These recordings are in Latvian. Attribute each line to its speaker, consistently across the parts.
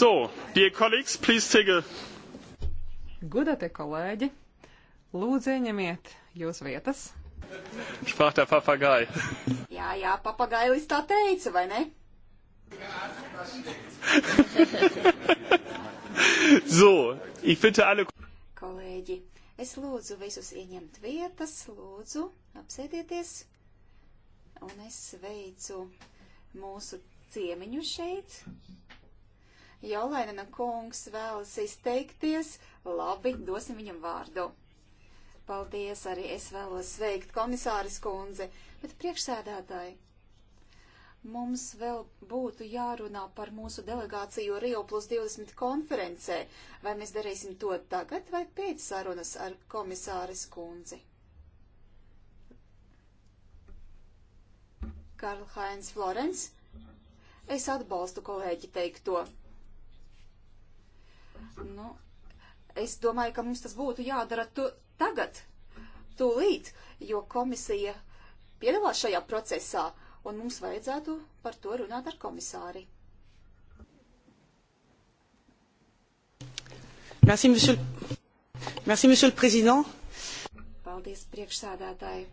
Speaker 1: So, dear colleagues,
Speaker 2: please take a... Gudatie kolēģi, lūdzu ieņemiet
Speaker 3: jūs vietas.
Speaker 2: Sprach der Papagai.
Speaker 3: jā, jā, papagailis tā teica, vai ne?
Speaker 1: so, ich bitte alle...
Speaker 3: Kolēģi, es lūdzu visus ieņemt vietas, lūdzu, apsēdieties. Un es sveicu mūsu ciemiņu šeit, Jolainena kungs vēlas izteikties. Labi, dosim viņam vārdu. Paldies, arī es vēlos sveikt komisāris kundzi, bet priekšsēdētāji. Mums vēl būtu jārunā par mūsu delegāciju Rio plus 20 konferencē. Vai mēs darīsim to tagad vai pēc sarunas ar komisāris kundzi? Karl Heinz Florence. Es atbalstu kolēģi teikto. Nu, es domāju, ka mums tas būtu jādara tu, tagad, tūlīt, jo komisija piedalās šajā procesā, un mums vajadzētu par to runāt ar komisāri.
Speaker 1: Merci, monsieur, Merci, monsieur le Président.
Speaker 3: Paldies, priekšsādātāji.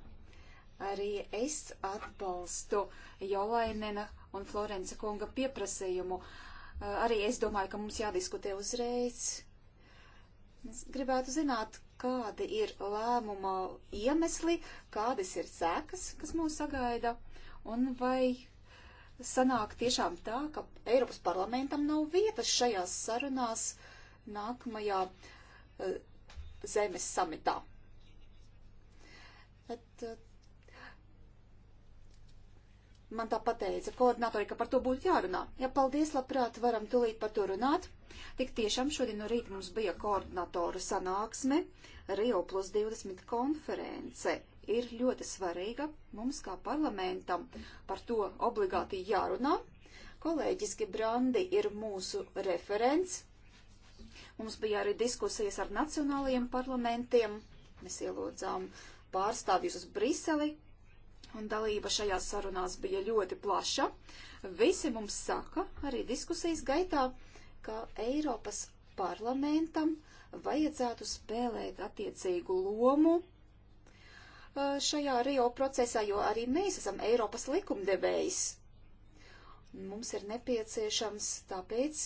Speaker 3: Arī es atbalstu Jolainena un Florence kunga pieprasījumu. Uh, Eh, arī es domāju, ka mums jādiskutē uzreiz. Es gribētu zināt, kādi ir lēmuma iemesli, kādas ir sekas, kas mūs sagaida, un vai sanāk tiešām tā, ka Eiropas parlamentam nav vietas šajās sarunās nākamajā uh, zemes samitā. Bet, uh, Man tā pateica koordinatori, ka par to būtu jārunā. Ja paldies, labprāt, varam tulīt par to runāt. Tik tiešām šodien no rīta mums bija koordinatoru sanāksme, Rio plus 20 konference ir ļoti svarīga mums kā parlamentam. Par to obligāti jārunā. Kolēģis Gibrandi ir mūsu referents. Mums bija arī diskusijas ar nacionālajiem parlamentiem. Mēs ielūdzām pārstāvjus uz Briseli, un dalība šajās sarunās bija ļoti plaša. Visi mums saka, arī diskusijas gaitā, ka Eiropas parlamentam vajadzētu spēlēt attiecīgu lomu uh, šajā Rio procesā, jo arī mēs esam Eiropas likumdevējs. Mums ir nepieciešams tāpēc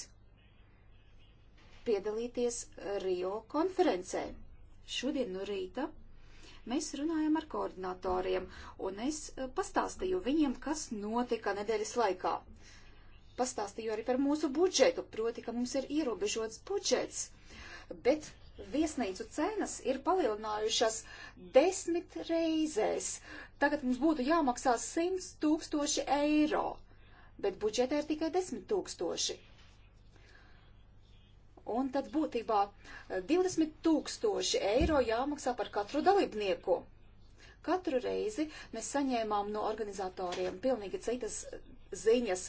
Speaker 3: piedalīties Rio konferencē. Šodien no rīta Mēs runājam ar koordinatoriem, un es eh, pastāstīju viņiem, kas notika nedēļas laikā. Pastāstīju arī par mūsu budžetu, proti, ka mums ir ierobežots budžets. Bet viesnīcu cenas ir palielinājušas desmit reizēs. Tagad mums būtu jāmaksā 100 tūkstoši eiro, bet budžetē ir tikai 10 tūkstoši. Un tad būtībā 20 eh, tūkstoši eiro jāmaksā par katru dalībnieku. Katru reizi mēs saņēmām no organizatoriem pilnīgi citas eh, ziņas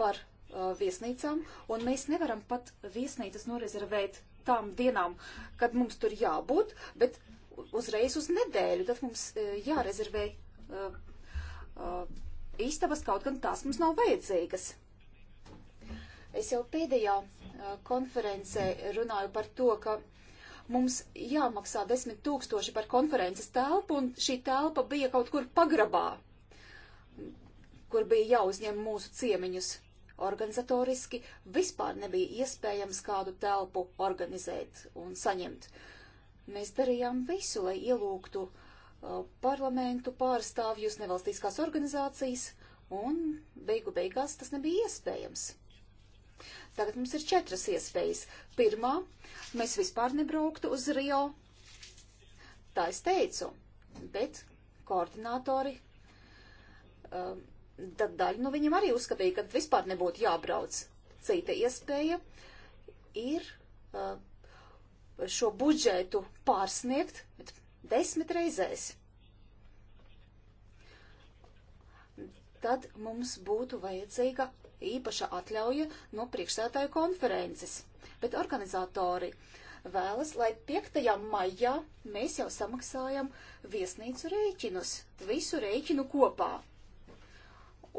Speaker 3: par uh, viesnīcām, un mēs nevaram pat viesnīcas norezervēt tām dienām, kad mums tur jābūt, bet uzreiz uz nedēļu, tad mums uh, jārezervē uh, uh, istabas, kaut gan tās mums nav vajadzīgas. Es jau pēdējā Uh, konferencē runāju par to, ka mums jāmaksā desmit tūkstoši par konferences telpu, un šī telpa bija kaut kur pagrabā, kur bija jāuzņem mūsu ciemiņus. Organizatoriski vispār nebija iespējams kādu telpu organizēt un saņemt. Mēs darījām visu, lai ielūgtu uh, parlamentu pārstāvjus, nevalstiskās organizācijas, un beigu beigās tas nebija iespējams. Tagad mums ir četras iespējas. Pirmā, mēs vispār nebrauktu uz Rio. Tā es teicu, bet koordinātori, um, tad daļa no viņiem arī uzskatīja, ka vispār nebūtu jābrauc. Cita iespēja ir uh, šo budžetu pārsniegt desmit reizēs. Tad mums būtu vajadzīga īpaša atļauja no priekšsētāju konferences. Bet organizatori vēlas, lai 5. maijā mēs jau samaksājam viesnīcu rēķinus, visu rēķinu kopā.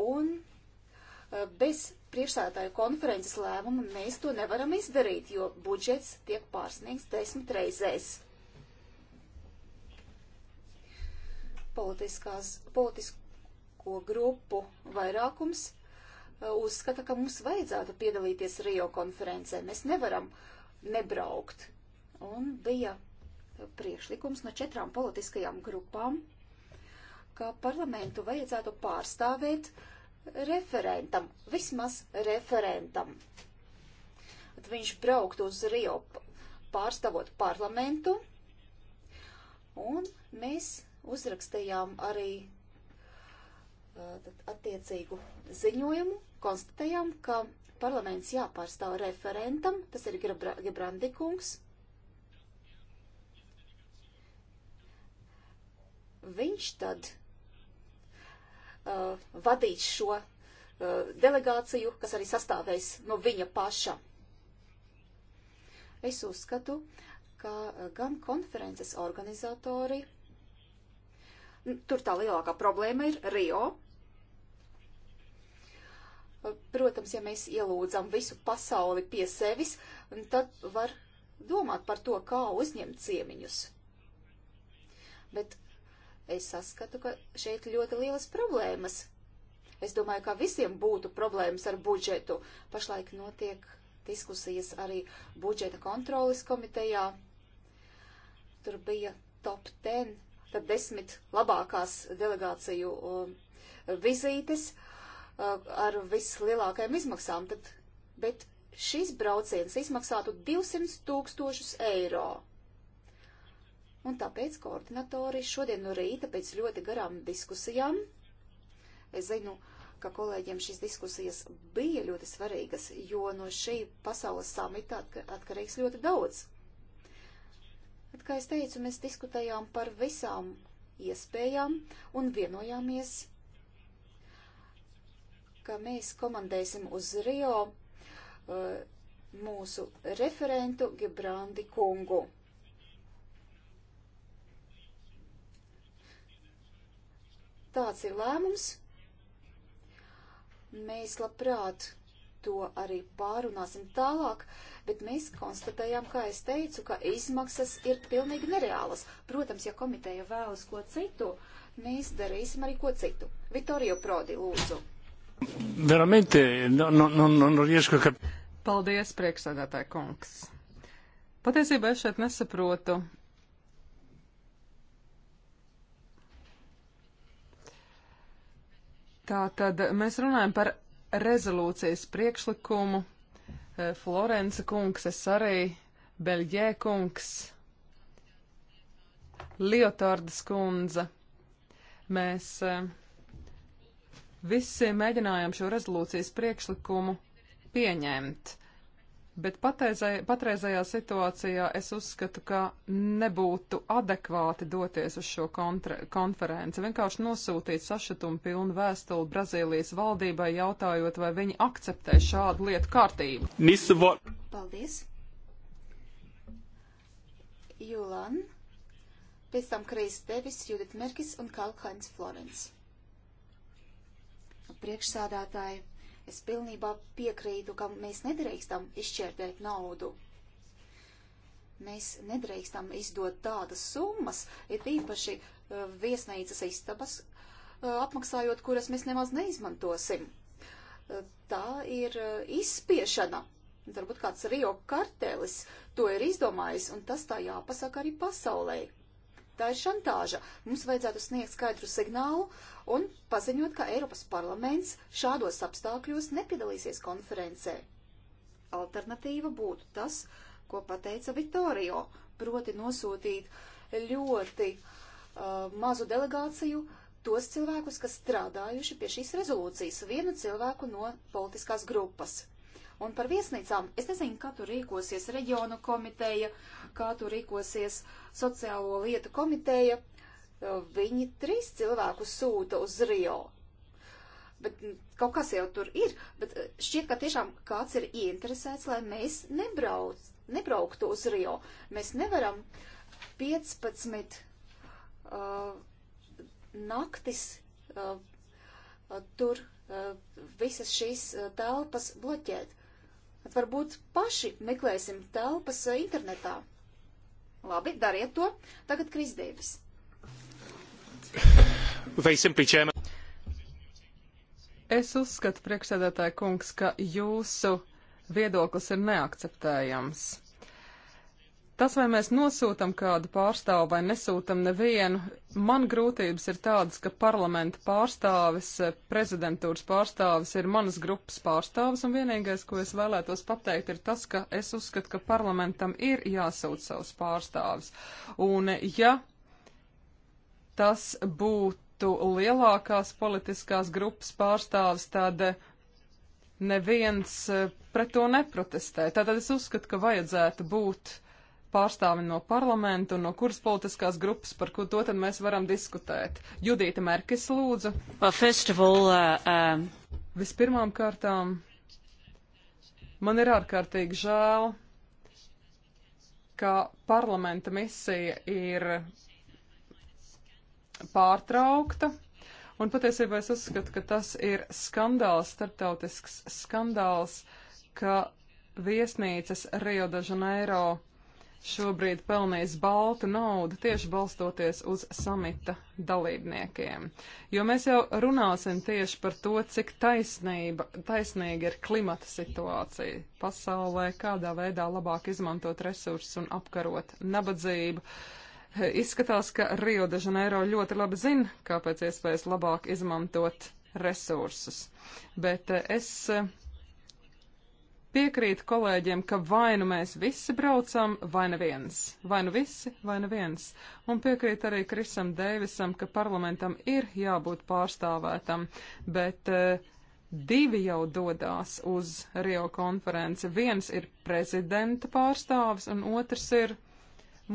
Speaker 3: Un eh, bez priekšsētāju konferences lēmuma mēs to nevaram izdarīt, jo budžets tiek pārsniegts desmit reizēs. Politiskās, politisko grupu vairākums Uh, uzskata, ka mums vajadzētu piedalīties Rio konferencē. Mēs nevaram nebraukt. Un bija priekšlikums no četrām politiskajām grupām, ka parlamentu vajadzētu pārstāvēt referentam, vismaz referentam. Tad viņš braukt uz Rio pārstāvot parlamentu, un mēs uzrakstījām arī uh, attiecīgu ziņojumu konstatējām, ka parlaments jāpārstāv referentam, tas ir Gebrandi kungs. Viņš tad uh, vadīs šo uh, delegāciju, kas arī sastāvēs no viņa paša. Es uzskatu, ka uh, gan konferences organizatori, tur tā lielākā problēma ir Rio, Protams, ja mēs ielūdzam visu pasauli pie sevis, tad var domāt par to, kā uzņemt ciemiņus. Bet es saskatu, ka šeit ļoti lielas problēmas. Es domāju, ka visiem būtu problēmas ar budžetu. Pašlaik notiek diskusijas arī budžeta kontrolas komitejā. Tur bija top 10, tad desmit labākās delegāciju um, vizītes. Uh, Uh, ar vislielākajām izmaksām, tad, bet šis brauciens izmaksātu 200 tūkstošus eiro. Un tāpēc koordinatori šodien no rīta pēc ļoti garām diskusijām, es zinu, ka kolēģiem šīs diskusijas bija ļoti svarīgas, jo no šī pasaules samita atkarīgs ļoti daudz. Bet, kā es teicu, mēs diskutējām par visām iespējām un vienojāmies ka mēs komandēsim uz Rio uh, mūsu referentu Gebrandi kungu. Tāds ir lēmums. Mēs labprāt to arī pārunāsim tālāk, bet mēs konstatējām, kā es teicu, ka izmaksas ir pilnīgi nereālas. Protams, ja komiteja vēlas ko citu, mēs darīsim arī ko citu. Vittorio Prodi, lūdzu.
Speaker 2: Veramente, no, no, no, no riesku, ka...
Speaker 3: Paldies, priekšsēdētāji kungs.
Speaker 2: Patiesībā es šeit nesaprotu. Tātad mēs runājam par rezolūcijas priekšlikumu. Eh, Florence kungs, es arī, Beļģē kungs, Liotārdas kundze. Mēs uh, Visi mēģinājām šo rezolūcijas priekšlikumu pieņemt, bet pateizai, patreizajā situācijā es uzskatu, ka nebūtu adekvāti doties uz šo kontre, konferenci. Vienkārši nosūtīt sašutumu pilnu vēstuli Brazīlijas valdībai, jautājot, vai viņi akceptē šādu lietu kārtību. Paldies!
Speaker 3: Jūlan, pēc tam Kreis Devis, Judita Merkis un Kalkhains Florence priekšsādātāji, es pilnībā piekrītu, ka mēs nedrīkstam izšķērdēt naudu. Mēs nedrīkstam izdot tādas summas, ir īpaši uh, viesnīcas istabas, uh, apmaksājot, kuras mēs nemaz neizmantosim. Uh, tā ir izspiešana. Varbūt kāds Rio kartelis to ir izdomājis, un tas tā jāpasaka arī pasaulē. Tā ir šantāža. Mums vajadzētu sniegt skaidru signālu un paziņot, ka Eiropas parlaments šādos apstākļos nepiedalīsies konferencē. Alternatīva būtu tas, ko pateica Vittorio, proti nosūtīt ļoti uh, mazu delegāciju tos cilvēkus, kas strādājuši pie šīs rezolūcijas, vienu cilvēku no politiskās grupas. Un par viesnīcām es nezinu, kā tur rīkosies reģionu komiteja, uh, kā tur rīkosies sociālo lietu komiteja. Viņi trīs cilvēkus sūta uz Rio. Bet kaut kas jau tur ir, bet šķiet, ka tiešām kāds ir ieinteresēts, lai mēs nebrauc, nebrauktu uz Rio. Mēs nevaram 15 uh, naktis uh, tur uh, visas šīs telpas bloķēt. Tad varbūt paši meklēsim telpas internetā. Labi, dariet to. Tagad Kris Deivis.
Speaker 2: Es uzskatu, priekšsēdētāja kungs, ka jūsu viedoklis ir neakceptējams. Tas, vai mēs nosūtam kādu pārstāvu vai nesūtam nevienu, man grūtības ir tādas, ka parlamenta pārstāvis, eh, prezidentūras pārstāvis ir manas grupas pārstāvis, un vienīgais, ko es vēlētos pateikt, ir tas, ka es uzskatu, ka parlamentam ir jāsūt savus pārstāvis. Un ja tas būtu lielākās politiskās grupas pārstāvis, tad eh, neviens eh, pret to neprotestē. Tātad es uzskatu, ka vajadzētu būt pārstāvi no parlamenta un no kuras politiskās grupas, par ko to tad mēs varam diskutēt. Judīta Merkis lūdzu.
Speaker 1: Well, all, uh, um...
Speaker 2: Vispirmām kārtām man ir ārkārtīgi žēl, ka parlamenta misija ir pārtraukta. Un patiesībā es uzskatu, ka tas ir skandāls, starptautisks skandāls, ka viesnīcas Rio de Janeiro šobrīd pelnījis baltu naudu tieši balstoties uz samita dalībniekiem. Jo mēs jau runāsim tieši par to, cik taisnība, taisnīga ir klimata situācija pasaulē, kādā veidā labāk izmantot resursus un apkarot nabadzību. Izskatās, ka Rio de Janeiro ļoti labi zina, kāpēc iespējas labāk izmantot resursus. Bet es Piekrītu kolēģiem, ka vai nu mēs visi braucam, vai neviens. Vai nu visi, vai neviens. Un piekrīt arī Krisam Deivisam, ka parlamentam ir jābūt pārstāvētam, bet eh, divi jau dodās uz Rio konferenci. Viens ir prezidenta pārstāvis, un otrs ir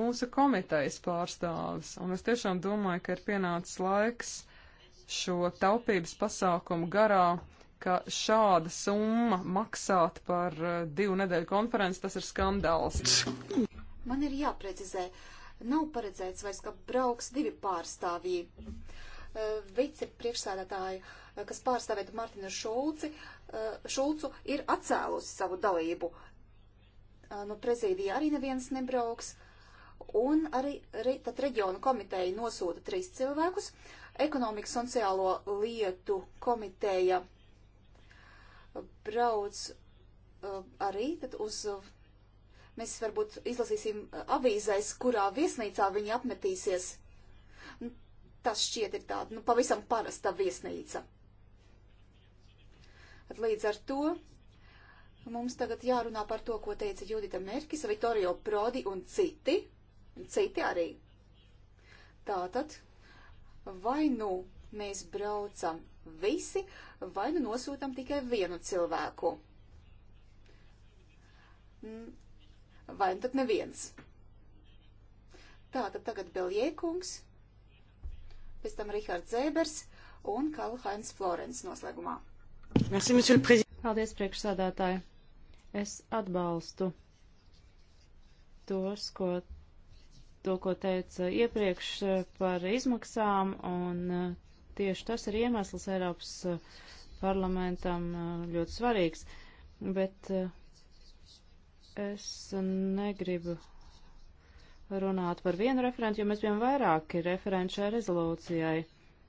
Speaker 2: mūsu komitejas pārstāvis. Un es tiešām domāju, ka ir pienācis laiks šo taupības pasākumu garā ka šāda summa maksāt par eh, divu nedēļu konferenci, tas ir skandāls.
Speaker 3: Man ir jāprecizē, nav paredzēts vairs, ka brauks divi pārstāvji. Eh, vicepriekšsēdētāji, eh, kas pārstāvētu Martinu Šulci, Šulcu, ir atcēlusi savu dalību. No prezīdija arī neviens nebrauks. Un arī re, tad reģionu komiteja nosūta trīs cilvēkus. Ekonomikas un sociālo lietu komiteja brauc uh, arī tad uz. Uh, mēs varbūt izlasīsim uh, avīzēs, kurā viesnīcā viņi apmetīsies. Nu, tas šķiet ir tāda, nu, pavisam parasta viesnīca. Līdz ar to mums tagad jārunā par to, ko teica Judita Merkis, Vittorio Prodi un citi, citi arī. Tātad, vai nu mēs braucam visi, vai nu nosūtam tikai vienu cilvēku. Vai nu tad neviens. Tā, tad tagad Beljēkungs, pēc tam Rihards Zēbers un Kalhains Florens noslēgumā.
Speaker 1: Paldies, priekšsādātāji. Es atbalstu tos, ko to, ko teica iepriekš par izmaksām un Tieši tas ir iemesls Eiropas eh, parlamentam eh, ļoti svarīgs, bet eh, es negribu runāt par vienu referentu, jo mēs bijām vairāki referenti šai rezolūcijai,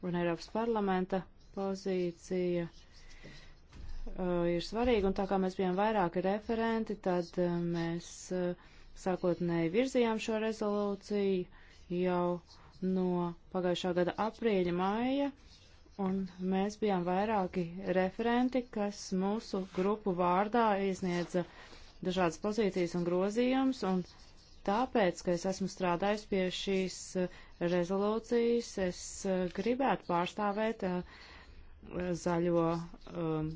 Speaker 1: un Eiropas parlamenta pozīcija uh, ir svarīga, un tā kā mēs bijām vairāki referenti, tad uh, mēs uh, sākotnēji virzījām šo rezolūciju jau no pagājušā gada aprīļa, maija, un mēs bijām vairāki referenti, kas mūsu grupu vārdā iesniedza dažādas pozīcijas un grozījums, un tāpēc, ka es esmu strādājis pie šīs eh, rezolūcijas, es eh, gribētu pārstāvēt eh, zaļo um,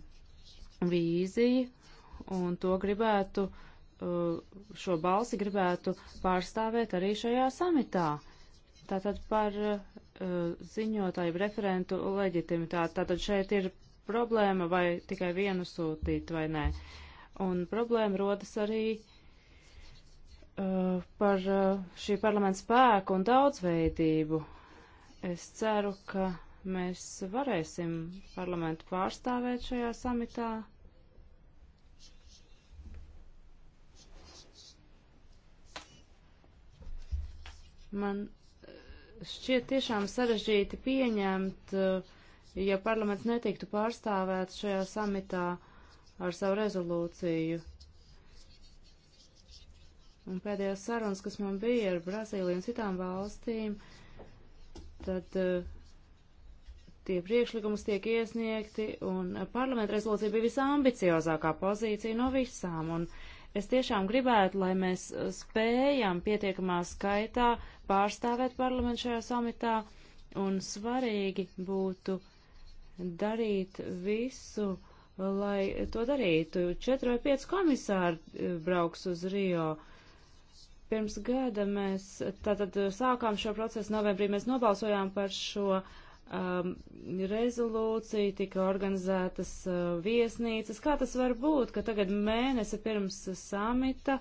Speaker 1: vīziju, un to gribētu, šo balsi gribētu pārstāvēt arī šajā samitā Tātad par uh, ziņotāju referentu leģitimitāti. Tātad šeit ir problēma, vai tikai vienu sūtīt vai nē. Un problēma rodas arī uh, par uh, šī parlamenta spēku un daudzveidību. Es ceru, ka mēs varēsim parlamentu pārstāvēt šajā samitā. Man šķiet tiešām sarežģīti pieņemt, eh, ja parlaments netiktu pārstāvēts šajā samitā ar savu rezolūciju. Un pēdējās sarunas, kas man bija ar Brazīliju un citām valstīm, tad eh, tie priekšlikumus tiek iesniegti, un eh, parlamenta rezolūcija bija visambiciozākā pozīcija no visām. Un, uh, Es tiešām gribētu, lai mēs uh, spējam pietiekamā skaitā pārstāvēt parlamentu šajā samitā, un svarīgi būtu darīt visu, lai to darītu. Četri vai pieci komisāri uh, brauks uz Rio. Pirms gada mēs tātad uh, sākām šo procesu novembrī, mēs nobalsojām par šo uh, um, rezolūcija, tika organizētas uh, viesnīcas. Kā tas var būt, ka tagad mēnesi pirms samita,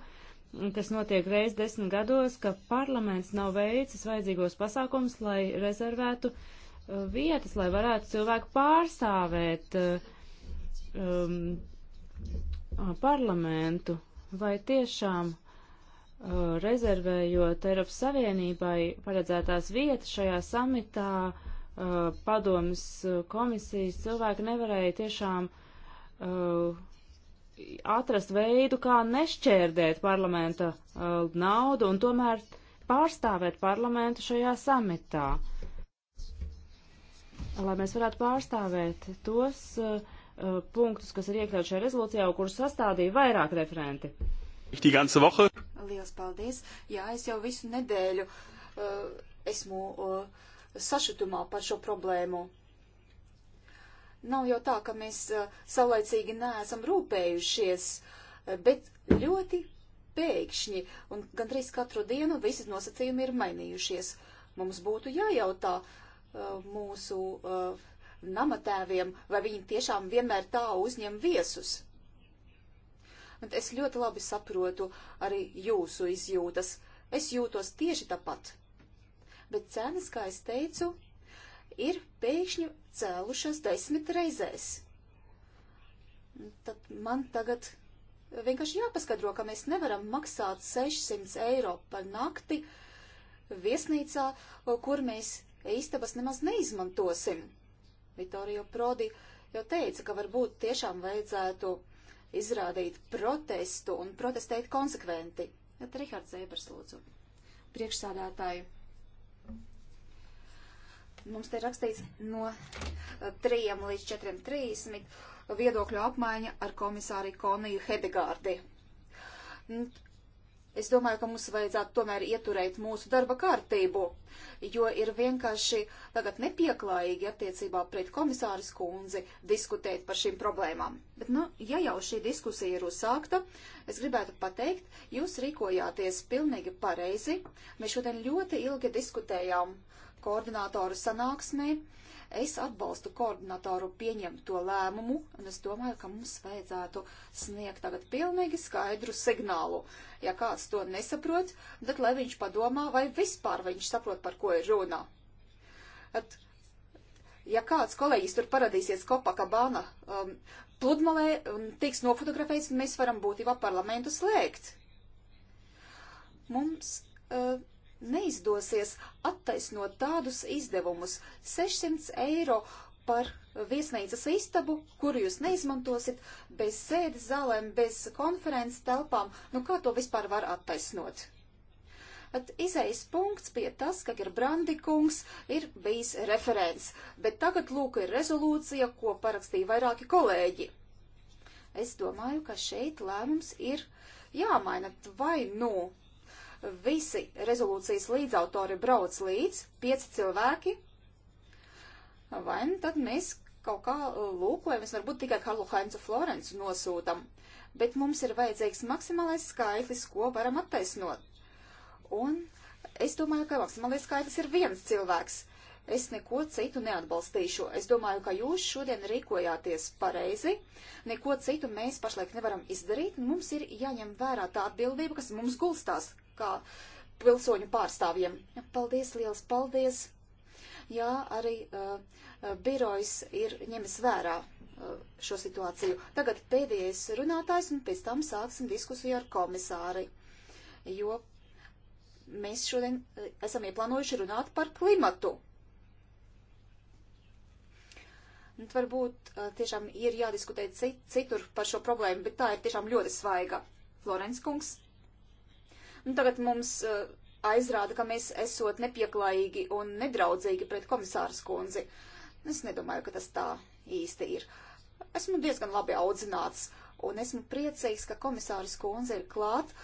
Speaker 1: kas notiek reiz desmit gados, ka parlaments nav veicis vajadzīgos pasākums, lai rezervētu uh, vietas, lai varētu cilvēku pārstāvēt uh, um, uh, parlamentu? Vai tiešām uh, rezervējot Eiropas Savienībai paredzētās vietas šajā samitā, uh, Uh, padomas uh, komisijas cilvēki nevarēja tiešām uh, atrast veidu, kā nešķērdēt parlamenta uh, naudu un tomēr pārstāvēt parlamentu šajā samitā. Lai mēs varētu pārstāvēt tos uh, uh punktus, kas ir iekļauts šajā rezolūcijā, kurus sastādīja vairāk referenti.
Speaker 2: Lielas
Speaker 3: paldies! Jā, es jau visu nedēļu uh, esmu. Uh, sašutumā par šo problēmu. Nav jau tā, ka mēs eh, saulaicīgi neesam rūpējušies, eh, bet ļoti pēkšņi un gandrīz katru dienu visi nosacījumi ir mainījušies. Mums būtu jājautā eh, mūsu namatēviem, vai viņi tiešām vienmēr tā uzņem viesus. Bet es ļoti labi saprotu arī jūsu izjūtas. Es jūtos tieši tāpat bet cenas, kā es teicu, ir pēkšņi cēlušās desmit reizēs. Tad man tagad vienkārši jāpaskaidro, ka mēs nevaram maksāt 600 eiro par nakti viesnīcā, kur mēs istabas nemaz neizmantosim. Vittorio Prodi jau teica, ka varbūt tiešām vajadzētu izrādīt protestu un protestēt konsekventi. Bet Rihards Zēbers lūdzu. Priekšsādātāju. Mums te rakstīts no 3 eh, līdz 4.30 viedokļu apmaiņa ar komisāri Koniju Hedegārdi. Nu, es domāju, ka mums vajadzētu tomēr ieturēt mūsu darba kārtību, jo ir vienkārši tagad nepieklājīgi attiecībā pret komisāras kundzi diskutēt par šīm problēmām. Bet, nu, ja jau šī diskusija ir uzsākta, es gribētu pateikt, jūs rīkojāties pilnīgi pareizi. Mēs šodien ļoti ilgi diskutējām koordinātoru sanāksmē. Es atbalstu koordinātoru pieņemto lēmumu, un es domāju, ka mums vajadzētu sniegt tagad pilnīgi skaidru signālu. Ja kāds to nesaprot, tad lai viņš padomā, vai vispār viņš saprot, par ko ir runa. At, ja kāds kolēģis tur paradīsies Kopakabana um, pludmalē un tiks nofotografēts, mēs varam būtībā parlamentu slēgt. Mums. Uh, neizdosies attaisnot tādus izdevumus - 600 eiro par viesnīcas istabu, kuru jūs neizmantosiet, bez sēdes zālēm, bez konferences telpām. Nu, kā to vispār var attaisnot? At izejas punkts bija tas, ka Gerbrandi kungs ir bijis referents, bet tagad lūk ir rezolūcija, ko parakstīja vairāki kolēģi. Es domāju, ka šeit lēmums ir jāmaina vai nu Visi rezolūcijas līdzautori brauc līdz, pieci cilvēki. Vai nu tad mēs kaut kā uh, lūkojamies, varbūt tikai Karlu Hainzu Florencu nosūtam, bet mums ir vajadzīgs maksimālais skaitlis, ko varam attaisnot. Un es domāju, ka maksimālais skaitlis ir viens cilvēks. Es neko citu neatbalstīšu. Es domāju, ka jūs šodien rīkojāties pareizi. Neko citu mēs pašlaik nevaram izdarīt. Mums ir jāņem vērā tā atbildība, kas mums gulstās kā pilsoņu pārstāvjiem. Paldies, liels paldies! Jā, arī uh, uh, birojs ir ņemis vērā uh, šo situāciju. Tagad pēdējais runātājs un pēc tam sāksim diskusiju ar komisāri, jo mēs šodien uh, esam ieplānojuši runāt par klimatu. Un varbūt uh, tiešām ir jādiskutē citur par šo problēmu, bet tā ir tiešām ļoti svaiga. Florence kungs. Nu, tagad mums uh, aizrāda, ka mēs esot nepieklājīgi un nedraudzīgi pret komisāras kundzi. Es nedomāju, ka tas tā īsti ir. Esmu diezgan labi audzināts, un esmu priecīgs, ka komisāras kundze ir klāt,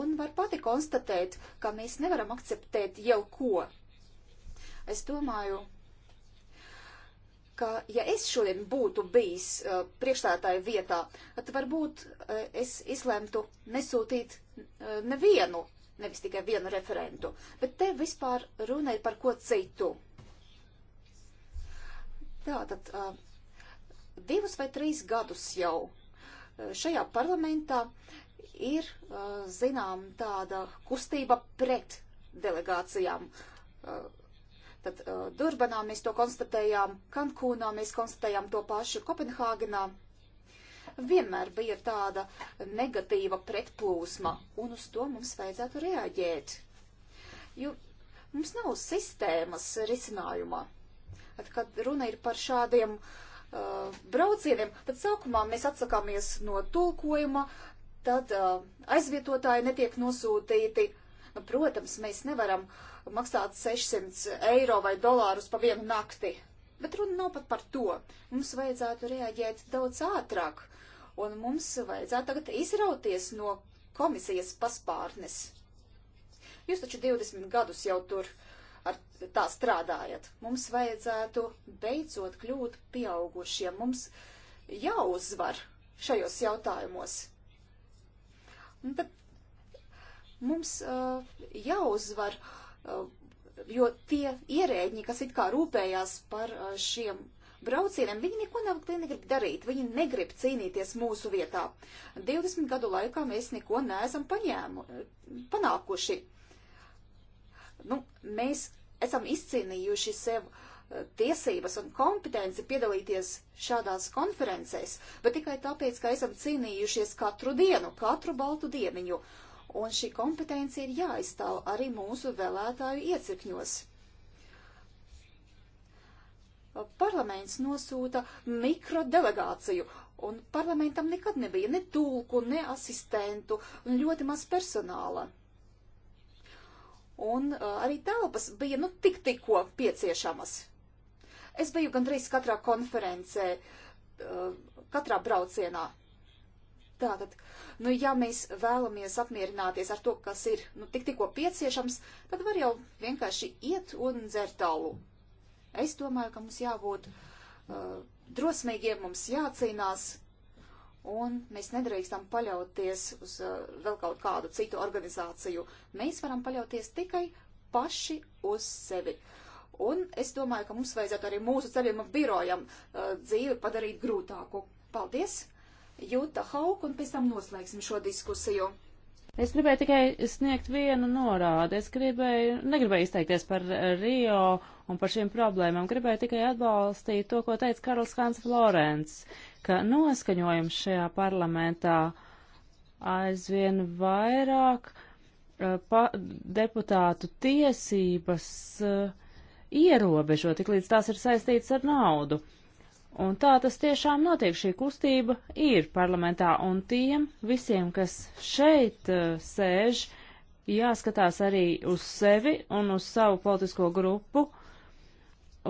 Speaker 3: un var pati konstatēt, ka mēs nevaram akceptēt jau ko. Es domāju, ka ja es šodien būtu bijis uh, eh, priekšstādātāju vietā, tad varbūt uh, es izlemtu nesūtīt Eh, nevienu, nevis tikai vienu referentu, bet te vispār runa ir par ko citu. Tātad eh, divus vai trīs gadus jau eh, šajā parlamentā ir, zinām, tāda kustība pret delegācijām. Tad Durbanā mēs to konstatējām, Kankūnā mēs konstatējām to pašu, Kopenhāgenā vienmēr bija tāda negatīva pretplūsma, un uz to mums vajadzētu reaģēt. Jo mums nav sistēmas risinājumā. At, kad runa ir par šādiem uh, braucieniem, tad sākumā mēs atsakāmies no tulkojuma, tad uh, aizvietotāji netiek nosūtīti. Nu, protams, mēs nevaram maksāt 600 eiro vai dolārus pa vienu nakti. Bet runa nav pat par to. Mums vajadzētu reaģēt daudz ātrāk un mums vajadzētu tagad izrauties no komisijas paspārnes. Jūs taču 20 gadus jau tur ar tā strādājat. Mums vajadzētu beidzot kļūt pieaugušiem. Mums jāuzvar šajos jautājumos. Un tad mums uh, jāuzvar, uh, jo tie ierēģi, kas it kā rūpējās par uh, šiem braucieniem. Viņi neko nav, negrib darīt, viņi negrib cīnīties mūsu vietā. 20 gadu laikā mēs neko neesam paņēmu, panākuši. Nu, mēs esam izcīnījuši sev eh, tiesības un kompetenci piedalīties šādās konferencēs, bet tikai tāpēc, ka esam cīnījušies katru dienu, katru baltu diemiņu. Un šī kompetence ir jāizstāv arī mūsu vēlētāju iecirkņos parlaments nosūta mikrodelegāciju, un parlamentam nekad nebija ne tulku, ne asistentu, un ļoti maz personāla. Un uh, arī telpas bija nu tik tikko pieciešamas. Es biju gandrīz katrā konferencē, uh, katrā braucienā. Tātad, nu ja mēs vēlamies apmierināties ar to, kas ir nu tik tikko pieciešams, tad var jau vienkārši iet un dzert alu. Es domāju, ka mums jābūt uh, drosmīgiem, mums jācīnās, un mēs nedrīkstam paļauties uz uh, vēl kaut kādu citu organizāciju. Mēs varam paļauties tikai paši uz sevi. Un es domāju, ka mums vajadzētu arī mūsu ceļiem birojam uh, dzīvi padarīt grūtāku. Paldies! Jūta Hauk, un pēc tam noslēgsim šo diskusiju.
Speaker 1: Es gribēju tikai sniegt vienu norādi. Es gribēju, negribēju izteikties par Rio un par šīm problēmām. Gribēju tikai atbalstīt to, ko teica Karls Hans Florence, ka noskaņojums šajā parlamentā aizvien vairāk eh, pa, deputātu tiesības uh, ierobežo, tik līdz tās ir saistītas ar naudu. Uh, Un tā tas tiešām notiek, šī kustība ir parlamentā, un tiem visiem, kas šeit uh, sēž, jāskatās arī uz sevi un uz savu politisko grupu,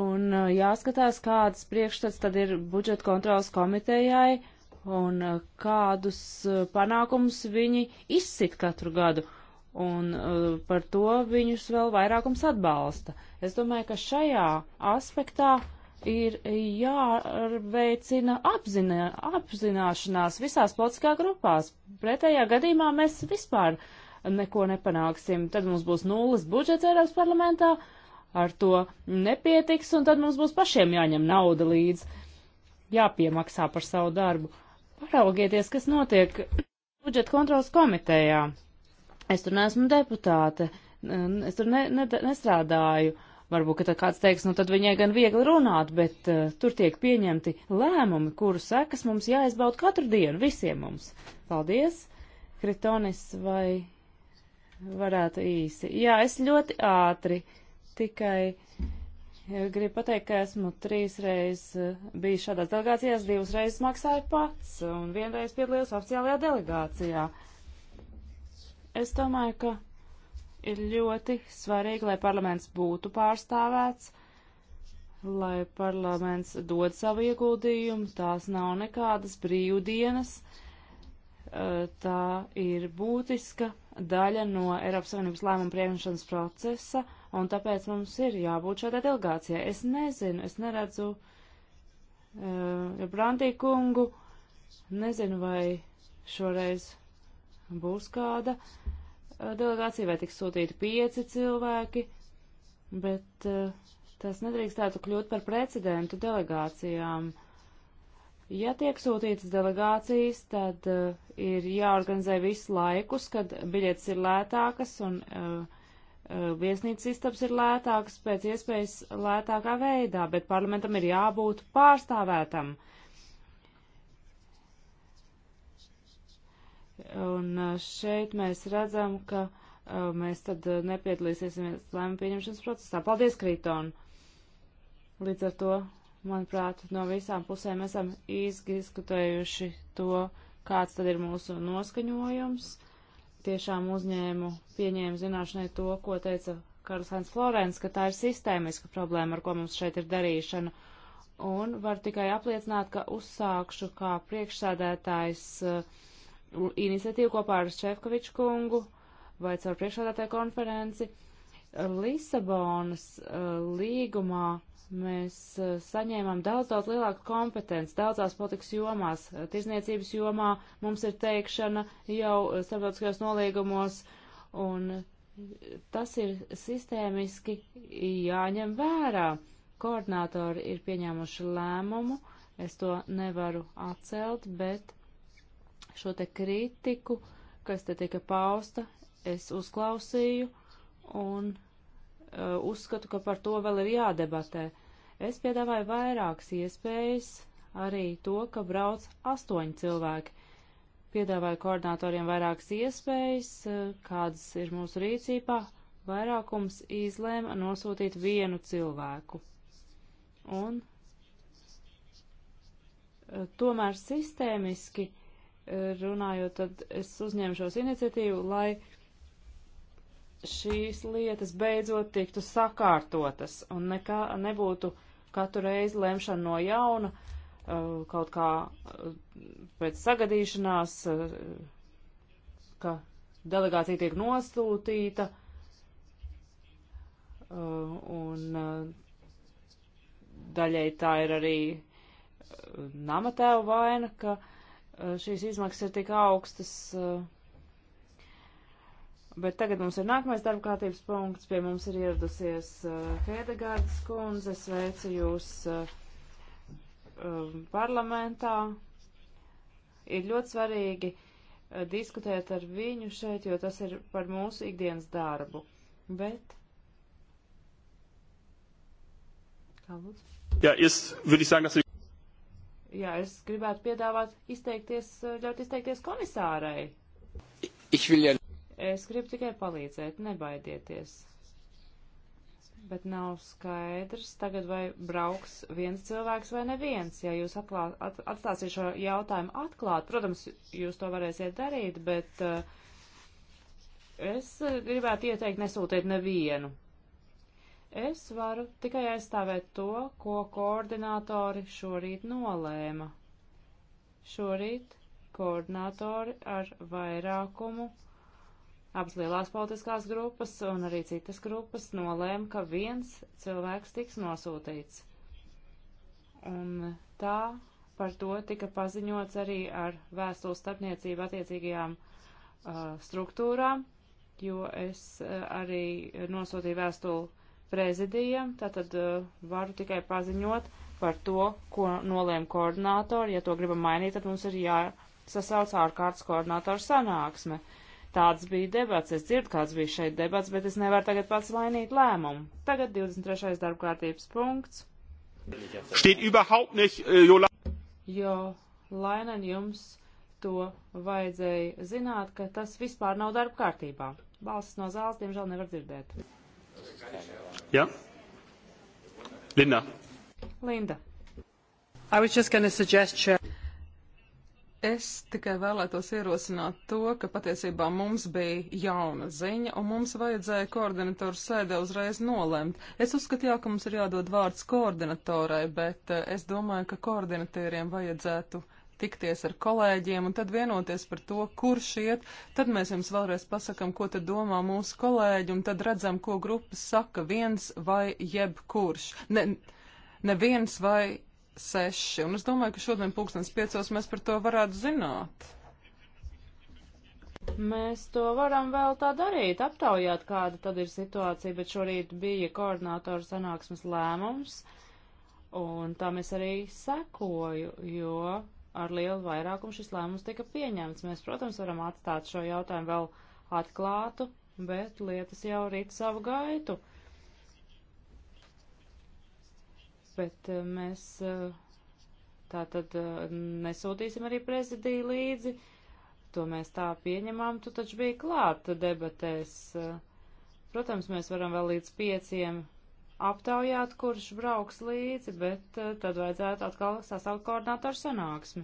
Speaker 1: un uh, jāskatās, kādas priekšstats tad ir budžeta kontrolas komitejai, un uh, kādus uh, panākumus viņi izsit katru gadu un uh, par to viņus vēl vairākums atbalsta. Es domāju, ka šajā aspektā ir jāveicina apzinā, apzināšanās visās politiskā grupās. Pretējā gadījumā mēs vispār neko nepanāksim. Tad mums būs nulles budžets Eiropas parlamentā, ar to nepietiks, un tad mums būs pašiem jāņem nauda līdz, jāpiemaksā par savu darbu. Paraugieties, kas notiek budžeta kontrolas komitejā. Es tur neesmu deputāte, es tur ne, ne, nestrādāju. Uh, Varbūt, ka kāds teiks, nu tad viņai gan viegli runāt, bet uh, tur tiek pieņemti lēmumi, kuru sekas mums jāizbaud katru dienu, visiem mums. Paldies, Kritonis, vai varētu īsi? Jā, es ļoti ātri, tikai eh, gribu pateikt, ka esmu trīs reizes eh, bijis šādās delegācijās, divas reizes maksāju pats un vienreiz piedalījos oficiālajā delegācijā. Es domāju, ka ir ļoti svarīgi, lai parlaments būtu pārstāvēts, lai parlaments dod savu ieguldījumu. Tās nav nekādas brīvdienas. Eh, tā ir būtiska daļa no Eiropas Savienības lēmuma pieņemšanas procesa, un tāpēc mums ir jābūt šādai delegācijai. Es nezinu, es neredzu uh, Brandī kungu, nezinu, vai šoreiz būs kāda. Uh, Eh, delegācija, vai tiks sūtīti pieci cilvēki, bet eh, tas nedrīkstētu kļūt par precedentu delegācijām. Ja tiek sūtītas delegācijas, tad uh, ir jāorganizē viss laikus, kad biļetes ir lētākas un uh, viesnīcas istabas ir lētākas pēc iespējas lētākā veidā, bet parlamentam ir jābūt pārstāvētam. Uh, Un šeit mēs redzam, ka mēs tad nepiedalīsimies lēmu pieņemšanas procesā. Paldies, Krīton! Līdz ar to, manuprāt, no visām pusēm esam izdiskutējuši to, kāds tad ir mūsu noskaņojums. Tiešām uzņēmu, pieņēmu zināšanai to, ko teica Karls Hans Florens, ka tā ir sistēmiska problēma, ar ko mums šeit ir darīšana. Un var tikai apliecināt, ka uzsākšu kā priekšsādētājs uh, iniciatīvu kopā ar Šefkoviču kungu vai caur priekšādātāju konferenci. Lisabonas uh, līgumā mēs uh, saņēmām daudz, daudz lielāku kompetenci daudzās politikas jomās. Eh, tirzniecības jomā mums ir teikšana jau starptautiskajos nolīgumos, un tas ir sistēmiski jāņem vērā. Koordinātori ir pieņēmuši lēmumu, es to nevaru atcelt, bet Šo te kritiku, kas te tika pausta, es uzklausīju un uh, uzskatu, ka par to vēl ir jādebatē. Es piedāvāju vairākas iespējas, arī to, ka brauc astoņi cilvēki. Piedāvāju koordinatoriem vairākas iespējas, e, kādas ir mūsu rīcībā. Vairākums izlēma nosūtīt vienu cilvēku. Un e, tomēr sistēmiski runājot, tad es uzņemšos iniciatīvu, lai šīs lietas beidzot tiktu sakārtotas un nekā nebūtu katru reizi lemšana no jauna, uh, kaut kā uh, pēc sagadīšanās, uh, ka delegācija tiek nostūtīta un daļai tā ir arī namatēva vaina, ka uh, Eh, šīs izmaksas ir tik augstas. Eh, bet tagad mums ir nākamais darba kārtības punkts. Pie mums ir ieradusies Hēdegārdas eh, kundze. Sveicu jūs um, parlamentā. Ir ļoti svarīgi diskutēt ar viņu šeit, jo tas ir par mūsu ikdienas darbu. Bet. Kā lūdzu?
Speaker 2: Jā, es, würde ich sagen, dass wir
Speaker 1: Jā, es gribētu piedāvāt izteikties, ļaut izteikties komisārai. Es gribu tikai palīdzēt, nebaidieties. Bet nav skaidrs tagad, vai brauks viens cilvēks vai neviens. Ja jūs atklāt, at, atstāsiet šo jautājumu atklāt, protams, jūs to varēsiet darīt, bet uh, es gribētu ieteikt nesūtīt nevienu Es varu tikai aizstāvēt to, ko koordinātori šorīt nolēma. Šorīt koordinātori ar vairākumu abas lielās politiskās grupas un arī citas grupas nolēma, ka viens cilvēks tiks nosūtīts. Un tā par to tika paziņots arī ar vēstules starpniecību attiecīgajām uh, struktūrām, jo es uh, arī nosūtīju vēstuli prezidijam, tātad uh, varu tikai paziņot par to, ko nolēma koordinātori. Ja to gribam mainīt, tad mums ir jāsasauc ārkārtas koordinātoru sanāksme. Tāds bija debats, es dzirdu, kāds bija šeit debats, bet es nevaru tagad pats mainīt lēmumu. Tagad 23. darbkārtības punkts.
Speaker 2: Steht überhaupt nicht, äh, jo...
Speaker 1: Jo, Lainan, jums to vajadzēja zināt, ka tas vispār nav darbkārtībā. Balsts no zāles, diemžēl, nevar dzirdēt.
Speaker 2: Skaidrs. Yeah? Linda.
Speaker 1: Linda. I was just going to suggest, Chair. Es
Speaker 2: tikai vēlētos ierosināt to, ka patiesībā mums bija jauna ziņa un mums vajadzēja koordinatoru sēdē uzreiz nolemt. Es uzskatīju, ka mums ir jādod vārds koordinatorai, bet eh, es domāju, ka koordinatoriem vajadzētu tikties ar kolēģiem un tad vienoties par to, kurš iet. Tad mēs jums vēlreiz pasakam, ko tad domā mūsu kolēģi, un tad redzam, ko grupas saka viens vai jebkurš. Ne, neviens vai seši. Un es domāju, ka šodien pulkstens piecos mēs par to varētu
Speaker 1: zināt. Mēs to varam vēl tā darīt, aptaujāt, kāda tad ir situācija, bet šorīt bija koordinātora sanāksmes lēmums, un tam es arī sekoju, jo ar lielu vairākumu šis lēmums tika pieņemts. Mēs, protams, varam atstāt šo jautājumu vēl atklātu, bet lietas jau rīt savu gaitu. Bet eh, mēs eh, tā tad eh, nesūtīsim arī prezidiju līdzi. To mēs tā pieņemām, tu taču biji klāt debatēs. Protams, mēs varam vēl līdz pieciem aptaujāt, kurš brauks līdzi, bet eh, tad vajadzētu atkal sasaukt koordinātoru sanāksmi.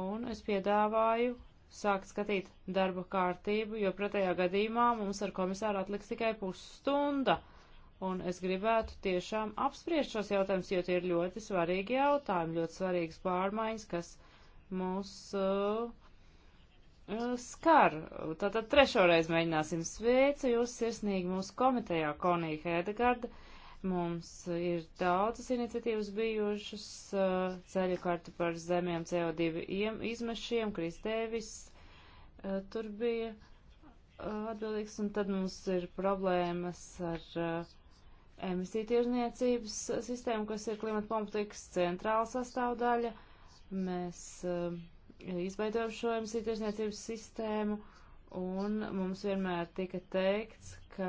Speaker 1: Un es piedāvāju sākt skatīt darba kārtību, jo pretējā gadījumā mums ar komisāru atliks tikai pusstunda. Un es gribētu tiešām apspriest šos jautājumus, jo tie ir ļoti svarīgi jautājumi, ļoti svarīgas pārmaiņas, kas mūs uh, Eh, skar. Tātad trešoreiz mēģināsim sveicu jūs sirsnīgi mūsu komitejā, Konija Hedegarda. Mums ir daudzas iniciatīvas bijušas, eh, ceļu kartu par zemiem CO2 izmešiem, Kristēvis eh, tur bija atbildīgs, un tad mums ir problēmas ar emisiju tirzniecības sistēmu, kas ir klimata politikas centrāla sastāvdaļa. Mēs uh, izveidojam šo emisiju tirsniecības sistēmu, un mums vienmēr tika teikts, ka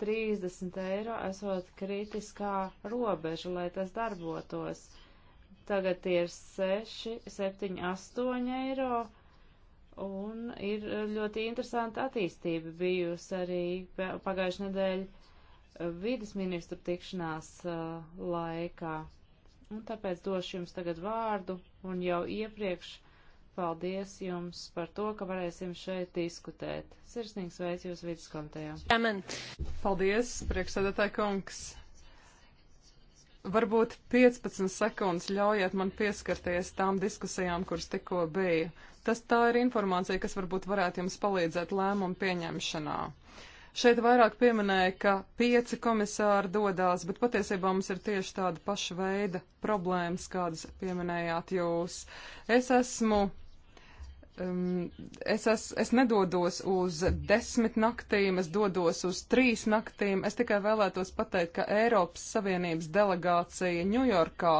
Speaker 1: 30 eiro esot kritiskā robeža, lai tas darbotos. Tagad tie ir 6, 7, 8 eiro, un ir ļoti interesanta attīstība bijusi arī pagājušajā nedēļā vidas ministru tikšanās uh, laikā. Un tāpēc došu jums tagad vārdu un jau iepriekš Paldies jums par to, ka varēsim šeit diskutēt. Sirsnīgs veids jūs viduskomitejā. Amen. Paldies, priekšsēdētāji kungs.
Speaker 2: Varbūt 15 sekundes ļaujiet man pieskarties tām diskusijām, kuras tikko bija. Tas tā ir informācija, kas varbūt varētu jums palīdzēt lēmumu pieņemšanā. Šeit vairāk pieminēja, ka pieci komisāri dodās, bet patiesībā mums ir tieši tāda paša veida problēmas, kādas pieminējāt jūs. Es esmu um, es, es, es nedodos uz desmit naktīm, es dodos uz trīs naktīm. Es tikai vēlētos pateikt, ka Eiropas Savienības delegācija Ņujorkā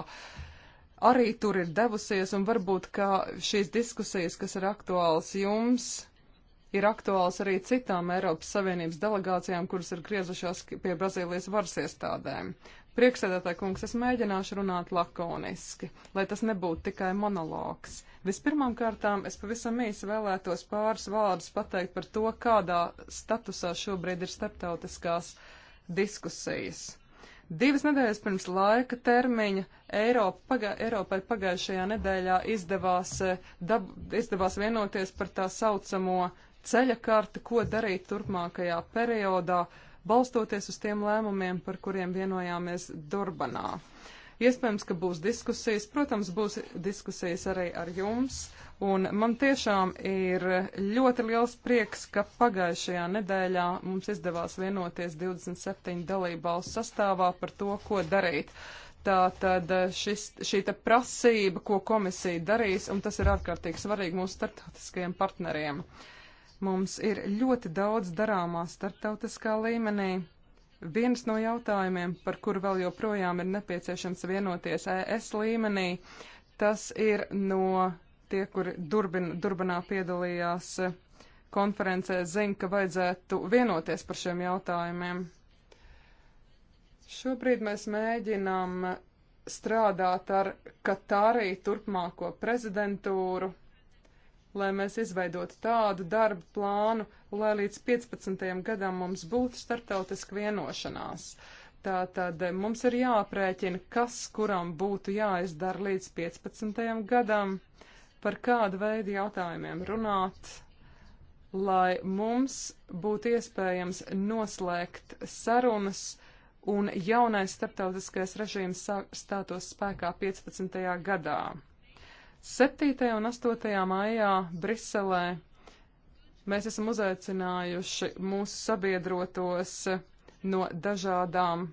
Speaker 2: arī tur ir devusies, un varbūt, ka šīs diskusijas, kas ir aktuāls jums, ir aktuāls arī citām Eiropas Savienības delegācijām, kuras ir griezušās pie Brazīlijas varas iestādēm. Priekšsēdētāji kungs, es mēģināšu runāt lakoniski, lai tas nebūtu tikai monologs. Vispirmām kārtām es pavisam īsi vēlētos pāris vārdus pateikt par to, kādā statusā šobrīd ir starptautiskās diskusijas. Divas nedēļas pirms laika termiņa Eiropa, paga, Eiropai pagājušajā nedēļā izdevās, eh, dab, izdevās vienoties par tā saucamo ceļa karti, ko darīt turpmākajā periodā, balstoties uz tiem lēmumiem, par kuriem vienojāmies Durbanā. Uh, Iespējams, ka būs diskusijas, protams, būs diskusijas arī ar jums. Un man tiešām ir ļoti liels prieks, ka pagājušajā nedēļā mums izdevās vienoties 27 dalībvalstu sastāvā par to, ko darīt. Tātad šis, šī prasība, ko komisija darīs, un tas ir ārkārtīgi svarīgi mūsu starptautiskajiem partneriem. Mums ir ļoti daudz darāmā starptautiskā līmenī. Viens no jautājumiem, par kuru vēl joprojām ir nepieciešams vienoties ES līmenī, tas ir no tie, kuri Durbin, Durbanā piedalījās konferencē, zina, ka vajadzētu vienoties par šiem jautājumiem. Šobrīd mēs mēģinām strādāt ar Katāriju turpmāko prezidentūru lai mēs izveidotu tādu darbu plānu, lai līdz 15. gadam mums būtu startautiska vienošanās. Tātad eh, mums ir jāprēķina, kas kuram būtu jāizdara līdz 15. gadam, par kādu veidu jautājumiem runāt, lai mums būtu iespējams noslēgt sarunas un jaunais starptautiskais režīms stātos spēkā 15. gadā. 7. un 8. maijā Briselē mēs esam uzaicinājuši mūsu sabiedrotos no dažādām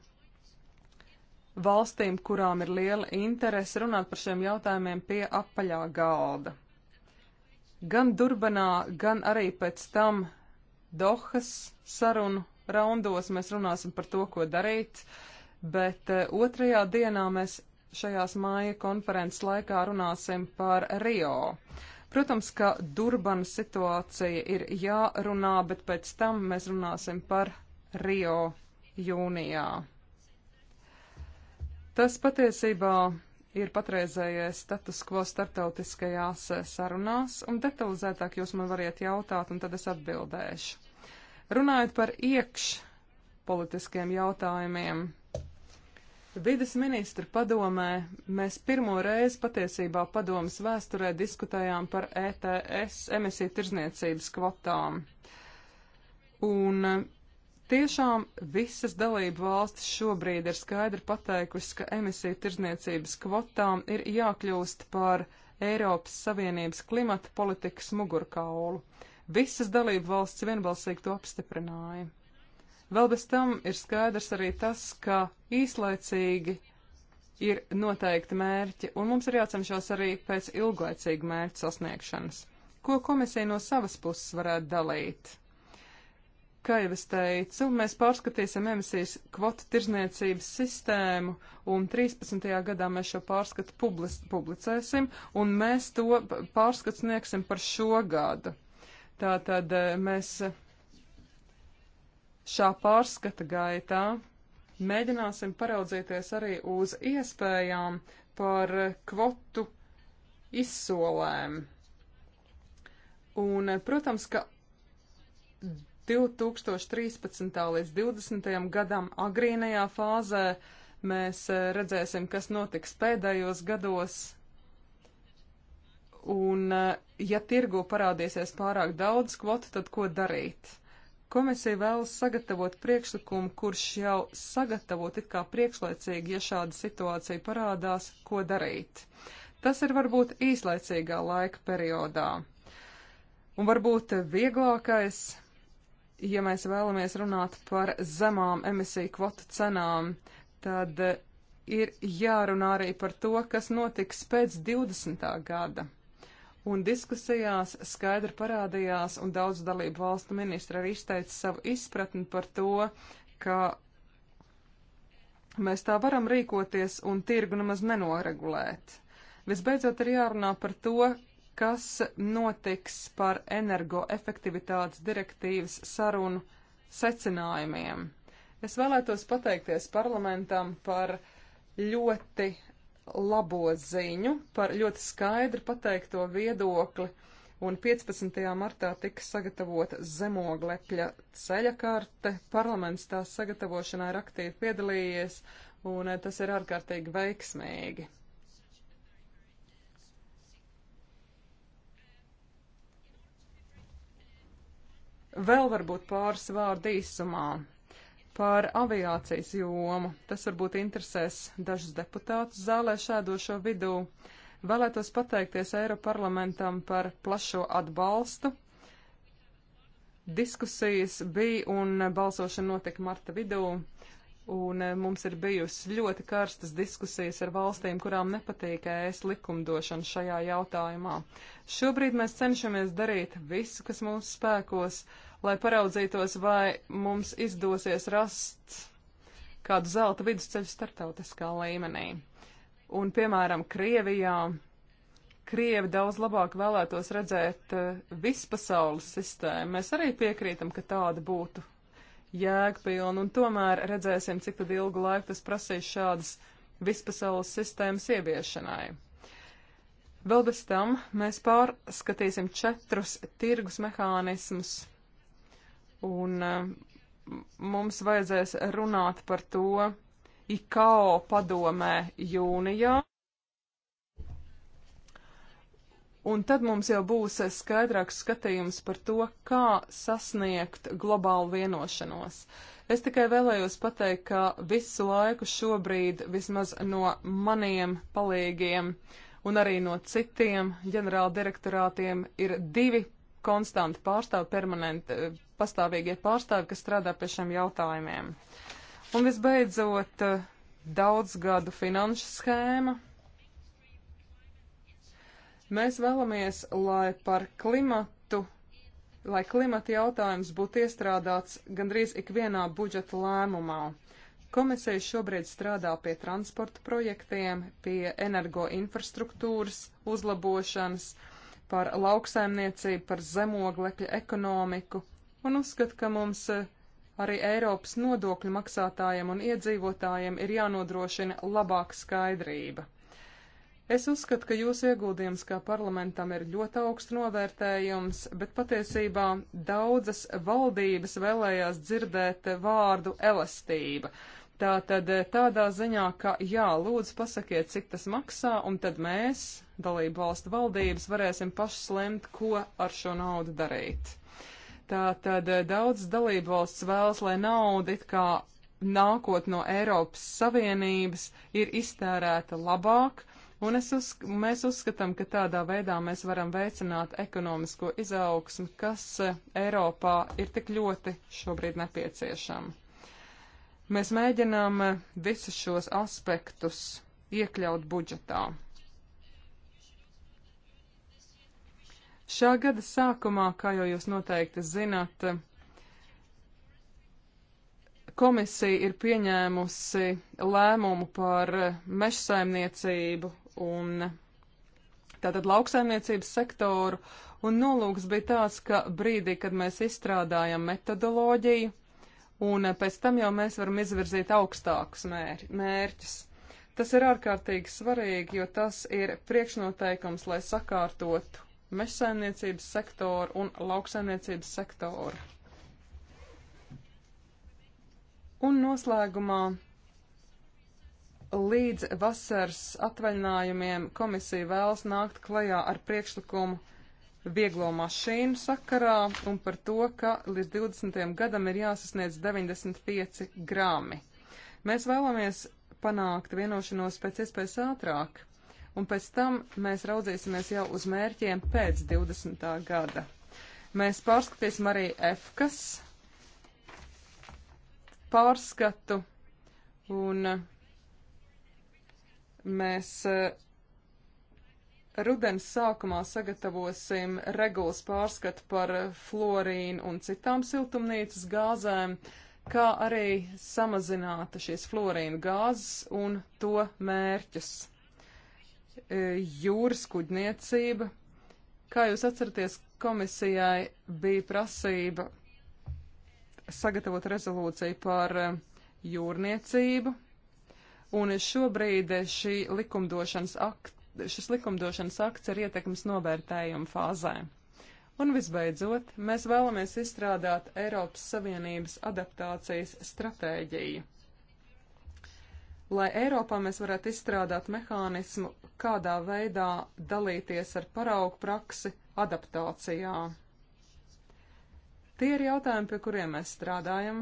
Speaker 2: valstīm, kurām ir liela interese runāt par šiem jautājumiem pie apaļā galda. Gan Durbanā, gan arī pēc tam Dohas sarunu raundos mēs runāsim par to, ko darīt, bet eh, otrajā dienā mēs šajās māja konferences laikā runāsim par Rio. Protams, ka Durbanas situācija ir jārunā, bet pēc tam mēs runāsim par Rio jūnijā. Tas patiesībā ir patreizējais status quo starptautiskajās sarunās, un detalizētāk jūs man variet jautāt, un tad es atbildēšu. Runājot par iekš politiskiem jautājumiem, Vides ministru padomē mēs pirmo reizi patiesībā padomas vēsturē diskutējām par ETS emisiju tirzniecības kvotām. Un eh, tiešām visas dalību valstis šobrīd ir skaidri pateikusi, ka emisiju tirzniecības kvotām ir jākļūst par Eiropas Savienības klimata politikas mugurkaulu. Visas dalību valsts vienbalsīgi to apstiprināja. Vēl bez tam ir skaidrs arī tas, ka īslaicīgi ir noteikti mērķi, un mums ir jācenšas arī pēc ilglaicīga mērķa sasniegšanas. Ko komisija no savas puses varētu dalīt? Kā jau es teicu, mēs pārskatīsim emisijas kvotu tirzniecības sistēmu, un 13. gadā mēs šo pārskatu publis, publicēsim, un mēs to pārskatu sniegsim par šo gadu. Tātad eh, mēs šā pārskata gaitā mēģināsim paraudzīties arī uz iespējām par kvotu izsolēm. Un, protams, ka 2013. līdz 2020. gadam agrīnajā fāzē mēs e, redzēsim, kas notiks pēdējos gados. Un, e, ja tirgu parādīsies pārāk daudz kvotu, tad ko darīt? Komisija vēlas sagatavot priekšlikumu, kurš jau sagatavot it kā priekšlaicīgi, ja šāda situācija parādās, ko darīt. Tas ir varbūt īslaicīgā laika periodā. Un varbūt vieglākais, ja mēs vēlamies runāt par zemām emisiju kvotu cenām, tad ir jārunā arī par to, kas notiks pēc 20. gada un diskusijās skaidri parādījās, un daudz dalību valstu ministri arī izteica savu izpratni par to, ka mēs tā varam rīkoties un tirgu nemaz nenoregulēt. Visbeidzot ir jārunā par to, kas notiks par energoefektivitātes direktīvas sarunu secinājumiem. Es vēlētos pateikties parlamentam par ļoti labo ziņu par ļoti skaidri pateikto viedokli. Un 15. martā tika sagatavota zemoglekļa ceļakarte. Parlaments tās sagatavošanā ir aktīvi piedalījies, un eh, tas ir ārkārtīgi veiksmīgi. Vēl varbūt pāris vārdu īsumā par aviācijas jomu. Tas varbūt interesēs dažus deputātus zālē šādošo vidū. Vēlētos pateikties Eiroparlamentam par plašo atbalstu. Diskusijas bija un balsošana notika marta vidū. Un mums ir bijusi ļoti karstas diskusijas ar valstīm, kurām nepatīk ēs likumdošana šajā jautājumā. Šobrīd mēs cenšamies darīt visu, kas mūsu spēkos, lai paraudzītos, vai mums izdosies rast kādu zelta vidusceļu startautiskā līmenī. Un, piemēram, Krievijā Krievi daudz labāk vēlētos redzēt uh, vispasaules sistēmu. Mēs arī piekrītam, ka tāda būtu jēgpilna, un tomēr redzēsim, cik tad ilgu laiku tas prasīs šādas vispasaules sistēmas ieviešanai. Vēl bez tam mēs pārskatīsim četrus tirgus mehānismus Un eh, mums vajadzēs runāt par to IKO padomē jūnijā. Un tad mums jau būs skaidrāks skatījums par to, kā sasniegt globālu vienošanos. Es tikai vēlējos pateikt, ka visu laiku šobrīd vismaz no maniem palīgiem un arī no citiem ģenerāla direktorātiem ir divi konstanti pārstāvi permanenti pastāvīgie pārstāvi, kas strādā pie šiem jautājumiem. Un visbeidzot, daudzgadu finanšu schēma. Mēs vēlamies, lai par klimatu, lai klimata jautājums būtu iestrādāts gandrīz ikvienā budžeta lēmumā. Komisija šobrīd strādā pie transporta projektiem, pie energoinfrastruktūras uzlabošanas, par lauksaimniecību, par zemoglekļa ekonomiku, un uzskatu, ka mums eh, arī Eiropas nodokļu maksātājiem un iedzīvotājiem ir jānodrošina labāka skaidrība. Es uzskatu, ka jūsu ieguldījums kā parlamentam ir ļoti augsts novērtējums, bet patiesībā daudzas valdības vēlējās dzirdēt eh, vārdu elastība. Tātad eh, tādā ziņā, ka jā, lūdzu pasakiet, cik tas maksā, un tad mēs, dalību valstu valdības, varēsim pašas lemt, ko ar šo naudu darīt. Tātad eh, daudz dalību valsts vēlas, lai nauda it kā nākot no Eiropas Savienības ir iztērēta labāk, un uzsk mēs uzskatām, ka tādā veidā mēs varam veicināt ekonomisko izaugsmu, kas eh, Eiropā ir tik ļoti šobrīd nepieciešama. Mēs mēģinām eh, visus šos aspektus iekļaut budžetā. Šā gada sākumā, kā jau jūs noteikti zināt, komisija ir pieņēmusi lēmumu par mežsaimniecību un tātad lauksaimniecības sektoru, un nolūks bija tāds, ka brīdī, kad mēs izstrādājam metodoloģiju, un pēc tam jau mēs varam izvirzīt augstākus mēr mērķus. Tas ir ārkārtīgi svarīgi, jo tas ir priekšnoteikums, lai sakārtotu mežsaimniecības sektoru un lauksaimniecības sektoru. Un noslēgumā līdz vasaras atvaļinājumiem komisija vēlas nākt klajā ar priekšlikumu vieglo mašīnu sakarā un par to, ka līdz 20. gadam ir jāsasniedz 95 grāmi. Mēs vēlamies panākt vienošanos pēc iespējas ātrāk un pēc tam mēs raudzīsimies jau uz mērķiem pēc 20. gada. Mēs pārskatīsim arī EFKAS pārskatu, un uh, mēs uh, rudens sākumā sagatavosim regulas pārskatu par florīnu un citām siltumnīcas gāzēm, kā arī samazināta šīs florīnu gāzes un to mērķus. E, jūras kuģniecība. Kā jūs atceraties, komisijai bija prasība sagatavot rezolūciju par e, jūrniecību, un šobrīd šī likumdošanas akt, šis likumdošanas akts ir ietekmes novērtējuma fāzē. Un visbeidzot, mēs vēlamies izstrādāt Eiropas Savienības adaptācijas stratēģiju lai Eiropā mēs varētu izstrādāt mehānismu, kādā veidā dalīties ar paraugu praksi adaptācijā. Tie ir jautājumi, pie kuriem mēs strādājam,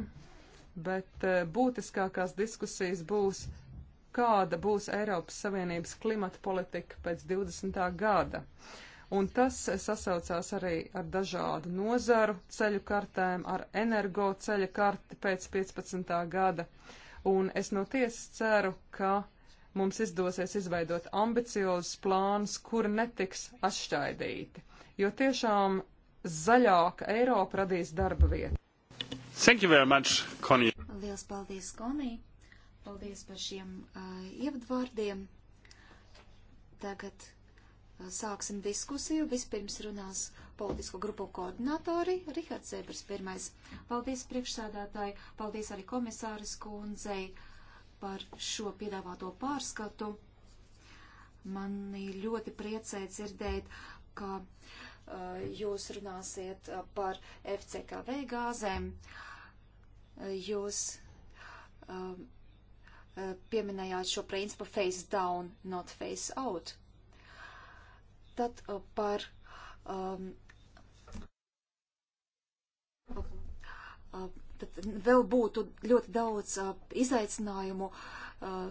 Speaker 2: bet eh, būtiskākās diskusijas būs, kāda būs Eiropas Savienības klimata politika pēc 20. gada. Un tas eh, sasaucās arī ar dažādu nozaru ceļu kartēm, ar energo ceļa karti pēc 15. gada. Uh, un es no tiesas ceru, ka mums izdosies izveidot ambiciozus plānus, kuri netiks atšķaidīti, jo tiešām zaļāka Eiropa radīs darba vietu. Thank you very much,
Speaker 3: Connie. Liels paldies, Konī. Paldies par šiem uh, ievadvārdiem. Tagad Sāksim diskusiju. Vispirms runās politisko grupu koordinatori Rihards Zēbers pirmais. Paldies priekšsādātāji, paldies arī komisāras kundzei par šo piedāvāto pārskatu. Mani ļoti priecē dzirdēt, ka uh, jūs runāsiet uh, par FCKV gāzēm. Jūs uh, uh, pieminējāt šo principu face down, not face out Tad uh, par um, uh, tad vēl būtu ļoti daudz uh, izaicinājumu,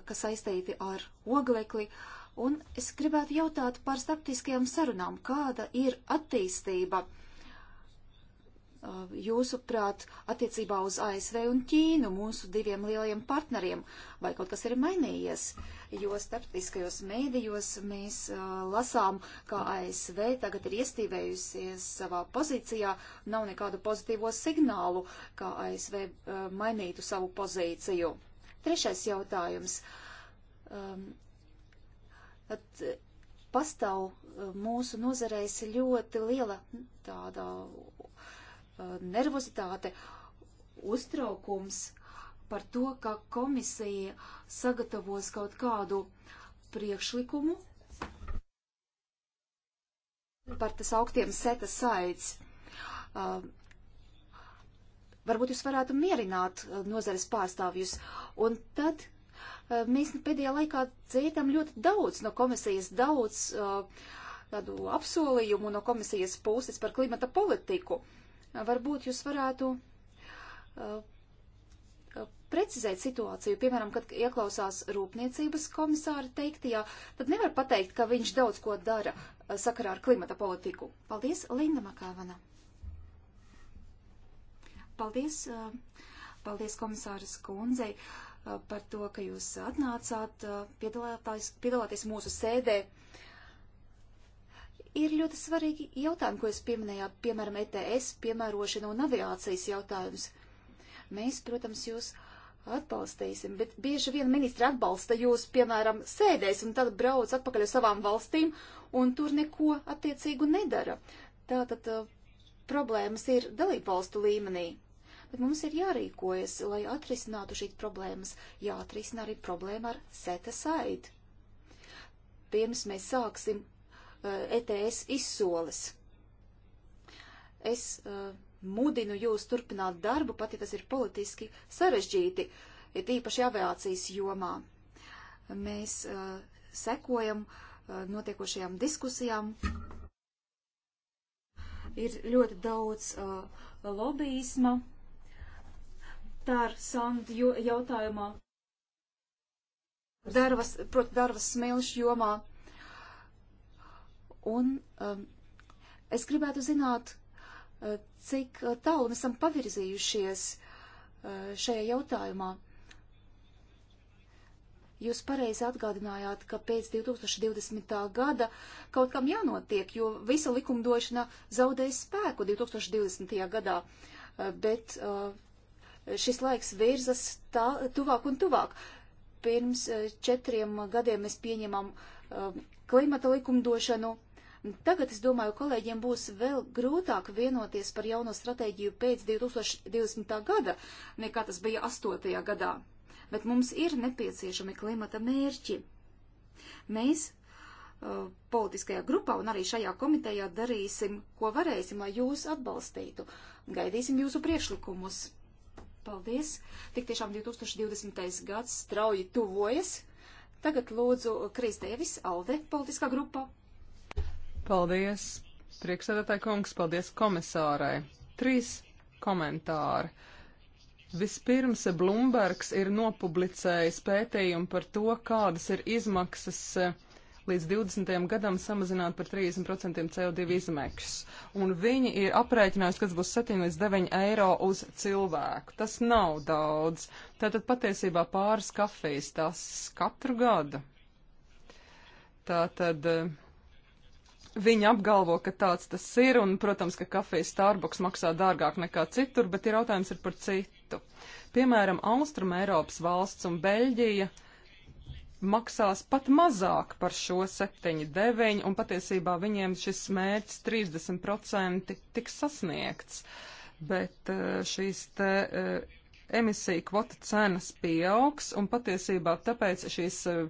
Speaker 3: kas saistīti ar oglekli. Un es gribētu jautāt par starptiskajām sarunām, kāda ir attīstība jūsuprāt attiecībā uz ASV un Ķīnu, mūsu diviem lielajiem partneriem, vai kaut kas ir mainījies? Uh, jo starptiskajos mēdījos mēs lasām, ka ASV tagad ir iestīvējusies savā pozīcijā, nav nekādu pozitīvo signālu, ka ASV mainītu savu pozīciju. Trešais jautājums. Um, at, pastāv mūsu nozareis ļoti liela tāda nervozitāte, uztraukums par to, ka komisija sagatavos kaut kādu priekšlikumu par tas augstiem seta saites. Uh, varbūt jūs varētu mierināt uh, nozares pārstāvjus. Un tad uh, mēs pēdējā laikā dzirdam ļoti daudz no komisijas, daudz uh, tādu apsolījumu no komisijas puses par klimata politiku. Uh, varbūt jūs varētu uh, Uh, precizēt situāciju. Piemēram, kad ieklausās rūpniecības komisāra teiktajā, tad nevar pateikt, ka viņš daudz ko dara uh, sakarā ar klimata politiku. Paldies, Linda Makāvana. Paldies, uh, paldies komisāras kundzei par to, ka jūs atnācāt piedalāties mūsu sēdē. Ir ļoti svarīgi jautājumi, ko jūs pieminējāt, piemēram, ETS piemērošana un aviācijas jautājums. Mēs, protams, jūs atbalstīsim, bet bieži vien ministri atbalsta jūs, piemēram, sēdēs un tad brauc atpakaļ uz savām valstīm un tur neko attiecīgu nedara. Tātad uh, problēmas ir dalībvalstu līmenī. Bet mums ir jārīkojas, lai atrisinātu šīs problēmas, jāatrisina arī problēma ar seta saiti. Pirms mēs sāksim uh, ETS izsoles. Es uh, mudinu jūs turpināt darbu, pat ja tas ir politiski sarežģīti, ir tīpaši aviācijas jomā. Mēs uh, sekojam uh, notiekošajām diskusijām. Ir ļoti daudz uh, lobbyisma. Tā ir sandu jautājumā. Darvas, proti, darvas smilšu jomā. Un um, es gribētu zināt, Eh, cik eh, tālu mēs esam pavirzījušies eh, šajā jautājumā. Jūs pareizi atgādinājāt, ka pēc 2020. gada kaut kam jānotiek, jo visa likumdošana zaudēs spēku 2020. gadā, bet šis laiks virzas tā, tuvāk un tuvāk. Pirms četriem gadiem mēs pieņemam klimata likumdošanu, Tagad es domāju, kolēģiem būs vēl grūtāk vienoties par jauno stratēģiju pēc 2020. gada, nekā tas bija 8. gadā. Bet mums ir nepieciešami klimata mērķi. Mēs uh, politiskajā grupā un arī šajā komitejā darīsim, ko varēsim, lai jūs atbalstītu. Gaidīsim jūsu priekšlikumus. Paldies! Tik tiešām 2020. gads strauji tuvojas. Tagad lūdzu Kristēvis Alde, politiskā grupa.
Speaker 2: Paldies, priekšsēdētāji kungs, paldies komisārai. Trīs komentāri. Vispirms Blumbergs ir nopublicējis pētījumu par to, kādas ir izmaksas e, līdz 20. gadam samazināt par 30% CO2 izmešus. Un viņi ir aprēķinājuši, kas būs 7 līdz 9 eiro uz cilvēku. Tas nav daudz. Tātad patiesībā pāris kafijas tas katru gadu. Tātad. Uh, Viņi apgalvo, ka tāds tas ir, un, protams, ka kafijas Starbucks maksā dārgāk nekā citur, bet ir jautājums ir par citu. Piemēram, Austrum Eiropas valsts un Beļģija maksās pat mazāk par šo 7,9, un patiesībā viņiem šis mērķis 30% tiks sasniegts. Bet eh, šīs te eh, emisiju kvota cenas pieaugs, un patiesībā tāpēc šīs eh,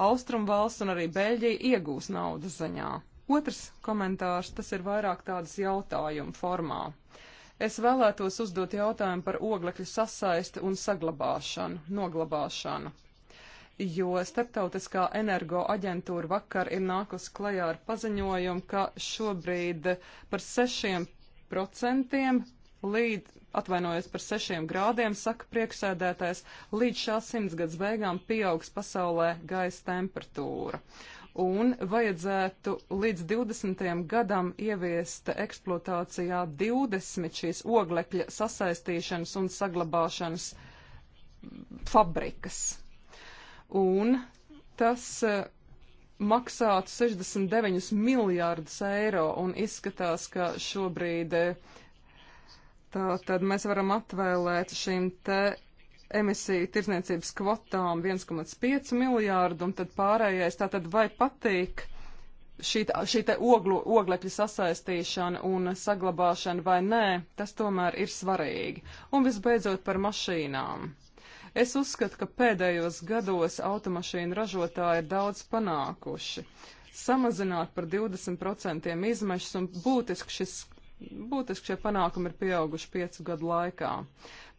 Speaker 2: Austrumvalsts un arī Beļģija iegūs naudas ziņā. Otrs komentārs, tas ir vairāk tādas jautājumu formā. Es vēlētos uzdot jautājumu par oglekļa sasaisti un saglabāšanu, noglabāšanu. Jo Startautiskā energo aģentūra vakar ir nākusi klajā ar paziņojumu, ka šobrīd par 6% līdz, atvainojos par sešiem grādiem, saka priekšsēdētājs, līdz šā simtsgads beigām pieaugs pasaulē gaisa temperatūra. Un vajadzētu līdz 20. gadam ieviest eksploatācijā 20 šīs oglekļa sasaistīšanas un saglabāšanas fabrikas. Un tas eh, maksātu 69 miljārdus eiro un izskatās, ka šobrīd eh, Tā tad mēs varam atvēlēt šīm te emisiju tirdzniecības kvotām 1,5 miljārdu, un tad pārējais tā tad vai patīk šī, šī te oglu, oglekļa sasaistīšana un saglabāšana vai nē, tas tomēr ir svarīgi. Un visbeidzot par mašīnām. Es uzskatu, ka pēdējos gados automašīnu ražotāji ir daudz panākuši samazināt par 20% izmešas, un būtiski šis būtiski šie panākumi ir pieauguši piecu gadu laikā.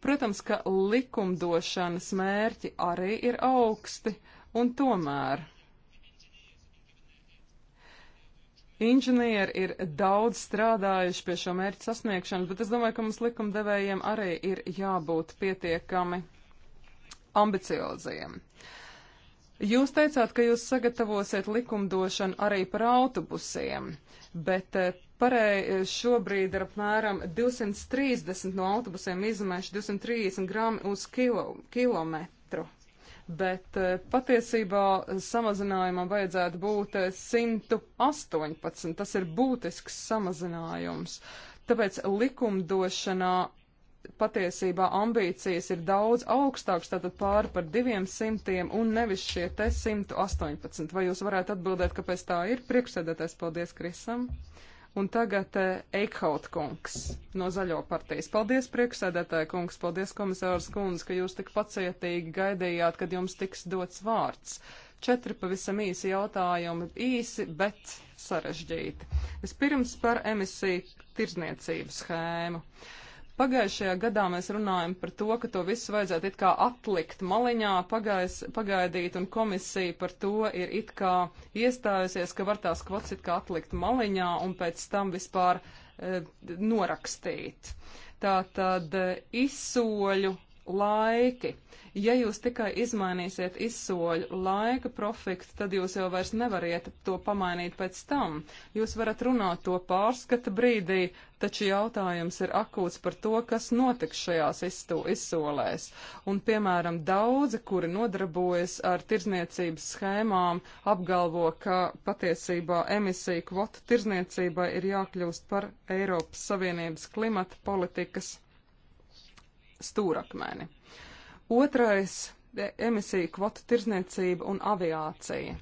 Speaker 2: Protams, ka likumdošanas mērķi arī ir augsti, un tomēr inženieri ir daudz strādājuši pie šo mērķu sasniegšanas, bet es domāju, ka mums likumdevējiem arī ir jābūt pietiekami ambicioziem. Uh, Jūs teicāt, ka jūs sagatavosiet likumdošanu arī par autobusiem, bet eh, parei eh, šobrīd ir apmēram 230 no autobusiem izmeši 230 gramu uz kilo, kilometru. Bet eh, patiesībā samazinājumam vajadzētu būt 118. Tas ir būtisks samazinājums. Tāpēc likumdošanā patiesībā ambīcijas ir daudz augstākas, tātad pāri par diviem simtiem un nevis šie te 118. Vai jūs varētu atbildēt, kāpēc tā ir? Priekšsēdētājs, paldies Krisam. Un tagad eh, Eikhaut kungs no Zaļo partijas. Paldies, priekšsēdētāja kungs, paldies, komisārs kundze, ka jūs tik pacietīgi gaidījāt, kad jums tiks dots vārds. Četri pavisam īsi jautājumi, īsi, bet sarežģīti. Vispirms par emisiju tirzniecības schēmu. Uh, Pagājušajā gadā mēs runājam par to, ka to visu vajadzētu it kā atlikt maliņā, pagais, pagaidīt, un komisija par to ir it kā iestājusies, ka var tās kvots it kā atlikt maliņā un pēc tam vispār e, norakstīt. Tā tad e, eh, izsoļu laiki. Ja jūs tikai izmainīsiet izsoļu laika profitu, tad jūs jau vairs nevariet to pamainīt pēc tam. Jūs varat runāt to pārskata brīdī, taču jautājums ir akūts par to, kas notiks šajās izsolēs. Un, piemēram, daudzi, kuri nodarbojas ar tirzniecības schēmām, apgalvo, ka patiesībā emisiju kvotu tirzniecībai ir jākļūst par Eiropas Savienības klimata politikas stūrakmeni. Otrais e, - emisiju kvotu tirzniecība un aviācija.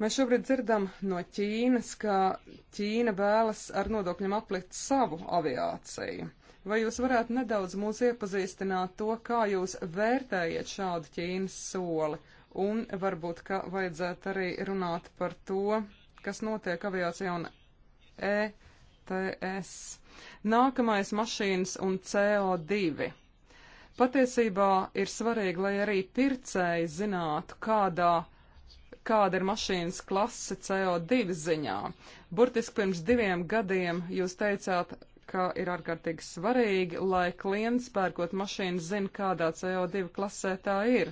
Speaker 2: Mēs šobrīd dzirdam no Ķīnas, ka Ķīna vēlas ar nodokļiem aplikt savu aviāciju. Vai jūs varētu nedaudz mūs iepazīstināt to, kā jūs vērtējat šādu Ķīnas soli? Un varbūt, ka vajadzētu arī runāt par to, kas notiek aviācijā un ETS. Nākamais mašīnas un CO2. Patiesībā ir svarīgi, lai arī pircēji zinātu, kādā kāda ir mašīnas klase CO2 ziņā. Burtiski pirms diviem gadiem jūs teicāt, ka ir ārkārtīgi svarīgi, lai klients pērkot mašīnu zina, kādā CO2 klasē tā ir.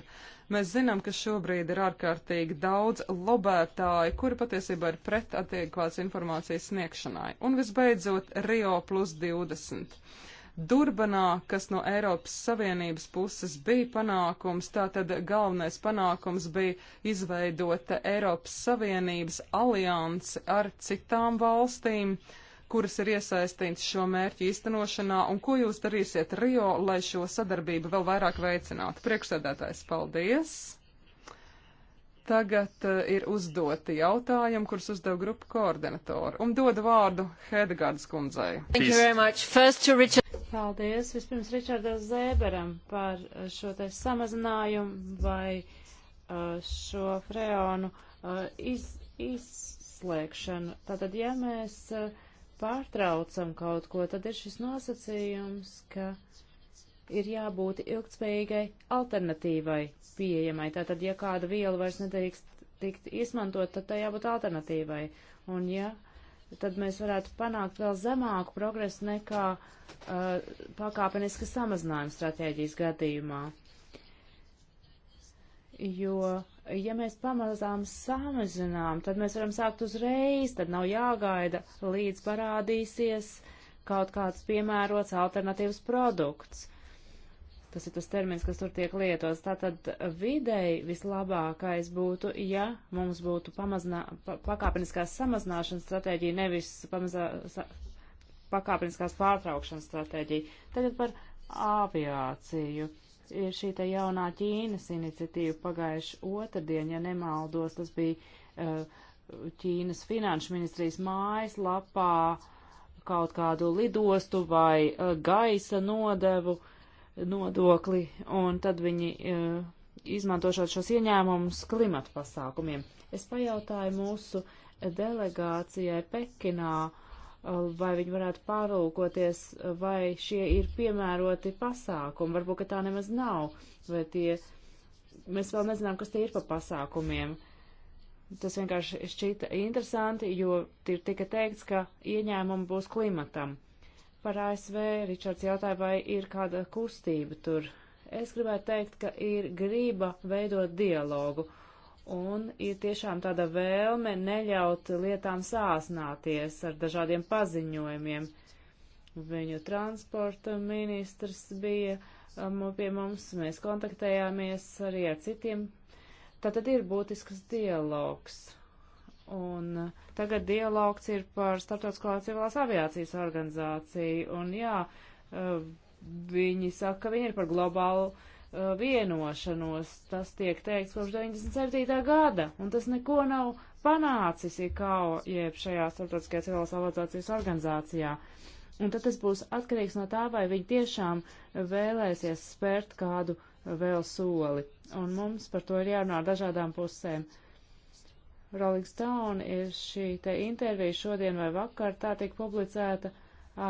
Speaker 2: Mēs zinām, ka šobrīd ir ārkārtīgi daudz lobētāju, kuri patiesībā ir pret attiekvāts informācijas sniegšanai. Un visbeidzot, Rio plus 20. Durbanā, kas no Eiropas Savienības puses bija panākums, tātad galvenais panākums bija izveidota Eiropas Savienības alianse ar citām valstīm, kuras ir iesaistīts šo mērķu īstenošanā, un ko jūs darīsiet Rio, lai šo sadarbību vēl vairāk veicinātu? Priekšsēdētājs, paldies! Tagad uh, ir uzdoti jautājumi, kurus uzdev grupu koordinatori, un dodu vārdu Hedegārdas kundzei.
Speaker 1: Richard... Paldies vispirms Ričardam Zēberam par eh, šo te samazinājumu vai uh, šo freonu uh, iz, izslēgšanu. Tātad, ja mēs uh, pārtraucam kaut ko, tad ir šis nosacījums, ka ir jābūt ilgtspējīgai alternatīvai pieejamai. Tātad, ja kāda viela vairs nedrīkst tikt izmantot, tad tai jābūt alternatīvai. Un ja, tad mēs varētu panākt vēl zemāku progresu nekā uh, pakāpeniska samazinājuma stratēģijas gadījumā. Jo ja mēs pamazām samazinām, tad mēs varam sākt uzreiz, tad nav jāgaida, līdz parādīsies kaut kāds piemērots alternatīvs produkts. Tas ir tas termins, kas tur tiek lietots. Tātad videi vislabākais būtu, ja mums būtu pamazinā, pa, pakāpeniskās samazināšanas stratēģija, nevis pamazā, sa, pakāpeniskās pārtraukšanas stratēģija. Tagad par aviāciju. Uh, ir šī te jaunā Ķīnas iniciatīva pagājuši otrdien, ja nemaldos, tas bija uh, Ķīnas finanšu ministrijas mājas lapā kaut kādu lidostu vai uh, gaisa nodevu nodokli, un tad viņi uh, izmantošot šos ieņēmumus klimata pasākumiem. Es pajautāju mūsu delegācijai Pekinā, uh, vai viņi varētu pārlūkoties, vai šie ir piemēroti pasākumi. Varbūt, ka tā nemaz nav, vai tie, mēs vēl nezinām, kas tie ir pa pasākumiem. Tas vienkārši šķita interesanti, jo ir tika teikts, ka ieņēmumi būs klimatam. Par ASV Ričards jautāja, vai ir kāda kustība tur. Es gribētu teikt, ka ir grība veidot dialogu un ir tiešām tāda vēlme neļaut lietām sāsnāties ar dažādiem paziņojumiem. Viņu transporta ministrs bija um, pie mums, mēs kontaktējāmies arī ar citiem. Tātad ir būtisks dialogs. Un uh, tagad dialogs ir par Startautiskā civilās aviācijas organizāciju. Un jā, uh, viņi saka, ka viņi ir par globālu uh, Uh, vienošanos, tas tiek teikts kopš 97. gada, un tas neko nav panācis IKO, jeb šajā starptautiskajā civilās organizācijas organizācijā. Un tad tas būs atkarīgs no tā, vai viņi tiešām vēlēsies spērt kādu vēl soli. Un mums par to ir jārunā dažādām pusēm. Rolling Stone ir šī te intervija šodien vai vakar, tā tiek publicēta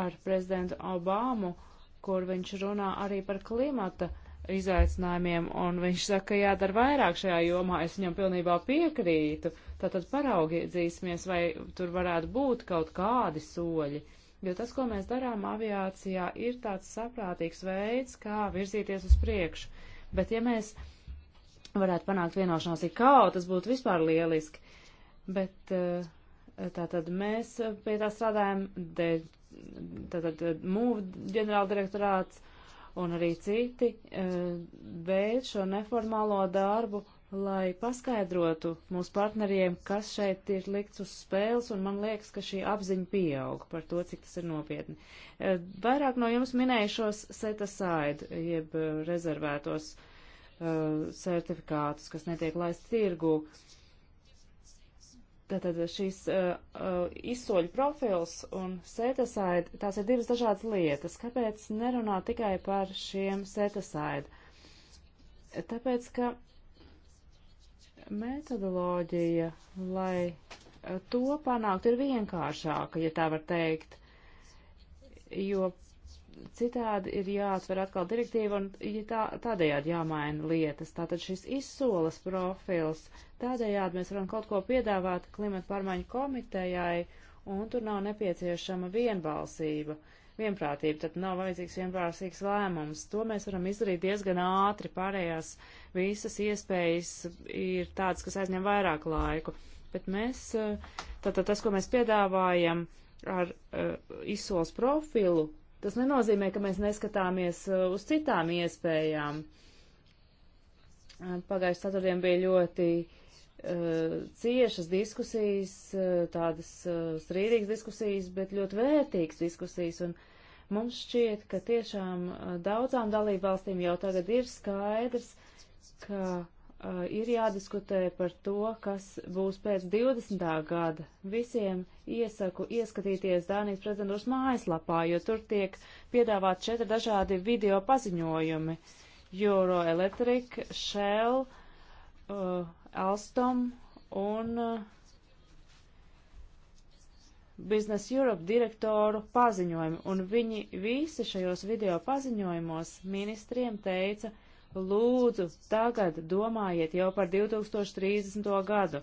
Speaker 1: ar prezidentu Obamu, kur viņš runā arī par klimata uh, izaicinājumiem, un viņš saka, ka jādara vairāk šajā jomā, es viņam pilnībā piekrītu, tātad paraugīdzīsimies, vai tur varētu būt kaut kādi soļi, jo tas, ko mēs darām aviācijā, ir tāds saprātīgs veids, kā virzīties uz priekšu, bet ja mēs varētu panākt vienošanos ikau, tas būtu vispār lieliski, bet eh, tātad mēs pie tā strādājam, de, tātad eh, MUV ģenerāldirektorāts, un arī citi e, veids šo neformālo darbu, lai paskaidrotu mūsu partneriem, kas šeit ir likts uz spēles, un man liekas, ka šī apziņa pieaug par to, cik tas ir nopietni. E, vairāk no jums minējušos set aside, jeb rezervētos e, certifikātus, kas netiek laists tirgū. Uh, Tātad šīs uh, uh, izsoļu profils un setasaid, tās ir divas dažādas lietas. Kāpēc nerunā tikai par šiem setasaid? Tāpēc, ka metodoloģija, lai uh, to panākt, ir vienkāršāka, ja tā var teikt, jo citādi ir jāatver atkal direktīva un ja tā, tādējādi jāmaina lietas. Tātad šis izsoles profils Tādējādi mēs varam kaut ko piedāvāt klimata pārmaiņu komitejai, un tur nav nepieciešama vienbalsība, vienprātība, tad nav vajadzīgs vienbalsīgs lēmums. To mēs varam izdarīt diezgan ātri, pārējās visas iespējas ir tādas, kas aizņem vairāk laiku. Bet mēs, eh, tātad tas, ko mēs piedāvājam ar eh, izsoles profilu, tas nenozīmē, ka mēs neskatāmies eh, uz citām iespējām. Pagājušajā ceturtdien bija ļoti uh, Eh, ciešas diskusijas, eh, tādas eh, strīdīgas diskusijas, bet ļoti vērtīgas diskusijas. Un mums šķiet, ka tiešām daudzām dalībvalstīm jau tagad ir skaidrs, ka uh, ir jādiskutē par to, kas būs pēc 20. gada. Visiem iesaku ieskatīties Dānijas prezidentūras mājaslapā, jo tur tiek piedāvāt četri dažādi video paziņojumi. Euroelectric, Shell, uh, Alstom un uh, Business Europe direktoru paziņojumu, un viņi visi šajos video paziņojumos ministriem teica, lūdzu, tagad domājiet jau par 2030. gadu.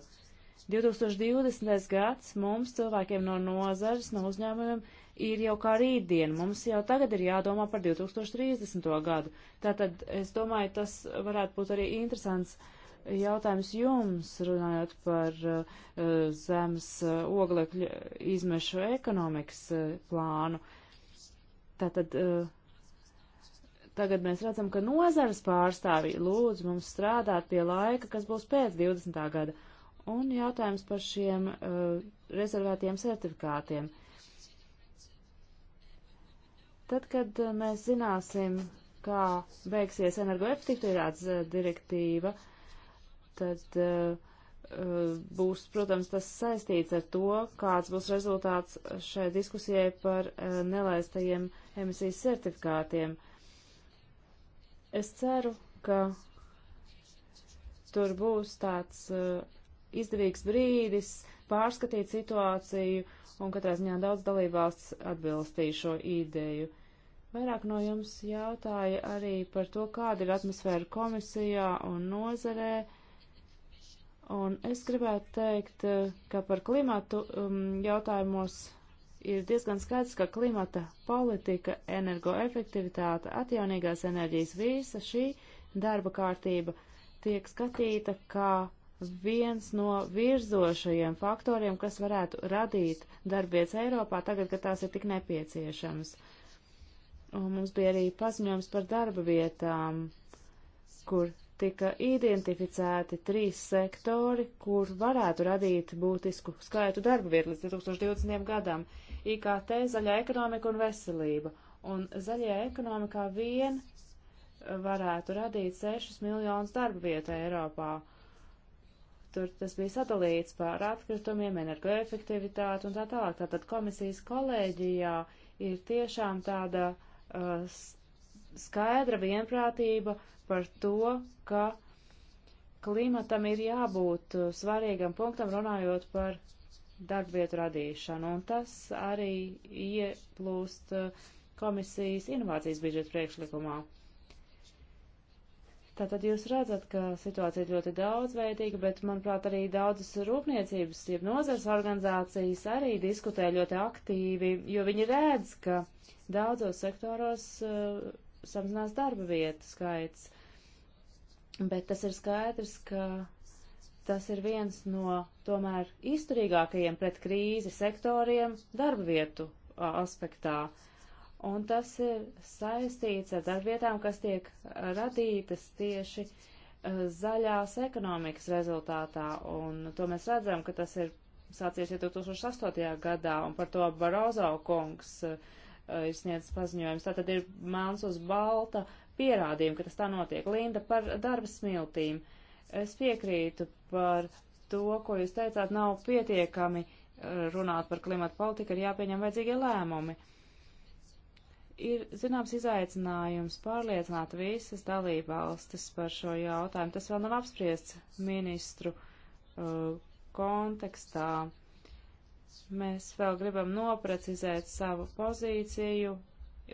Speaker 1: 2020. gads mums cilvēkiem no nozares, no uzņēmumiem ir jau kā rītdien. Mums jau tagad ir jādomā par 2030. gadu. Tātad, es domāju, tas varētu būt arī interesants uh, jautājums jums, runājot par uh, zemes uh, oglekļa izmešu ekonomikas uh, plānu. Tātad tagad mēs redzam, ka nozares pārstāvji lūdz mums strādāt pie laika, kas būs pēc 20. gada. Un jautājums par šiem rezervētiem certifikātiem. Tad, kad mēs zināsim, kā beigsies energoefektivitātes direktīva, uh, tad eh, eh, būs, protams, tas saistīts ar to, kāds būs rezultāts šai diskusijai par eh, nelaistajiem emisijas certifikātiem. Es ceru, ka tur būs tāds izdevīgs brīdis pārskatīt situāciju, un katrā ziņā daudz dalībvalsts atbilstīja šo ideju. Vairāk no jums jautāja arī par to, kāda ir atmosfēra komisijā un nozarē. Uh, Un es gribētu teikt, eh, ka par klimatu um, jautājumos ir diezgan skaidrs, ka klimata politika, energoefektivitāte, atjaunīgās enerģijas, visa šī darba kārtība tiek skatīta kā viens no virzošajiem faktoriem, kas varētu radīt darbvietas Eiropā tagad, kad tās ir tik nepieciešamas. Un mums bija arī paziņojums par darba vietām, kur tika identificēti trīs sektori, kur varētu radīt būtisku skaitu darba vietu līdz 2020. gadam - IKT, zaļā ekonomika un veselība. Un zaļajā ekonomikā vien varētu radīt 6 miljonus darba vietu Eiropā. Tur tas bija sadalīts par atkritumiem, energoefektivitāti un tā tālāk. Tātad komisijas kolēģijā ir tiešām tāda uh, skaidra vienprātība par to, ka klimatam ir jābūt uh, svarīgam punktam runājot par darbvietu radīšanu, un tas arī ieplūst uh, komisijas inovācijas biudžeta priekšlikumā. Tātad jūs redzat, ka situācija ir ļoti daudzveidīga, bet, manuprāt, arī daudzas rūpniecības, jeb nozars organizācijas arī diskutē ļoti aktīvi, jo viņi redz, ka daudzos sektoros uh, samazinās darba vietu skaits. Bet tas ir skaidrs, ka tas ir viens no tomēr izturīgākajiem pret krīzi sektoriem darba vietu aspektā. Un tas ir saistīts ar darbvietām, kas tiek radītas tieši zaļās ekonomikas rezultātā. Un to mēs redzam, ka tas ir sācies 2008. gadā, un par to Barozo kungs uh, ir eh, sniedzis paziņojums. Tātad ir melns uz balta pierādījumi, ka tas tā notiek. Linda, par darba smiltīm. Es piekrītu par to, ko jūs teicāt, nav pietiekami eh, runāt par klimatu politiku, ir jāpieņem vajadzīgie lēmumi. Ir zināms izaicinājums pārliecināt visas dalībvalstis par šo jautājumu. Tas vēl nav apspriests ministru uh, kontekstā. Uh, Mēs vēl gribam noprecizēt savu pozīciju,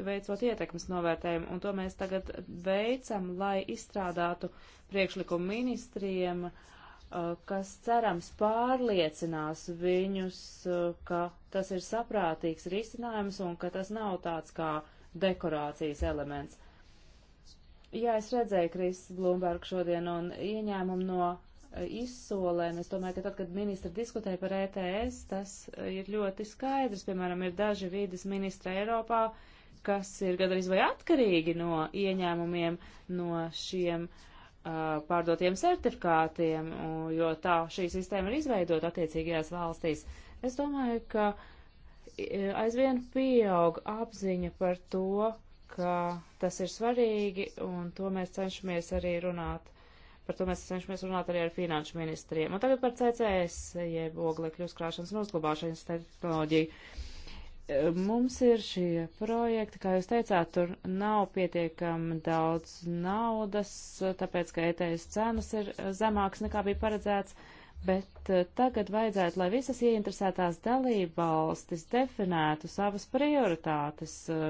Speaker 1: veicot ietekmes novērtējumu, un to mēs tagad veicam, lai izstrādātu priekšlikumu ministriem, uh, kas cerams pārliecinās viņus, uh, ka tas ir saprātīgs risinājums un ka tas nav tāds kā dekorācijas elements. Jā, es redzēju Kristus Blūmbergu šodien un ieņēmumu no izsolēm. Es domāju, ka tad, kad ministri diskutē par ETS, tas e, ir ļoti skaidrs. Piemēram, ir daži vīdes ministri Eiropā, kas ir gadarīz vai atkarīgi no ieņēmumiem, no šiem uh, pārdotiem certifikātiem, jo tā šī sistēma ir izveidota attiecīgajās valstīs. Es domāju, ka e, aizvien pieaug apziņa par to, ka tas ir svarīgi, un to mēs cenšamies arī runāt Par to mēs cenšamies runāt arī ar finanšu ministriem. Un tagad par CCS, jeb oglekļu uzkrāšanas un uzglabāšanas tehnoloģiju. E, mums ir šie projekti, kā jūs teicāt, tur nav pietiekami daudz naudas, tāpēc, ka ETS cenas ir zemākas nekā bija paredzēts, bet e, tagad vajadzētu, lai visas ieinteresētās dalībvalstis definētu savas prioritātes e,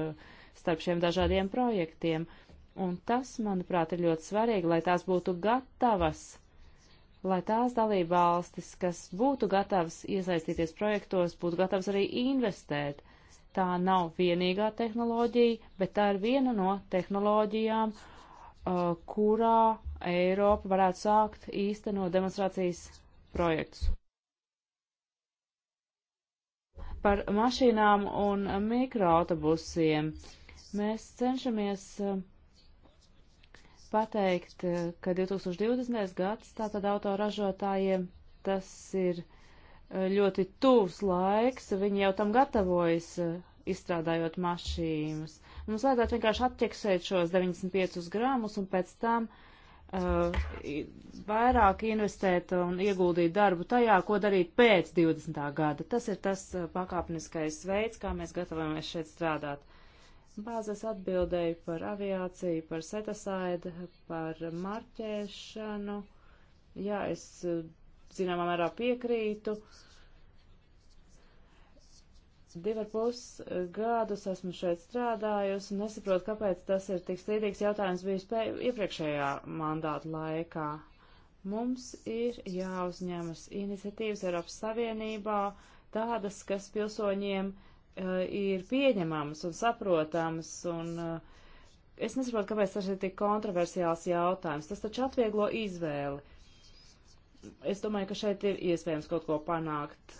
Speaker 1: starp šiem dažādiem projektiem. Uh, Un tas, manuprāt, ir ļoti svarīgi, lai tās būtu gatavas, lai tās dalība valstis, kas būtu gatavas iesaistīties projektos, būtu gatavas arī investēt. Tā nav vienīgā tehnoloģija, bet tā ir viena no tehnoloģijām, uh, kurā Eiropa varētu sākt īstenot demonstrācijas projektus. Par mašīnām un mikroautobusiem mēs cenšamies uh, pateikt, eh, ka 2020. gads tātad autoražotājiem tas ir eh, ļoti tūs laiks, viņi jau tam gatavojas eh, izstrādājot mašīnas. Mums vajadzētu vienkārši atķeksēt šos 95 gramus un pēc tam uh, vairāk investēt un ieguldīt darbu tajā, ko darīt pēc 20. gada. Tas ir tas pakāpeniskais veids, kā mēs gatavojamies šeit strādāt. Bāzes atbildēju par aviāciju, par setasaidu, par marķēšanu. Jā, es zināmā mērā piekrītu. Divi ar pus gadus esmu šeit strādājusi un nesaprotu, kāpēc tas ir tik strīdīgs jautājums bijis iepriekšējā mandāta laikā. Mums ir jāuzņemas iniciatīvas Eiropas Savienībā, tādas, kas pilsoņiem uh, Eh, ir pieņemamas un saprotamas, un eh, es nesaprotu, kāpēc tas ir tik kontroversiāls jautājums. Tas taču atvieglo izvēli. Es domāju, ka šeit ir iespējams kaut ko panākt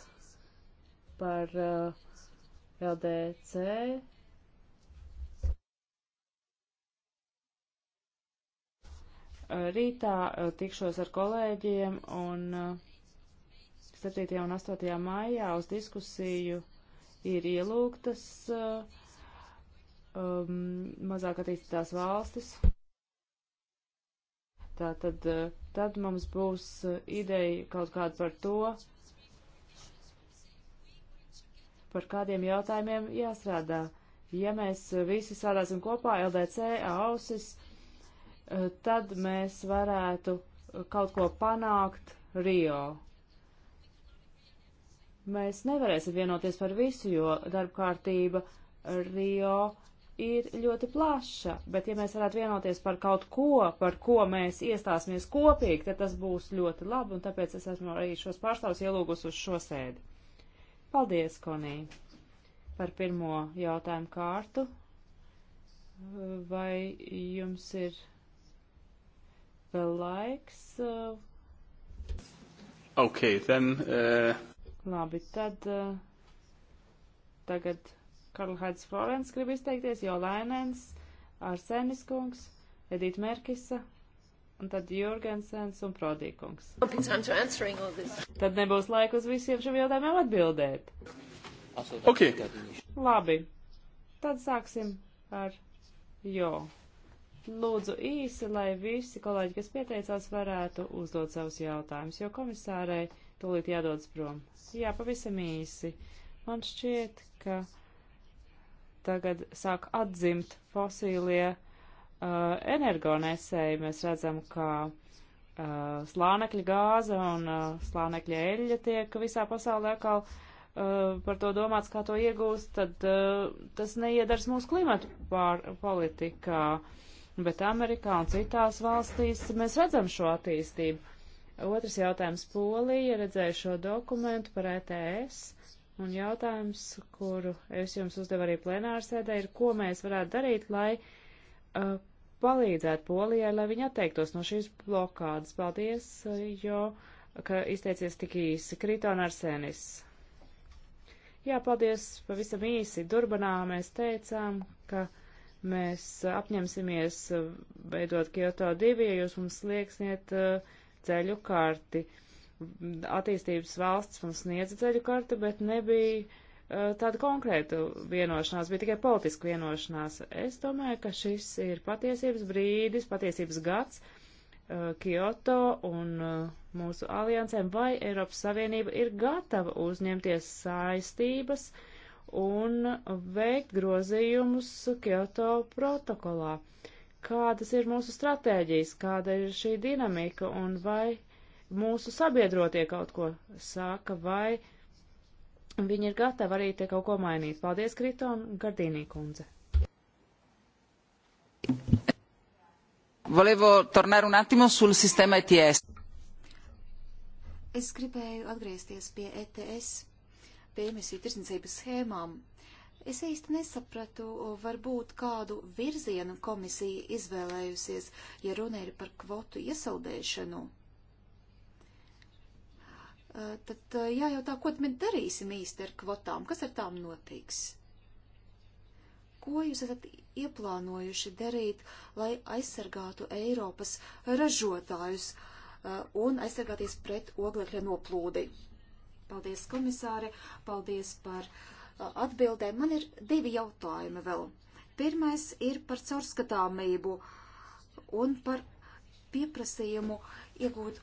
Speaker 1: par eh, LDC. Rītā tikšos ar kolēģiem un 7. un 8. maijā uz diskusiju ir ielūgtas uh, um, mazāk attīstītās valstis. Tātad uh, tad mums būs uh, ideja kaut kāda par to, par kādiem jautājumiem jāstrādā. Ja mēs visi strādāsim kopā, LDC, AUSIS, tad mēs varētu kaut ko panākt Rio. Mēs nevarēsim vienoties par visu, jo darba kārtība Rio ir ļoti plaša, bet ja mēs varētu vienoties par kaut ko, par ko mēs iestāsimies kopīgi, tad tas būs ļoti labi, un tāpēc es esmu arī šos pārstāvus ielūgus uz šo sēdi. Paldies, Konī, par pirmo jautājumu kārtu. Vai jums ir vēl laiks?
Speaker 2: Okay, then, uh...
Speaker 1: Labi, tad uh, tagad Karlhaids Florens grib izteikties, jo Lainens, Arsenis kungs, Edita Merkisa, un tad Jurgensens un Prodīkungs. Tad nebūs laika uz visiem šiem jautājumiem atbildēt. Ok. Labi, tad sāksim ar jo. Lūdzu īsi, lai visi kolēģi, kas pieteicās, varētu uzdot savus jautājumus, jo komisārai tūlīt jādodas prom. Jā, pavisam īsi. Man šķiet, ka tagad sāk atzimt fosīlie uh, energonesēji. Mēs redzam, ka uh, slānekļa gāze un uh, slānekļa eļļa tiek visā pasaulē atkal uh, par to domāts, kā to iegūst, tad uh, tas neiedars mūsu klimatu pār politikā. Bet Amerikā un citās valstīs mēs redzam šo attīstību. Otrs jautājums - Polija redzēja šo dokumentu par ETS, un jautājums, kuru es jums uzdevu arī plenārsēdē, ir, ko mēs varētu darīt, lai uh, palīdzētu Polijai, lai viņi atteiktos no šīs blokādas. Paldies, uh, jo, ka izteicies tik īsi. Kriton Arsenis. Jā, paldies, pavisam īsi. Durbanā mēs teicām, ka mēs apņemsimies uh, veidot Kyoto 2, ja jūs mums lieksniet uh, ceļu karti. Attīstības valsts mums sniedza ceļu karti, bet nebija uh, tāda konkrēta vienošanās, bija tikai politiska vienošanās. Es domāju, ka šis ir patiesības brīdis, patiesības gads uh, Kyoto un uh, mūsu aliansēm, vai Eiropas Savienība ir gatava uzņemties saistības un veikt grozījumus Kyoto protokolā. Uh, kādas ir mūsu stratēģijas, kāda ir šī dinamika un vai mūsu sabiedrotie kaut ko saka, vai viņi ir gatavi arī te kaut ko mainīt. Paldies, Krito un Gardīnī kundze.
Speaker 2: Volevo tornare un attimo sul sistema ETS.
Speaker 3: Es gribēju atgriezties pie ETS, pie emisiju tirdzniecības schēmām Es īsti nesapratu, varbūt kādu virzienu komisija izvēlējusies, ja runa ir par kvotu iesaldēšanu. Tad jājautā, ko mēs darīsim īsti ar kvotām, kas ar tām notiks? Ko jūs esat ieplānojuši darīt, lai aizsargātu Eiropas ražotājus un aizsargāties pret oglekļa noplūdi? Paldies, komisāri, paldies par uh, atbildēm. Man ir divi jautājumi vēl. Pirmais ir par caurskatāmību un par pieprasījumu iegūt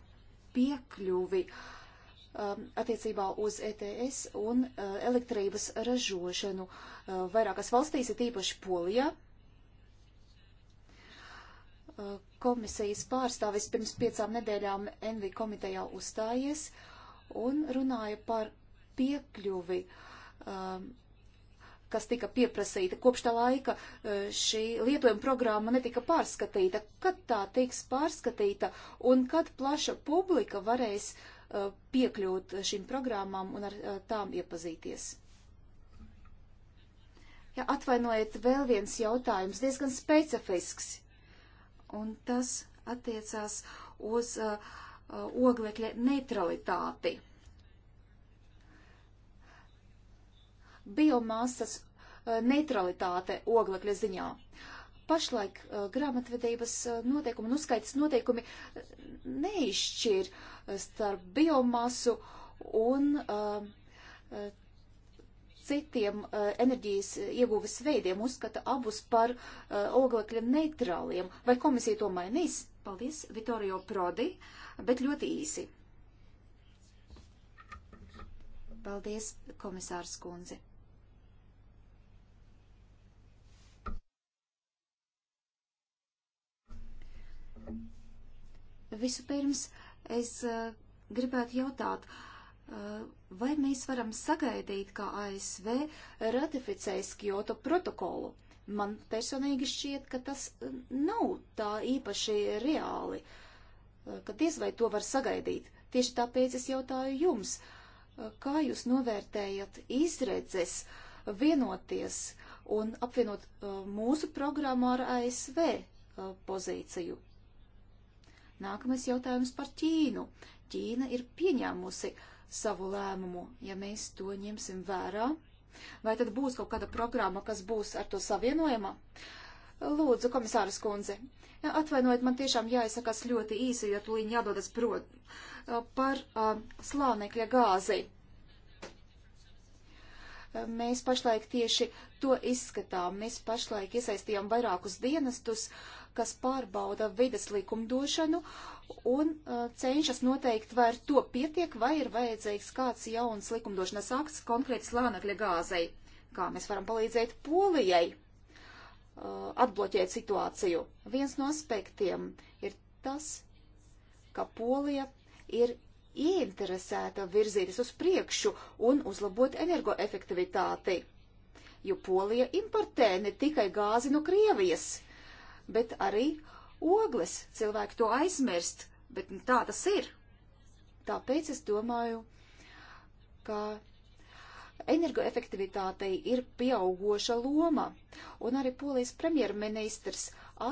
Speaker 3: piekļuvi um, attiecībā uz ETS un uh, elektrības ražošanu uh, vairākas valstīs, ir tīpaši Polijā. Uh, komisijas pārstāvis pirms piecām nedēļām Envi komitejā uzstājies un runāja par piekļuvi uh, Um, kas tika pieprasīta. Kopš tā laika uh, šī lietojuma programma netika pārskatīta. Kad tā tiks pārskatīta un kad plaša publika varēs uh, piekļūt šīm programmām un ar uh, tām iepazīties? Ja atvainojiet, vēl viens jautājums, diezgan specifisks. Un tas attiecās uz uh, oglekļa neutralitāti. biomasas eh, neutralitāte oglekļa ziņā. Pašlaik uh, grāmatvedības eh, noteikumi un uzskaitas noteikumi neizšķir starp biomasu un uh, citiem uh, enerģijas ieguves veidiem, uzskata abus par oglekļa neitrāliem. Vai komisija to mainīs? Paldies, Vitorio Prodi, bet ļoti īsi. Paldies, komisārs Kunze. Vispirms es eh, gribētu jautāt, eh, vai mēs varam sagaidīt, ka ASV ratificēs Kyoto protokolu? Man personīgi šķiet, ka tas eh, nav tā īpaši reāli, ka diez vai to var sagaidīt. Tieši tāpēc es jautāju jums, kā jūs novērtējat izredzes vienoties un apvienot mūsu programmu ar ASV pozīciju? Nākamais jautājums par Ķīnu. Ķīna ir pieņēmusi savu lēmumu, ja mēs to ņemsim vērā. Vai tad būs kaut kāda programma, kas būs ar to savienojama? Lūdzu, komisāras kundze, atvainojiet, man tiešām jāizsakās ļoti īsi, jo tūlīt jādodas prot par uh, slānekļa gāzi. Mēs pašlaik tieši to izskatām. Mēs pašlaik iesaistījām vairākus dienestus, kas pārbauda vides likumdošanu un uh, cenšas noteikt, vai ar to pietiek, vai ir vajadzīgs kāds jauns likumdošanas akts konkrēti slānekļa gāzei. Kā mēs varam palīdzēt polijai uh, atbloķēt situāciju? Viens no aspektiem ir tas, ka polija ir ieinteresēta virzīties uz priekšu un uzlabot energoefektivitāti jo Polija importē ne tikai gāzi no Krievijas, bet arī ogles. Cilvēki to aizmirst, bet nu, tā tas ir. Tāpēc es domāju, ka energoefektivitātei ir pieaugoša loma, un arī polijas premjerministrs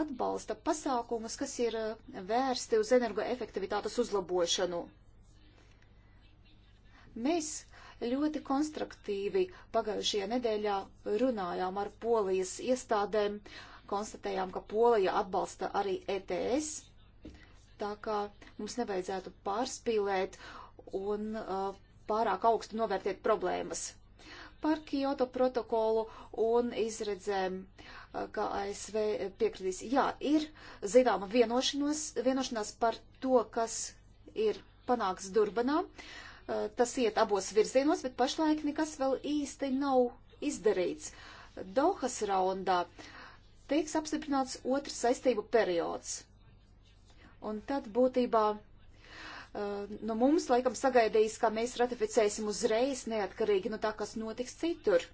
Speaker 3: atbalsta pasākumus, kas ir uh, vērsti uz energoefektivitātes uzlabošanu. Mēs Ļoti konstruktīvi pagājušajā nedēļā runājām ar polijas iestādēm, konstatējām, ka polija atbalsta arī ETS, tā kā mums nevajadzētu pārspīlēt un uh, pārāk augstu novērtēt problēmas par Kyoto protokolu un izredzēm, uh, ka ASV piekritīs. Jā, ir zināma vienošanās par to, kas ir panāks Durbanā. Eh, tas iet abos virzienos, bet pašlaik nekas vēl īsti nav izdarīts. Dohas raundā tiks apstiprināts otrs saistību periods. Un tad būtībā eh, no nu, mums laikam sagaidīs, ka mēs ratificēsim uzreiz neatkarīgi no tā, kas notiks citur.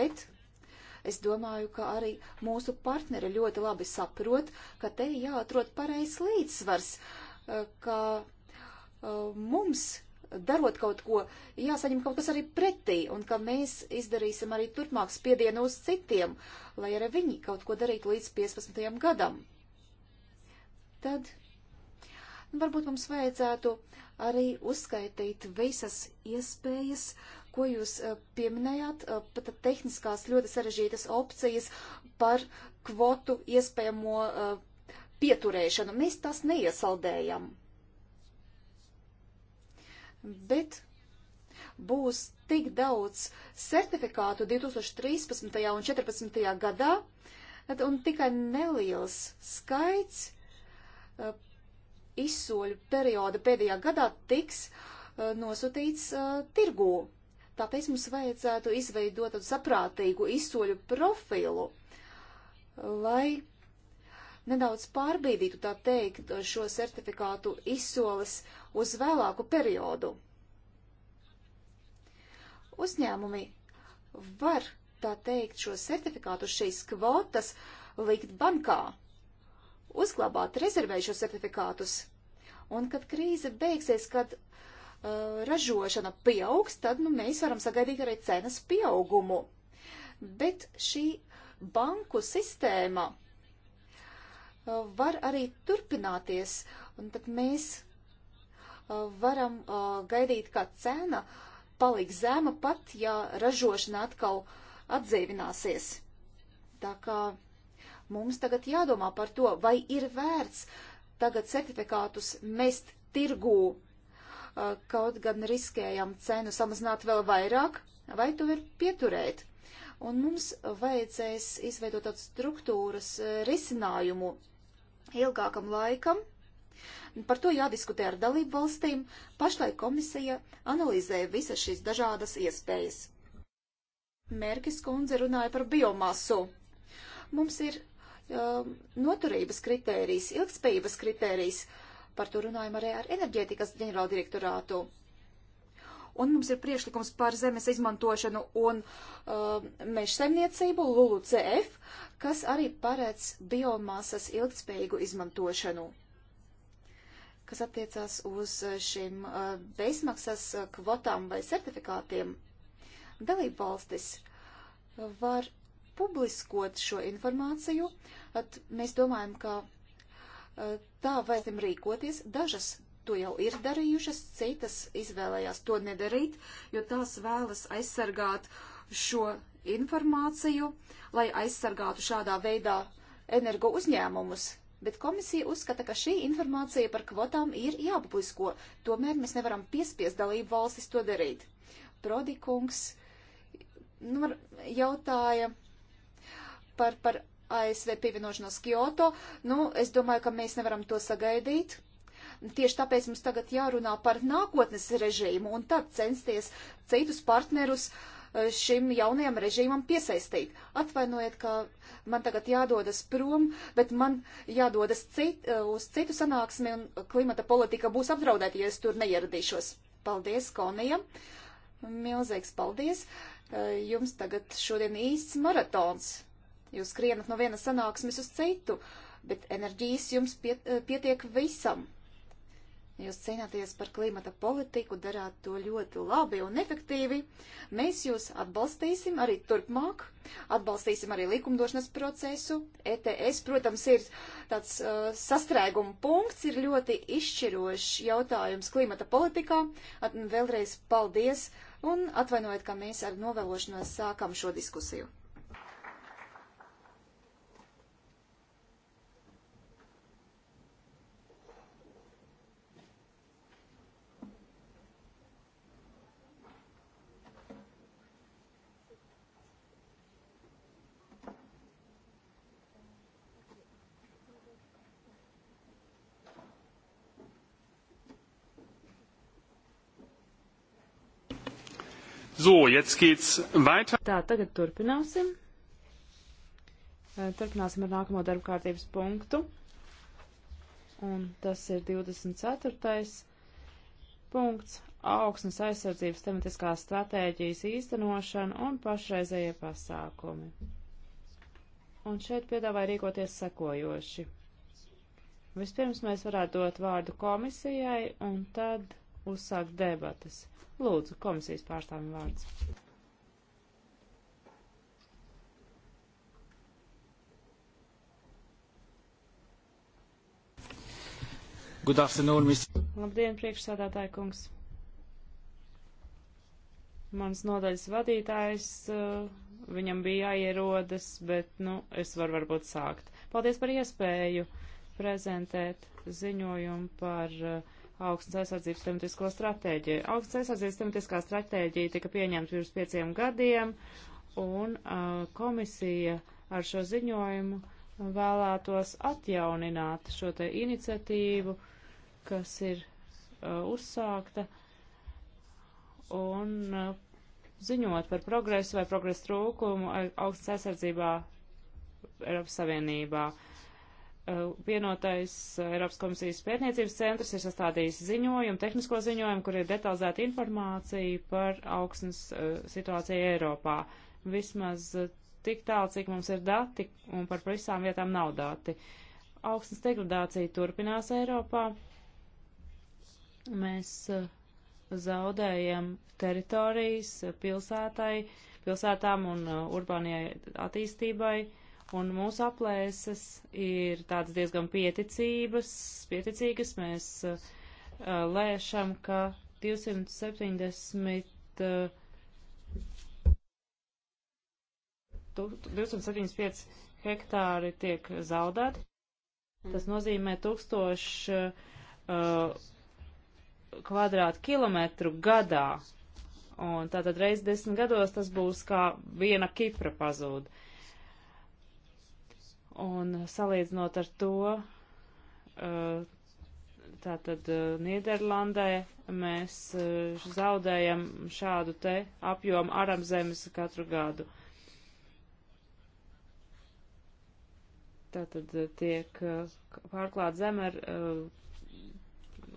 Speaker 3: Bet es domāju, ka arī mūsu partneri ļoti labi saprot, ka te jāatrod pareizs līdzsvars, eh, ka mums darot kaut ko, jāsaņem kaut kas arī pretī, un ka mēs izdarīsim arī turpmāk spiedienu uz citiem, lai arī viņi kaut ko darītu līdz 15. gadam. Tad nu, varbūt mums vajadzētu arī uzskaitīt visas iespējas, ko jūs eh, pieminējāt, eh, pat tehniskās ļoti sarežģītas opcijas par kvotu iespējamo eh, pieturēšanu. Mēs tās neiesaldējam bet būs tik daudz certifikātu 2013. un 2014. gadā, un tikai neliels skaits uh, izsoļu perioda pēdējā gadā tiks uh, nosūtīts uh, tirgū. Tāpēc mums vajadzētu izveidot tādu saprātīgu izsoļu profilu, lai nedaudz pārbīdītu, tā teikt, šo certifikātu izsoles uz vēlāku periodu. Uzņēmumi var, tā teikt, šo certifikātu šīs kvotas likt bankā, uzglabāt rezervējušos certifikātus, un kad krīze beigsies, kad uh, ražošana pieaugs, tad nu, mēs varam sagaidīt arī cenas pieaugumu. Bet šī banku sistēma var arī turpināties, un tad mēs uh, varam uh, gaidīt, ka cena paliks zema pat, ja ražošana atkal atdzīvināsies. Tā kā mums tagad jādomā par to, vai ir vērts tagad certifikātus mest tirgū, uh, kaut gan riskējam cenu samazināt vēl vairāk, vai to ir pieturēt. Un mums vajadzēs izveidot tādu struktūras risinājumu ilgākam laikam. Par to jādiskutē ar dalību valstīm. Pašlaik komisija analizē visas šīs dažādas iespējas. Mērķis kundze runāja par biomasu. Mums ir um, noturības kritērijs, ilgspējības kritērijs. Par to runājam arī ar enerģētikas ģenerāldirektorātu. direktorātu Un mums ir priekšlikums par zemes izmantošanu un uh, meža saimniecību, LULU CF, kas arī paredz biomasas ilgtspējīgu izmantošanu, kas attiecās uz uh, šīm uh, bezmaksas uh, kvotām vai certifikātiem. Dalība valstis var publiskot šo informāciju, tad mēs domājam, ka uh, tā vēlēsim rīkoties. Dažas to jau ir darījušas, citas izvēlējās to nedarīt, jo tās vēlas aizsargāt šo informāciju, lai aizsargātu šādā veidā energo uzņēmumus. Bet komisija uzskata, ka šī informācija par kvotām ir jāpublisko. Tomēr mēs nevaram piespiest dalību valstis to darīt. Prodikungs nu, jautāja par, par ASV pievienošanos Kyoto. Nu, es domāju, ka mēs nevaram to sagaidīt, Tieši tāpēc mums tagad jārunā par nākotnes režīmu un tad censties citus partnerus eh, šim jaunajam režīmam piesaistīt. Atvainojiet, ka man tagad jādodas prom, bet man jādodas cit, eh, uz citu sanāksmi un klimata politika būs apdraudēta, ja es tur neieradīšos. Paldies, Konija! Milzīgs paldies! Eh, jums tagad šodien īsts maratons. Jūs skrienat no vienas sanāksmes uz citu, bet enerģijas jums piet, pietiek visam. Jūs cīnāties par klimata politiku, darāt to ļoti labi un efektīvi. Mēs jūs atbalstīsim arī turpmāk, atbalstīsim arī likumdošanas procesu. ETS, protams, ir tāds uh, sastrēguma punkts, ir ļoti izšķirošs jautājums klimata politikā. At, vēlreiz paldies un atvainojiet, ka mēs ar novēlošanos sākam šo diskusiju.
Speaker 1: So, jetzt geht's weiter. Tā, tagad turpināsim. Turpināsim ar nākamo darba kārtības punktu. Un tas ir 24. punkts - augsnes aizsardzības tematiskās stratēģijas īstenošana un pašreizējie pasākumi. Un šeit piedāvāja rīkoties sekojoši. Vispirms mēs varētu dot vārdu komisijai, un tad uzsākt debatas. Lūdzu, komisijas pārstāvim vārds.
Speaker 3: Good afternoon, Mr.
Speaker 1: Labdien, priekšsādātāja kungs. Mans nodaļas vadītājs, uh, viņam bija jāierodas, bet, nu, es varu varbūt sākt. Paldies par iespēju prezentēt ziņojumu par uh, augstnes aizsardzības tematisko stratēģiju. Augstnes aizsardzības tematiskā stratēģija tika pieņemta pirms pieciem gadiem, un uh, komisija ar šo ziņojumu vēlētos atjaunināt šo te iniciatīvu, kas ir uh, uzsākta, un uh, ziņot par progresu vai progresu trūkumu augstnes aizsardzībā Eiropas Savienībā. Uh, Eh, vienotais eh, Eiropas komisijas pētniecības centrs ir sastādījis ziņojumu, tehnisko ziņojumu, kur ir detalizēta informācija par augsnes eh, situāciju Eiropā. Vismaz tik tālu, cik mums ir dati, un par visām vietām nav dati. Augsnes degradācija turpinās Eiropā. Mēs zaudējam teritorijas pilsētai, pilsētām un urbānijai attīstībai Un mūsu aplēses ir tādas diezgan pieticības, pieticīgas. Mēs uh, lēšam, ka 270, uh, 275 hektāri tiek zaudēti. Tas nozīmē 1000 uh, kvadrātkilometru gadā. Un tātad reiz desmit gados tas būs kā viena Kipra pazūda. Uh, Un salīdzinot ar to, eh, tātad eh, Nīderlandē mēs eh, zaudējam šādu te apjomu aramzemes katru gadu. Tātad tiek pārklāt zeme ar,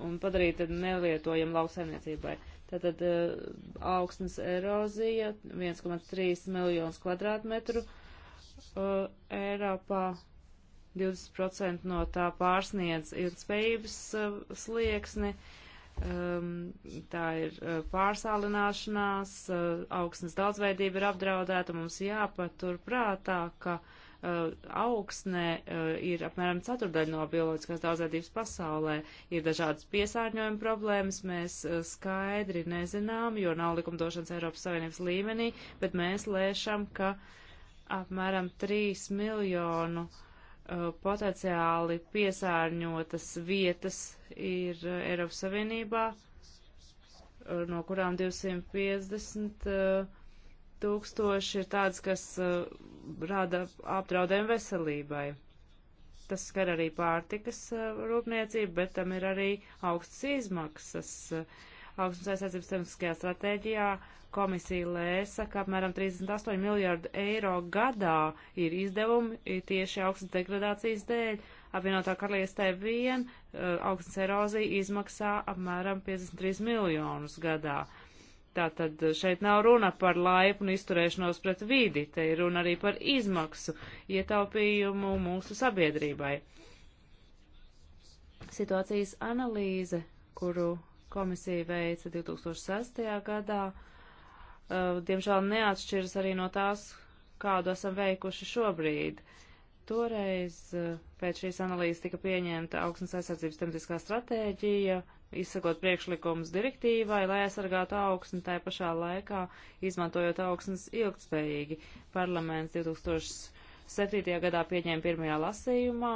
Speaker 1: un padarīta nelietojama lauksaimniecībai. Tātad augsnes erozija 1,3 miljonus kvadrātmetru uh, Eiropā 20% no tā pārsniedz ilgspējības uh, slieksni, um, tā ir uh, pārsālināšanās, uh, augsnes daudzveidība ir apdraudēta, mums jāpatur prātā, ka uh, augsnē uh, ir apmēram ceturdaļa no bioloģiskās daudzveidības pasaulē. Ir dažādas piesārņojuma problēmas, mēs uh, skaidri nezinām, jo nav likumdošanas Eiropas Savienības līmenī, bet mēs lēšam, ka uh, apmēram 3 miljonu uh, potenciāli piesārņotas vietas ir uh, Eiropas Savienībā, uh, no kurām 250 uh, tūkstoši ir tādas, kas uh, rada apdraudējumu veselībai. Tas skar arī pārtikas uh, rūpniecību, bet tam ir arī augstas izmaksas. Uh, augstnes aizsardzības tematiskajā stratēģijā komisija lēsa, ka apmēram 38 miljārdu eiro gadā ir izdevumi tieši augstnes degradācijas dēļ. Apvienotā karalistē vien uh, augstnes erozija izmaksā apmēram 53 miljonus gadā. Tātad šeit nav runa par laipnu izturēšanos pret vidi, te ir runa arī par izmaksu ietaupījumu mūsu sabiedrībai. Situācijas analīze, kuru komisija veica 2006. gadā, uh, diemžēl neatšķiras arī no tās, kādu esam veikuši šobrīd. Toreiz uh, pēc šīs analīzes tika pieņemta augstnes aizsardzības tematiskā stratēģija, izsakot priekšlikumus direktīvai, lai aizsargātu augsni, tā pašā laikā izmantojot augsnes ilgtspējīgi. Parlaments 2007. gadā pieņēma pirmajā lasījumā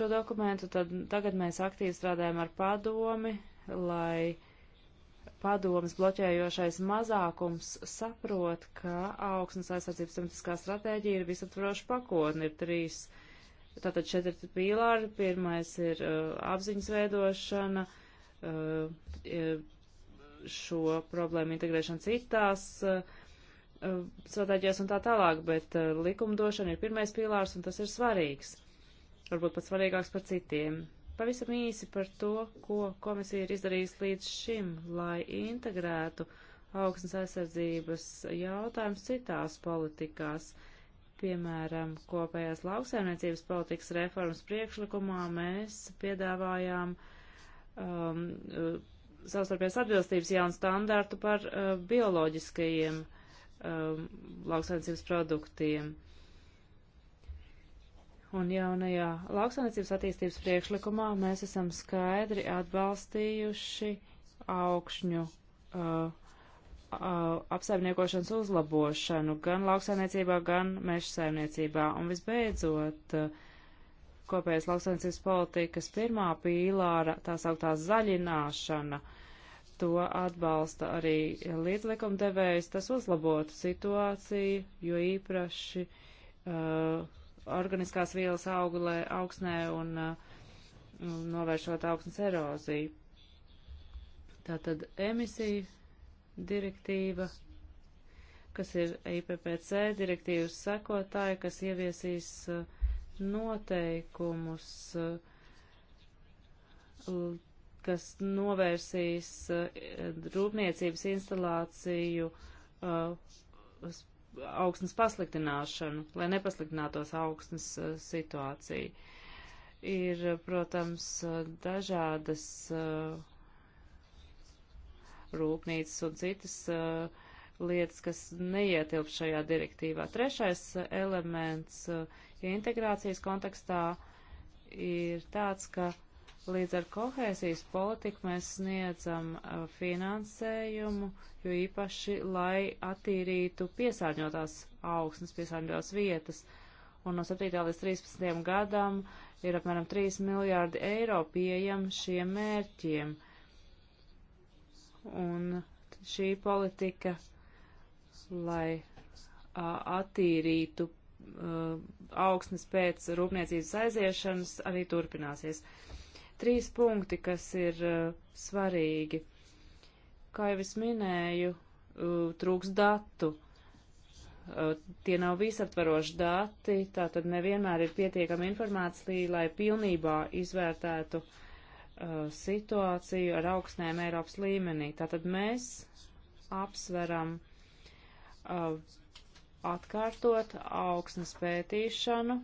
Speaker 1: šo dokumentu, tad tagad mēs aktīvi strādājam ar padomi, lai padomas bloķējošais mazākums saprot, ka augsnes aizsardzības tematiskā stratēģija ir visaptvaroša pakotne, ir trīs, tātad četri pīlāri, pirmais ir uh, apziņas veidošana, uh, šo problēmu integrēšana citās uh, uh, stratēģijās un tā tālāk, bet uh, likumdošana ir pirmais pīlārs un tas ir svarīgs, varbūt pat svarīgāks par citiem. Pavisam īsi par to, ko komisija ir izdarījusi līdz šim, lai integrētu augsnes aizsardzības jautājums citās politikās. Piemēram, kopējās lauksaimniecības politikas reformas priekšlikumā mēs piedāvājām um, savstarpējās atbilstības jaunu standārtu par uh, bioloģiskajiem um, lauksaimniecības produktiem. Un jaunajā lauksaimniecības attīstības priekšlikumā mēs esam skaidri atbalstījuši augšņu uh, uh, apsaimniekošanas uzlabošanu gan lauksaimniecībā, gan meža saimniecībā. Un visbeidzot, uh, kopējas lauksaimniecības politikas pirmā pīlāra, tā sauktā zaļināšana, to atbalsta arī līdzlikumdevējs, tas uzlabotu situāciju, jo īpaši uh, organiskās vielas auglē, augsnē uh, un novēršot augsnes eroziju. Tātad emisija direktīva, kas ir IPPC direktīvas sekotāja, kas ieviesīs uh, noteikumus, uh, kas novērsīs rūpniecības instalāciju augsnes pasliktināšanu, lai nepasliktinātos augsnes uh, situācija. Ir, eh, protams, eh, dažādas uh, rūpnīcas un citas uh, lietas, kas neietilp šajā direktīvā. Trešais elements integrācijas kontekstā ir tāds, ka Līdz ar kohēzijas politiku mēs sniedzam uh, finansējumu, jo īpaši, lai attīrītu piesārņotās augsnes, piesārņotās vietas. Un no 7. līdz 13. gadam ir apmēram 3 miljārdi eiro pieejam šiem mērķiem. Un šī politika, lai uh, attīrītu uh, augsnes pēc rūpniecības aiziešanas, arī turpināsies. Uh, Trīs punkti, kas ir uh, svarīgi. Kā jau es minēju, uh, trūks datu. Uh, tie nav visaptvaroši dati, tātad nevienmēr ir pietiekama informācija, lai pilnībā izvērtētu uh, situāciju ar augstnēm Eiropas līmenī. Tātad mēs apsveram uh, atkārtot augsnes pētīšanu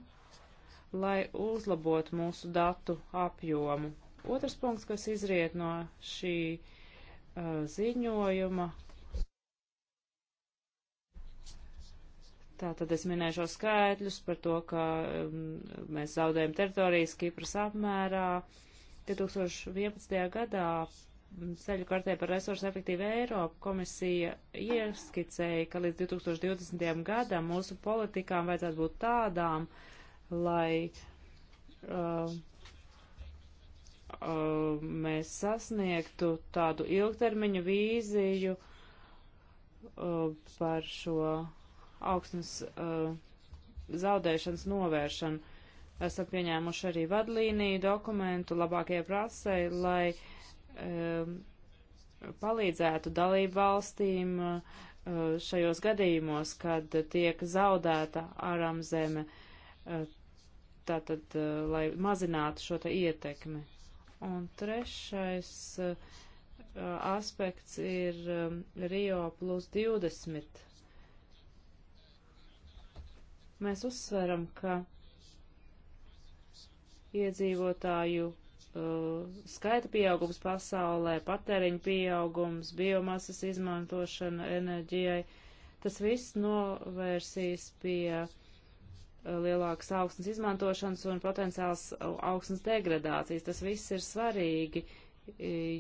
Speaker 1: lai uzlabotu mūsu datu apjomu. Otrs punkts, kas izriet no šī uh, ziņojuma, tātad es minēšu skaitļus par to, ka um, mēs zaudējam teritorijas Kipras apmērā. 2011. gadā mm, ceļu kartē par resursu efektīvu Eiropu komisija ieskicēja, ka līdz 2020. gadam mūsu politikām vajadzētu būt tādām, uh, lai uh, uh, mēs sasniegtu tādu ilgtermiņu vīziju uh, par šo augstnes uh, zaudēšanas novēršanu. Esam pieņēmuši arī vadlīniju dokumentu labākajai prasē, lai um, palīdzētu dalību valstīm uh, šajos gadījumos, kad tiek zaudēta ārām zeme. Uh, tātad, lai mazinātu šo te ietekmi. Un trešais aspekts ir Rio plus 20. Mēs uzsveram, ka iedzīvotāju uh, skaita pieaugums pasaulē, patēriņa pieaugums, biomasas izmantošana enerģijai, tas viss novērsīs pie uh, lielākas augsnes izmantošanas un potenciāls augsnes degradācijas. Tas viss ir svarīgi,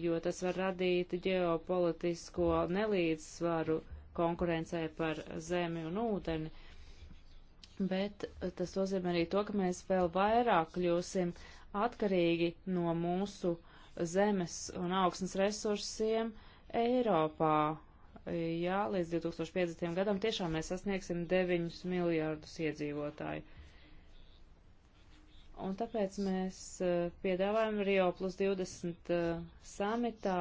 Speaker 1: jo tas var radīt ģeopolitisko nelīdzsvaru konkurencē par zemi un ūdeni. Bet e, tas nozīmē arī to, ka mēs vēl vairāk kļūsim atkarīgi no mūsu zemes un augsnes resursiem Eiropā ja līdz 2050. gadam tiešām mēs sasniegsim 9 miljārdus iedzīvotāju. Un tāpēc mēs eh, piedāvājam Rio plus 20 eh, samitā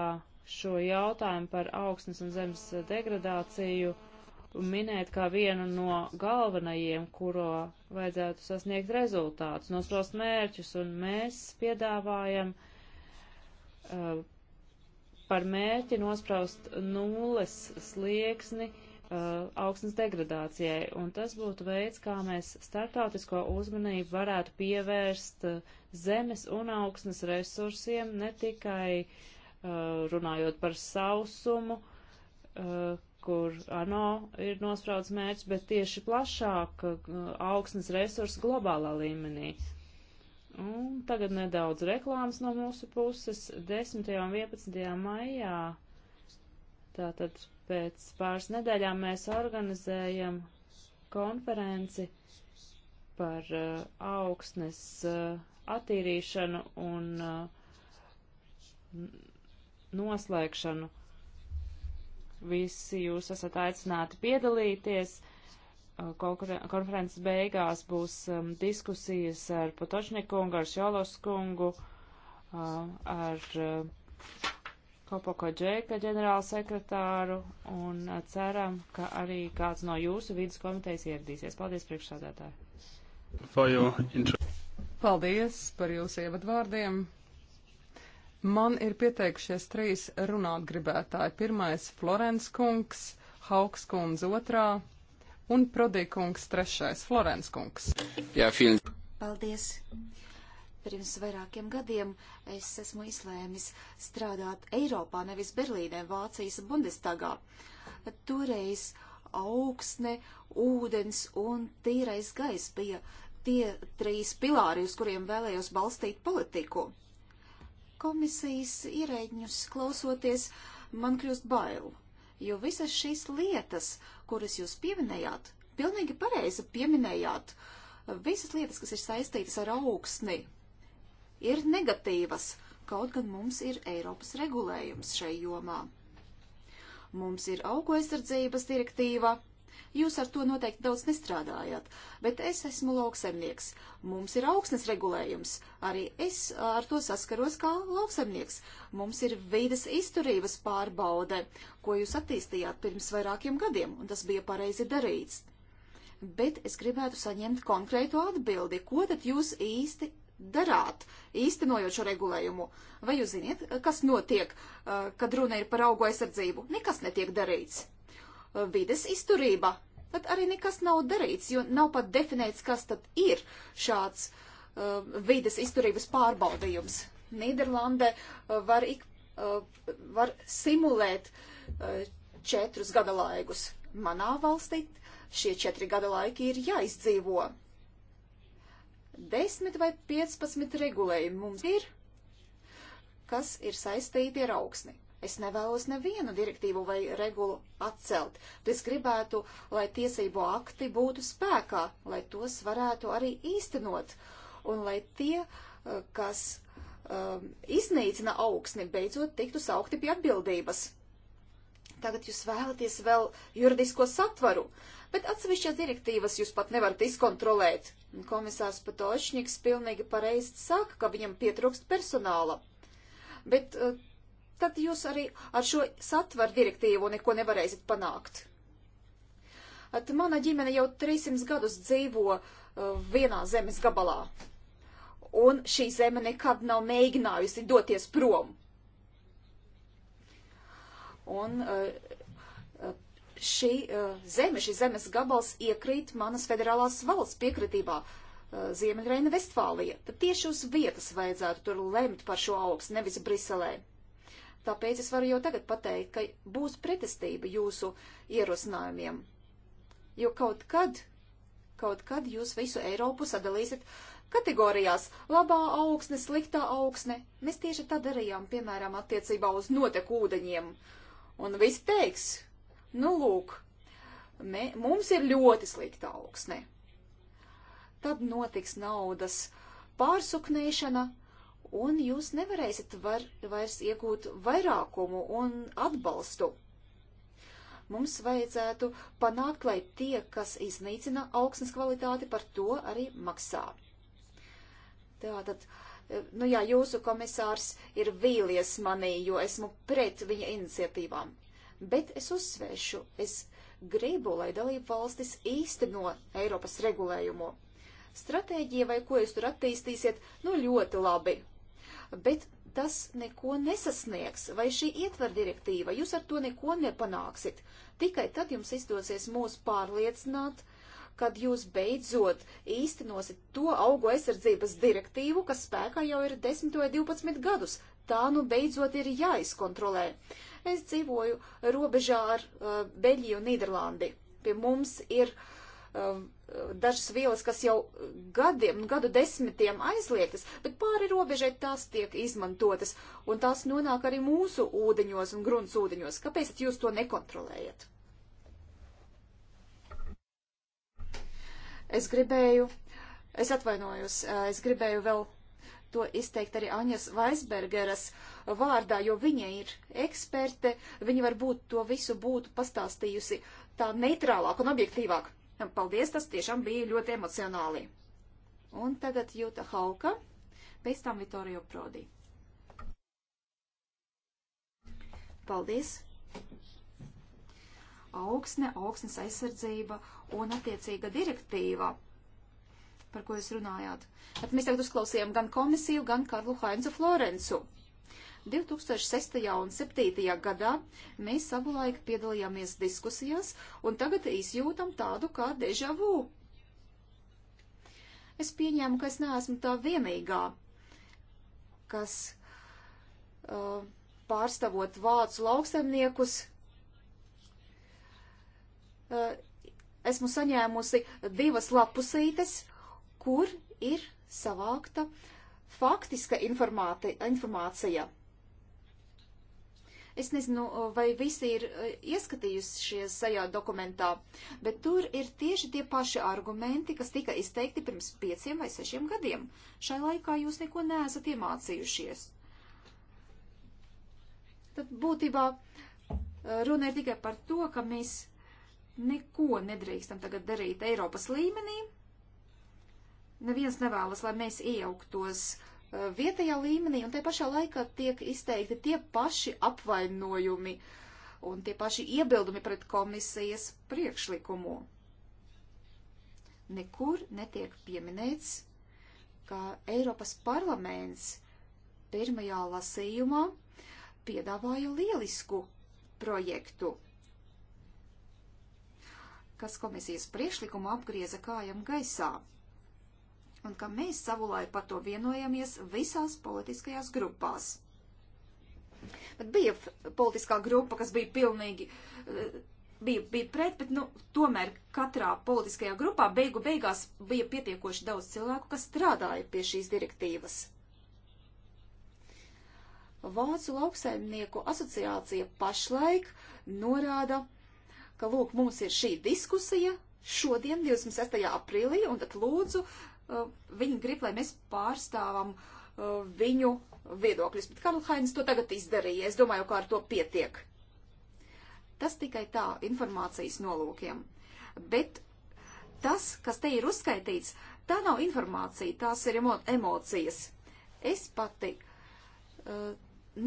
Speaker 1: šo jautājumu par augsnes un zemes eh, degradāciju minēt kā vienu no galvenajiem, kuro vajadzētu sasniegt rezultātus, nosprost mērķus, un mēs piedāvājam uh, par mērķi nospraust nulles slieksni uh, augstnes degradācijai, un tas būtu veids, kā mēs startautisko uzmanību varētu pievērst uh, zemes un augstnes resursiem, ne tikai uh, runājot par sausumu, uh, kur ANO ir nosprauts mērķis, bet tieši plašāk uh, augstnes resursu globālā līmenī. Uh, Un tagad nedaudz reklāmas no mūsu puses. 10. un 11. maijā, tātad pēc pāris nedēļām, mēs organizējam konferenci par uh, augsnes uh, attīrīšanu un uh, noslēgšanu. Visi jūs esat aicināti piedalīties konferences beigās būs um, diskusijas ar Potočniku kungu, ar Šolos kungu, uh, ar uh, Kopoko Džeka ģenerāla sekretāru un uh, ceram, ka arī kāds no jūsu vidas komitejas ieradīsies. Paldies, priekšsādātāji! Paldies par jūsu ievadvārdiem!
Speaker 2: Man ir pieteikušies trīs runāt gribētāji. Pirmais Florence kungs, Hauks kundze otrā un Prodīkungs trešais,
Speaker 3: Florens kungs. Jā, film. Paldies. Pirms vairākiem gadiem es esmu izlēmis strādāt Eiropā, nevis Berlīnē, Vācijas Bundestagā. Toreiz augsne, ūdens un tīrais gaiss bija tie trīs pilāri, uz kuriem vēlējos balstīt politiku komisijas ierēģņus klausoties, man kļūst bail jo visas šīs lietas, kuras jūs pieminējāt, pilnīgi pareizi pieminējāt, visas lietas, kas ir saistītas ar augsni, ir negatīvas, kaut gan mums ir Eiropas regulējums šai jomā. Mums ir augu aizsardzības direktīva, Jūs ar to noteikti daudz nestrādājat, bet es esmu lauksemnieks. Mums ir augsnes regulējums. Arī es ar to saskaros kā lauksemnieks. Mums ir vīdes izturības pārbaude, ko jūs attīstījāt pirms vairākiem gadiem, un tas bija pareizi darīts. Bet es gribētu saņemt konkrētu atbildi, ko tad jūs īsti darāt, īstenojot šo regulējumu? Vai jūs ziniet, kas notiek, eh, kad runa ir par augu aizsardzību? Nekas netiek darīts vides izturība, tad arī nekas nav darīts, jo nav pat definēts, kas tad ir šāds uh, vides izturības pārbaudījums. Nīderlandē uh, var, ik, uh, var simulēt uh, četrus gada laikus. Manā valstī šie četri gada laiki ir jāizdzīvo. Desmit vai piecpadsmit regulējumi mums ir, kas ir saistīti ar augsni. Es nevēlos nevienu direktīvu vai regulu atcelt, bet es gribētu, lai tiesību akti būtu spēkā, lai tos varētu arī īstenot, un lai tie, eh, kas um, iznīcina augsni, beidzot tiktu saukti pie atbildības. Tagad jūs vēlaties vēl juridisko satvaru, bet atsevišķas direktīvas jūs pat nevarat izkontrolēt. Komisārs Patočņiks pilnīgi pareizi saka, ka viņam pietrūkst personāla. Bet uh, tad jūs arī ar šo satvaru direktīvu neko nevarēsiet panākt. At mana ģimene jau 300 gadus dzīvo uh, vienā zemes gabalā, un šī zeme nekad nav mēģinājusi doties prom. Un uh, uh šī uh, zeme, šī zemes gabals iekrīt manas federālās valsts piekritībā. Uh, Ziemeļreina Vestfālija, tad tieši uz vietas vajadzētu tur lemt par šo augstu, nevis Briselē. Tāpēc es varu jau tagad pateikt, ka būs pretestība jūsu ierosinājumiem. Jo kaut kad, kaut kad jūs visu Eiropu sadalīsiet kategorijās - labā augsne, sliktā augsne. Mēs tieši tā darījām, piemēram, attiecībā uz notekūdeņiem. Un viss teiks, nu lūk, me, mums ir ļoti slikta augsne. Tad notiks naudas pārsuknēšana, un jūs nevarēsiet var, vairs iegūt vairākumu un atbalstu. Mums vajadzētu panākt, lai tie, kas iznīcina augsnes kvalitāti, par to arī maksā. Tātad, e, nu jā, jūsu komisārs ir vīlies manī, jo esmu pret viņa iniciatīvām. Bet es uzsvēršu, es gribu, lai dalību valstis īsteno Eiropas regulējumu. Stratēģija vai ko jūs tur attīstīsiet, nu ļoti labi, bet tas neko nesasniegs, vai šī ietver direktīva, jūs ar to neko nepanāksit. Tikai tad jums izdosies mūs pārliecināt, kad jūs beidzot īstenosit to augu aizsardzības direktīvu, kas spēkā jau ir 10 vai 12 gadus. Tā nu beidzot ir jāizkontrolē. Es dzīvoju robežā ar uh, Beļģiju un Nīderlandi. Pie mums ir uh, Um, dažas vielas, kas jau gadiem, nu, gadu desmitiem aizliegtas, bet pāri robežai tās tiek izmantotas, un tās nonāk arī mūsu ūdeņos un grunts ūdeņos. Kāpēc jūs to nekontrolējat? Es gribēju, es atvainojos, uh, es gribēju vēl to izteikt arī Aņas Vaisbergeras vārdā, jo viņa ir eksperte, viņa varbūt to visu būtu pastāstījusi tā neitrālāk un objektīvāk. Paldies, tas tiešām bija ļoti emocionāli. Un tagad Jūta Hauka, pēc tam Vitorio Prodi. Paldies! Augsne, augsnes aizsardzība un attiecīga direktīva, par ko jūs runājāt. Tad mēs tagad uzklausījām gan komisiju, gan Karlu Hainzu Florencu. 2006. un 2007. gadā mēs savulaik piedalījāmies diskusijās, un tagad izjūtam tādu kā deja vu. Es pieņēmu, ka es neesmu tā vienīgā, kas uh, pārstāvot vācu lauksaimniekus, uh, esmu saņēmusi divas lapusītes, kur ir savākta faktiska informācija. Es nezinu, vai visi ir e, ieskatījušies šajā dokumentā, bet tur ir tieši tie paši argumenti, kas tika izteikti pirms pieciem vai sešiem gadiem. Šai laikā jūs neko neesat iemācījušies. Tad būtībā e, runa ir tikai par to, ka mēs neko nedrīkstam tagad darīt Eiropas līmenī. Neviens nevēlas, lai mēs iejauktos uh, Uh, vietējā līmenī, un te pašā laikā tiek izteikti tie paši apvainojumi un tie paši iebildumi pret komisijas priekšlikumu. Nekur netiek pieminēts, ka Eiropas parlaments pirmajā lasījumā piedāvāja lielisku projektu, kas komisijas priekšlikumu apgrieza kājam gaisā un ka mēs savulaik par to vienojamies visās politiskajās grupās. Bet bija politiskā grupa, kas bija pilnīgi, eh, bija, bija pret, bet nu, tomēr katrā politiskajā grupā beigu beigās bija pietiekoši daudz cilvēku, kas strādāja pie šīs direktīvas. Vācu lauksaimnieku asociācija pašlaik norāda, ka lūk, mums ir šī diskusija šodien, 26. aprīlī, un tad lūdzu Eh, viņi grib, lai mēs pārstāvam eh, viņu viedokļus, bet Karlhains to tagad izdarīja. Es domāju, ka ar to pietiek. Tas tikai tā informācijas nolūkiem. Bet tas, kas te ir uzskaitīts, tā nav informācija, tās ir emo emocijas. Es pati uh,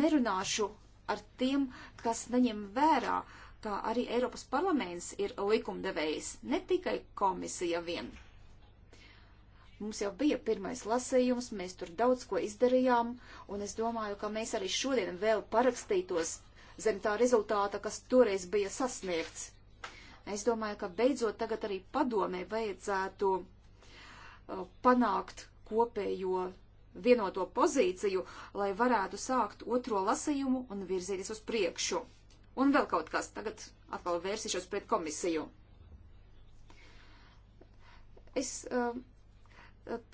Speaker 3: nerunāšu ar tiem, kas neņem vērā, ka arī Eiropas parlaments ir likumdevējs, ne tikai komisija vien. Mums jau bija pirmais lasējums, mēs tur daudz ko izdarījām, un es domāju, ka mēs arī šodien vēl parakstītos zem tā rezultāta, kas toreiz bija sasniegts. Es domāju, ka beidzot tagad arī padomē vajadzētu uh, panākt kopējo vienoto pozīciju, lai varētu sākt otro lasījumu un virzīties uz priekšu. Un vēl kaut kas, tagad atkal vērsīšos pret komisiju. Es uh,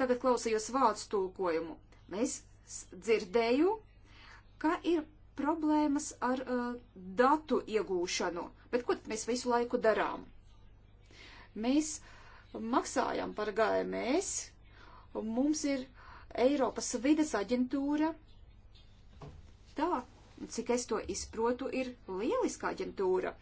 Speaker 3: tagad klausījos vācu tūkojumu. Mēs dzirdēju, ka ir problēmas ar uh, datu iegūšanu, bet ko mēs visu laiku darām? Mēs maksājam par GMS, mums ir Eiropas vides aģentūra. Tā, cik es to izprotu, ir lieliska aģentūra.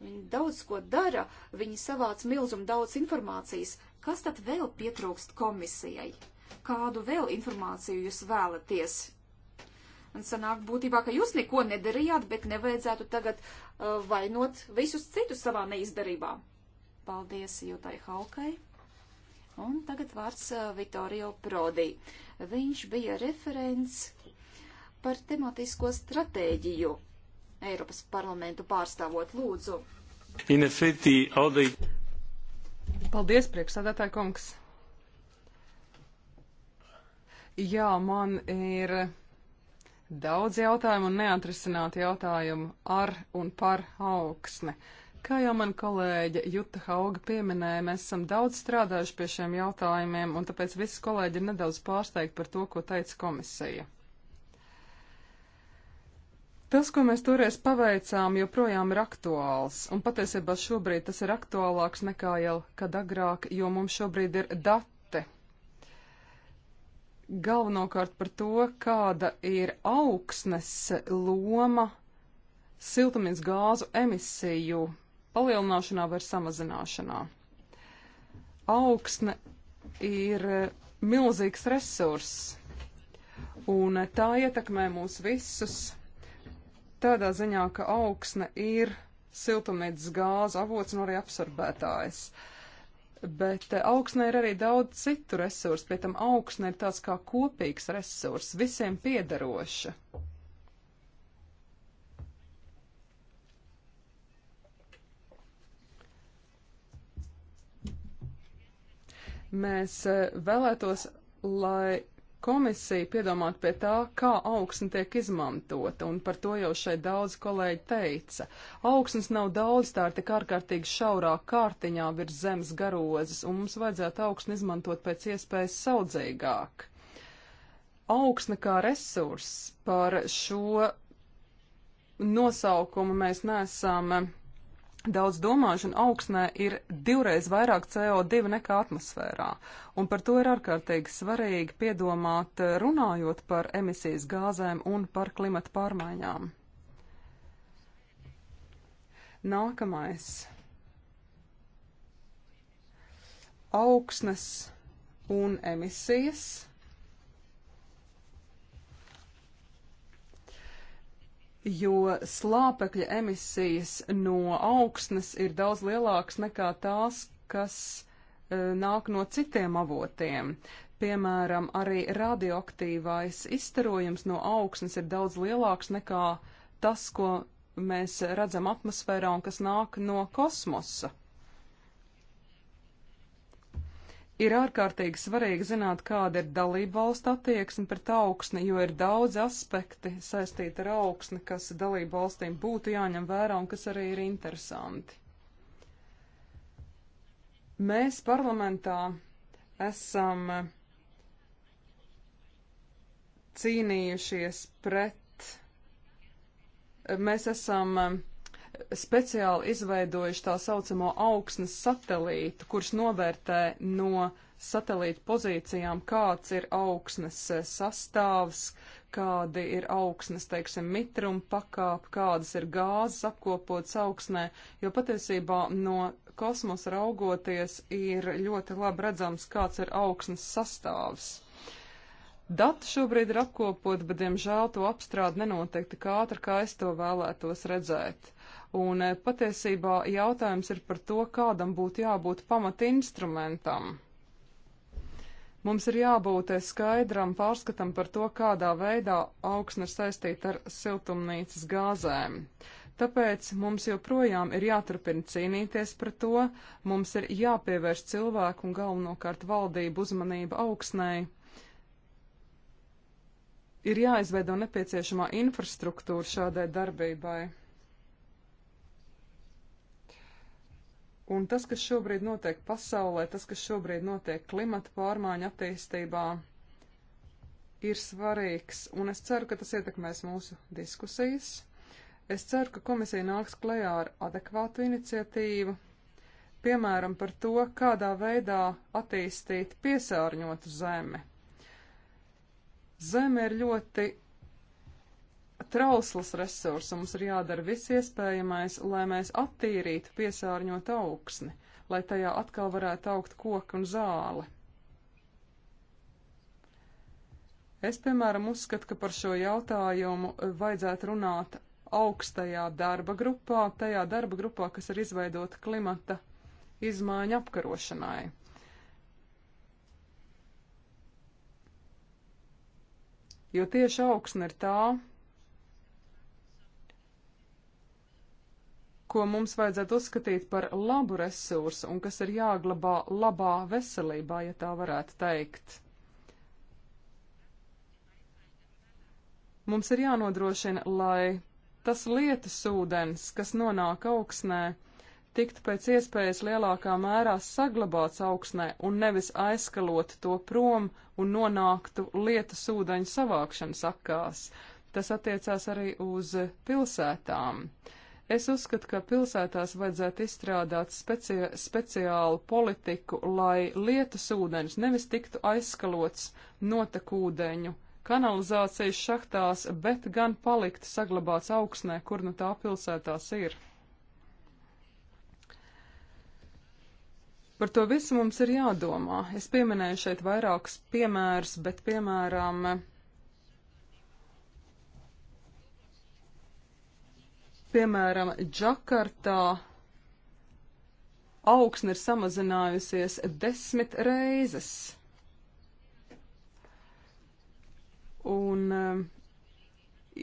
Speaker 3: Viņi daudz ko dara, viņi savāc milzumu daudz informācijas, Kas tad vēl pietrūkst komisijai? Kādu vēl informāciju jūs vēlaties? Un sanāk būtībā, ka jūs neko nedarījāt, bet nevajadzētu tagad uh, vainot visus citus savā neizdarībā. Paldies Jūtai Haukai. Un tagad vārds uh, Vittorio Prodi. Viņš bija referents par tematisko stratēģiju Eiropas parlamentu pārstāvot lūdzu.
Speaker 2: In effetti, all the... Paldies, priekšsādātāji kungs. Jā, man ir daudz jautājumu un neatrisināti jautājumu ar un par augsni. Kā jau man kolēģe Juta Hauga pieminēja, mēs esam daudz strādājuši pie šiem jautājumiem, un tāpēc visi kolēģi ir nedaudz pārsteigti par to, ko teica komisija. Tas, ko mēs toreiz paveicām, joprojām ir aktuāls, un patiesībā šobrīd tas ir aktuālāks nekā jau kad agrāk, jo mums šobrīd ir dati. Galvenokārt par to, kāda ir augsnes loma siltumnīcas gāzu emisiju palielināšanā vai samazināšanā. Augsne ir milzīgs resurss, un tā ietekmē mūs visus tādā ziņā, ka augsne ir siltumnīcas gāzu avots un arī apsarbētājs. Bet eh, augsnē ir arī daudz citu resursu, pie tam augsne ir tāds kā kopīgs resurs, visiem piederoša. Mēs eh, vēlētos, lai komisija piedomāt pie tā, kā augsne tiek izmantota, un par to jau šeit daudz kolēģi teica. Augsnes nav daudz, tā ir tik ārkārtīgi šaurā kārtiņā virs zemes garozes, un mums vajadzētu augsni izmantot pēc iespējas saudzīgāk. Augsne kā resurss par šo nosaukumu mēs neesam Daudz domāšana augsnē ir divreiz vairāk CO2 nekā atmosfērā, un par to ir ārkārtīgi svarīgi piedomāt runājot par emisijas gāzēm un par klimata pārmaiņām. Nākamais. Augsnes un emisijas. jo slāpekļa emisijas no augsnes ir daudz lielākas nekā tās, kas e, nāk no citiem avotiem. Piemēram, arī radioaktīvais izstarojums no augsnes ir daudz lielāks nekā tas, ko mēs redzam atmosfērā un kas nāk no kosmosa. Ir ārkārtīgi svarīgi zināt, kāda ir dalība valsts attieksme pret augsni, jo ir daudz aspekti saistīti ar augsni, kas dalību valstīm būtu jāņem vērā un kas arī ir interesanti. Mēs parlamentā esam cīnījušies pret, mēs esam speciāli izveidojuši tā saucamo augsnes satelītu, kurš novērtē no satelīta pozīcijām, kāds ir augsnes e, sastāvs, kādi ir augsnes, teiksim, mitruma pakāpe, kādas ir gāzes apkopotas augsnē, jo patiesībā no kosmosa raugoties ir ļoti labi redzams, kāds ir augsnes sastāvs. Dati šobrīd ir apkopot, bet, diemžēl, to apstrādi nenotiek tik ātri, kā es to vēlētos redzēt. Un eh, patiesībā jautājums ir par to, kādam būtu jābūt pamatinstrumentam. Mums ir jābūt eh, skaidram pārskatam par to, kādā veidā augsne ir saistīta ar siltumnīcas gāzēm. Tāpēc mums joprojām ir jāturpina cīnīties par to, mums ir jāpievērš cilvēku un galvenokārt valdību uzmanība augsnei. Ir jāizveido nepieciešamā infrastruktūra šādai darbībai. Un tas, kas šobrīd notiek pasaulē, tas, kas šobrīd notiek klimata pārmaiņu attīstībā, ir svarīgs, un es ceru, ka tas ietekmēs mūsu diskusijas. Es ceru, ka komisija nāks klajā ar adekvātu iniciatīvu, piemēram, par to, kādā veidā attīstīt piesārņotu zemi. Zeme ir ļoti trausls resurss, un mums ir jādara viss iespējamais, lai mēs attīrītu piesārņot augsni, lai tajā atkal varētu augt koki un zāle. Es, piemēram, uzskatu, ka par šo jautājumu vajadzētu runāt augstajā darba grupā, tajā darba grupā, kas ir izveidota klimata izmaiņu apkarošanai. Jo tieši augsne ir tā, ko mums vajadzētu uzskatīt par labu resursu un kas ir jāglabā labā veselībā, ja tā varētu teikt. Mums ir jānodrošina, lai tas lietas ūdens, kas nonāk augsnē, tiktu pēc iespējas lielākā mērā saglabāts augsnē un nevis aizskalot to prom un nonāktu lietas ūdeņu savākšanas akās. Tas attiecās arī uz pilsētām. Uh, Es uzskatu, ka pilsētās vajadzētu izstrādāt speci speciālu politiku, lai lietus ūdeņus nevis tiktu aizskalots notekūdeņu kanalizācijas šahtās, bet gan palikt saglabāts augsnē, kur nu tā pilsētās ir. Par to visu mums ir jādomā. Es pieminēju šeit vairākus piemērus, bet piemēram Piemēram, Džakartā augsne ir samazinājusies desmit reizes. Un eh,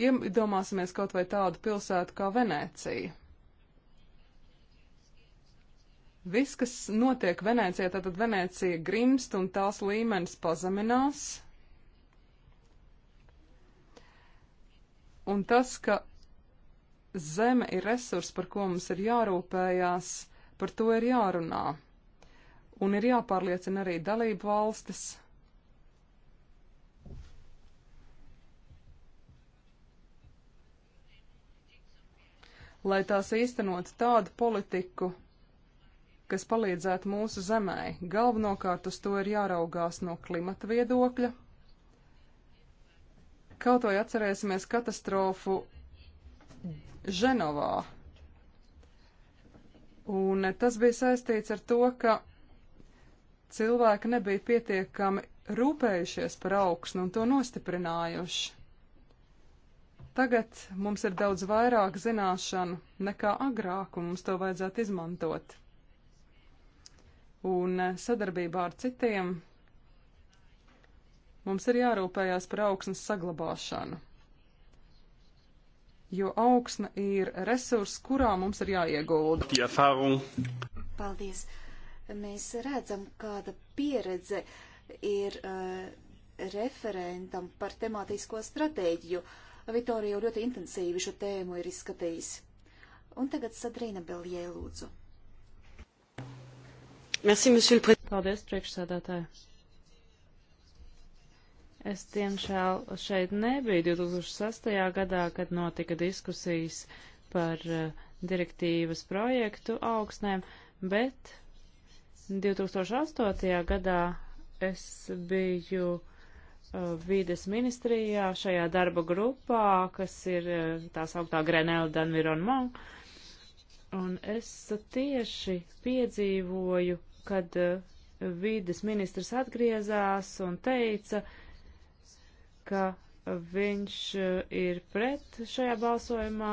Speaker 2: iedomāsimies kaut vai tādu pilsētu kā Venēcija. Viss, kas notiek Venēcijā, tātad Venēcija grimst un tās līmenis pazeminās. Un tas, ka zeme ir resurs, par ko mums ir jārūpējās, par to ir jārunā. Un ir jāpārliecina arī dalību valstis. Lai tās īstenot tādu politiku, kas palīdzētu mūsu zemē, galvenokārt uz to ir jāraugās no klimata viedokļa. Kaut vai atcerēsimies katastrofu Ženovā. Un tas bija saistīts ar to, ka cilvēki nebija pietiekami rūpējušies par augsnu un to nostiprinājuši. Tagad mums ir daudz vairāk zināšanu nekā agrāk, un mums to vajadzētu izmantot. Un eh, sadarbībā ar citiem mums ir jārūpējās par augsnes saglabāšanu jo augsne ir resurs, kurā mums ir jāiegulda.
Speaker 3: Paldies! Mēs redzam, kāda pieredze ir uh, referentam par tematisko stratēģiju. Vitorija jau ļoti intensīvi šo tēmu ir izskatījis. Un tagad Sadrīna Belijai lūdzu.
Speaker 1: Merci, Paldies, priekšsēdētāji. Es, diemžēl, šeit nebiju 2006. gadā, kad notika diskusijas par eh, direktīvas projektu augstnēm, bet 2008. gadā es biju eh, vīdes ministrijā šajā darba grupā, kas ir eh, tā sauktā Grenelle d'Environnement, un es tieši piedzīvoju, kad vīdes ministrs atgriezās un teica, ka viņš eh, ir pret šajā balsojumā,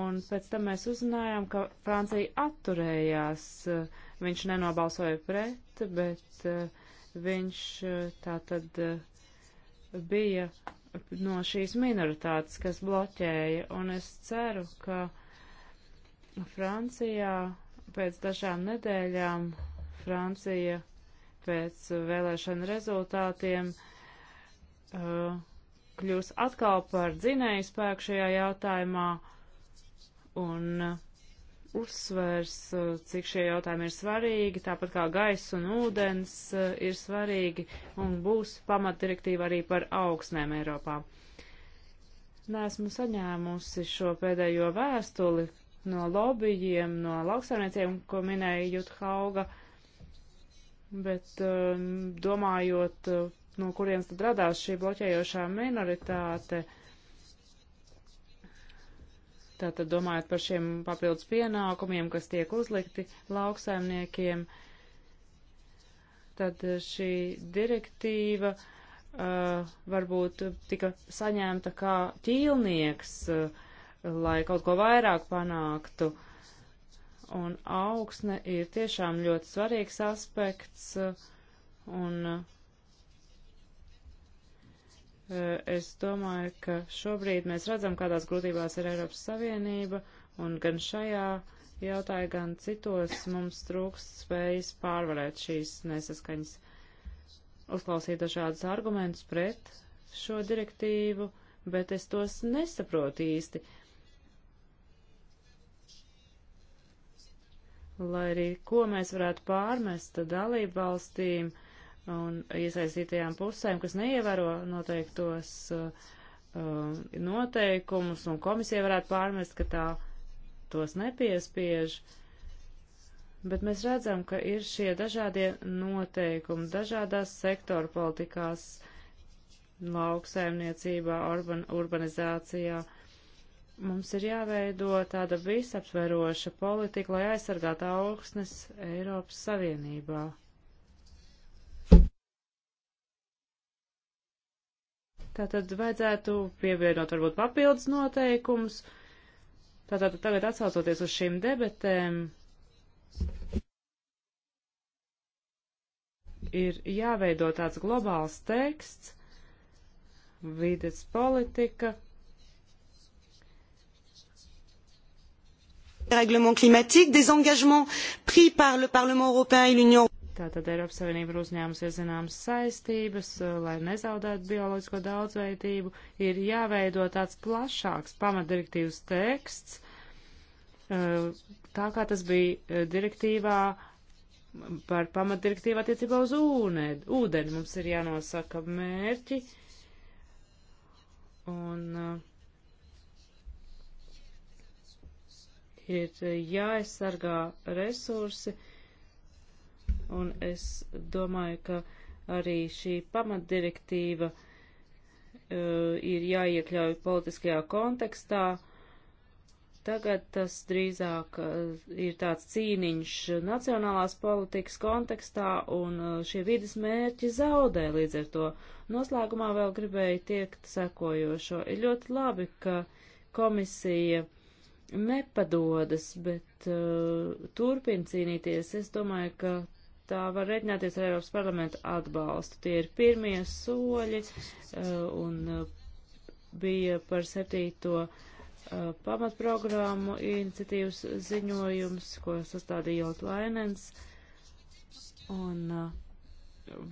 Speaker 1: un pēc tam mēs uzzinājām, ka Francija atturējās. Viņš nenobalsoja pret, bet eh, viņš eh, tā tad bija no šīs minoritātes, kas bloķēja, un es ceru, ka Francijā pēc dažām nedēļām Francija pēc vēlēšana rezultātiem uh, uh, kļūs atkal par dzinēju spēku šajā jautājumā un uh, uzsvers, uh, cik šie jautājumi ir svarīgi, tāpat kā gaisa un ūdens uh, ir svarīgi un būs pamatdirektīva arī par augsnēm Eiropā. Nesmu saņēmusi šo pēdējo vēstuli no lobbyiem, no lauksaimnieciem, ko minēja Jutta Hauga, bet um, domājot uh, no kurienes tad radās šī bloķējošā minoritāte. Tātad domājot par šiem papildus pienākumiem, kas tiek uzlikti lauksaimniekiem, tad šī direktīva uh, varbūt tika saņemta kā ķīlnieks, uh, lai kaut ko vairāk panāktu. Un augsne ir tiešām ļoti svarīgs aspekts. Uh, un uh, Eh, es domāju, ka šobrīd mēs redzam, kādās grūtībās ir Eiropas Savienība, un gan šajā jautāja, gan citos mums trūkst spējas pārvarēt šīs nesaskaņas, uzklausīt dažādus argumentus pret šo direktīvu, bet es tos nesaprotu īsti. Lai arī ko mēs varētu pārmest dalību valstīm, un iesaistītajām pusēm, kas neievēro noteiktos uh, uh, noteikumus, un komisija varētu pārmest, ka tā tos nepiespiež. Bet mēs redzam, ka ir šie dažādie noteikumi dažādās sektoru politikās, lauksaimniecībā, urban, urbanizācijā. Mums ir jāveido tāda visaptveroša politika, lai aizsargātu augstnes Eiropas Savienībā. Tātad vajadzētu pievienot varbūt papildus noteikumus. Tātad tagad atsaucoties uz šīm debetēm, ir jāveido tāds globāls teksts, vides politika. Règlement climatique, des engagements pris par le Parlement européen et l'Union européenne. Tātad Eiropas Savienība ir uzņēmusies zināmas saistības, eh, lai nezaudētu bioloģisko daudzveidību, ir jāveido tāds plašāks pamatdirektīvas teksts, eh, tā kā tas bija eh, direktīvā par pamatdirektīvu attiecībā uz ūned, ūdeni. Mums ir jānosaka mērķi un ir jāaizsargā resursi un es domāju, ka arī šī pamatdirektīva uh, ir jāiekļauj politiskajā kontekstā. Tagad tas drīzāk uh, ir tāds cīniņš nacionālās politikas kontekstā, un uh, šie vidas mērķi zaudē līdz ar to. Noslēgumā vēl gribēju tiekt sekojošo. Ir ļoti labi, ka komisija nepadodas, bet uh, turpina cīnīties. Es domāju, ka tā var reģināties ar Eiropas parlamentu atbalstu. Tie ir pirmie soļi eh, un eh, bija par septīto eh, pamatprogrammu iniciatīvas ziņojums, ko sastādīja Jotlainens. Un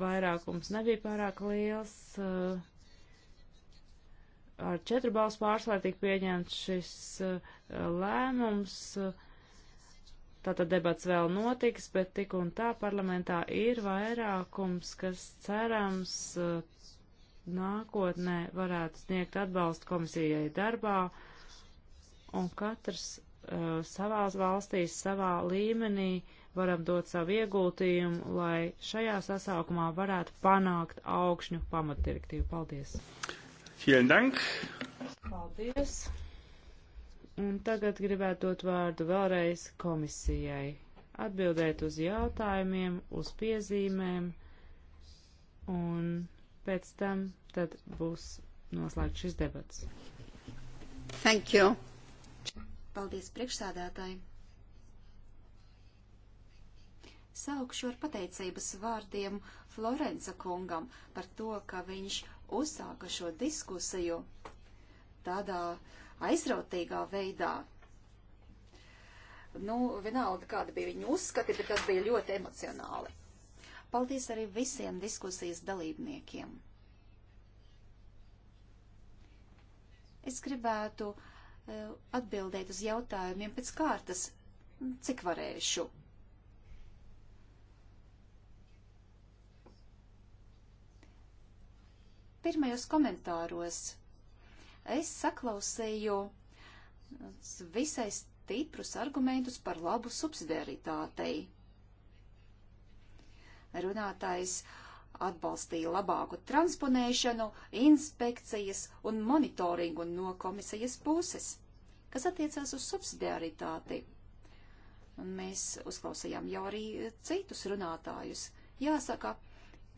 Speaker 1: vairākums nebija pārāk liels. Ar četru balsu pārsvaru tika pieņemts šis lēmums. Uh, Tātad debats vēl notiks, bet tik un tā parlamentā ir vairākums, kas cerams uh, nākotnē varētu sniegt atbalstu komisijai darbā, un katrs uh, savās valstīs, savā līmenī varam dot savu ieguldījumu, lai šajā sasaukumā varētu panākt augšņu pamatdirektīvu. Paldies! Vielen Dank! Paldies! Un tagad gribētu dot vārdu vēlreiz komisijai, atbildēt uz jautājumiem, uz piezīmēm, un pēc tam tad būs noslēgts šis
Speaker 3: debats. Thank you. Paldies priekšsādātāji. Saukšu ar pateicības vārdiem Florenca kungam par to, ka viņš uzsāka šo diskusiju tādā uh, aizrautīgā veidā. Nu, vienalga, kāda bija viņa uzskati, bet tas bija ļoti emocionāli. Paldies arī visiem diskusijas dalībniekiem. Es gribētu uh, atbildēt uz jautājumiem pēc kārtas, cik varēšu. Pirmajos komentāros es saklausīju visai stiprus argumentus par labu subsidiaritātei. Runātājs atbalstīja labāku transponēšanu, inspekcijas un monitoringu no komisijas puses, kas attiecās uz subsidiaritāti. Un mēs uzklausījām jau arī citus runātājus. Jāsaka,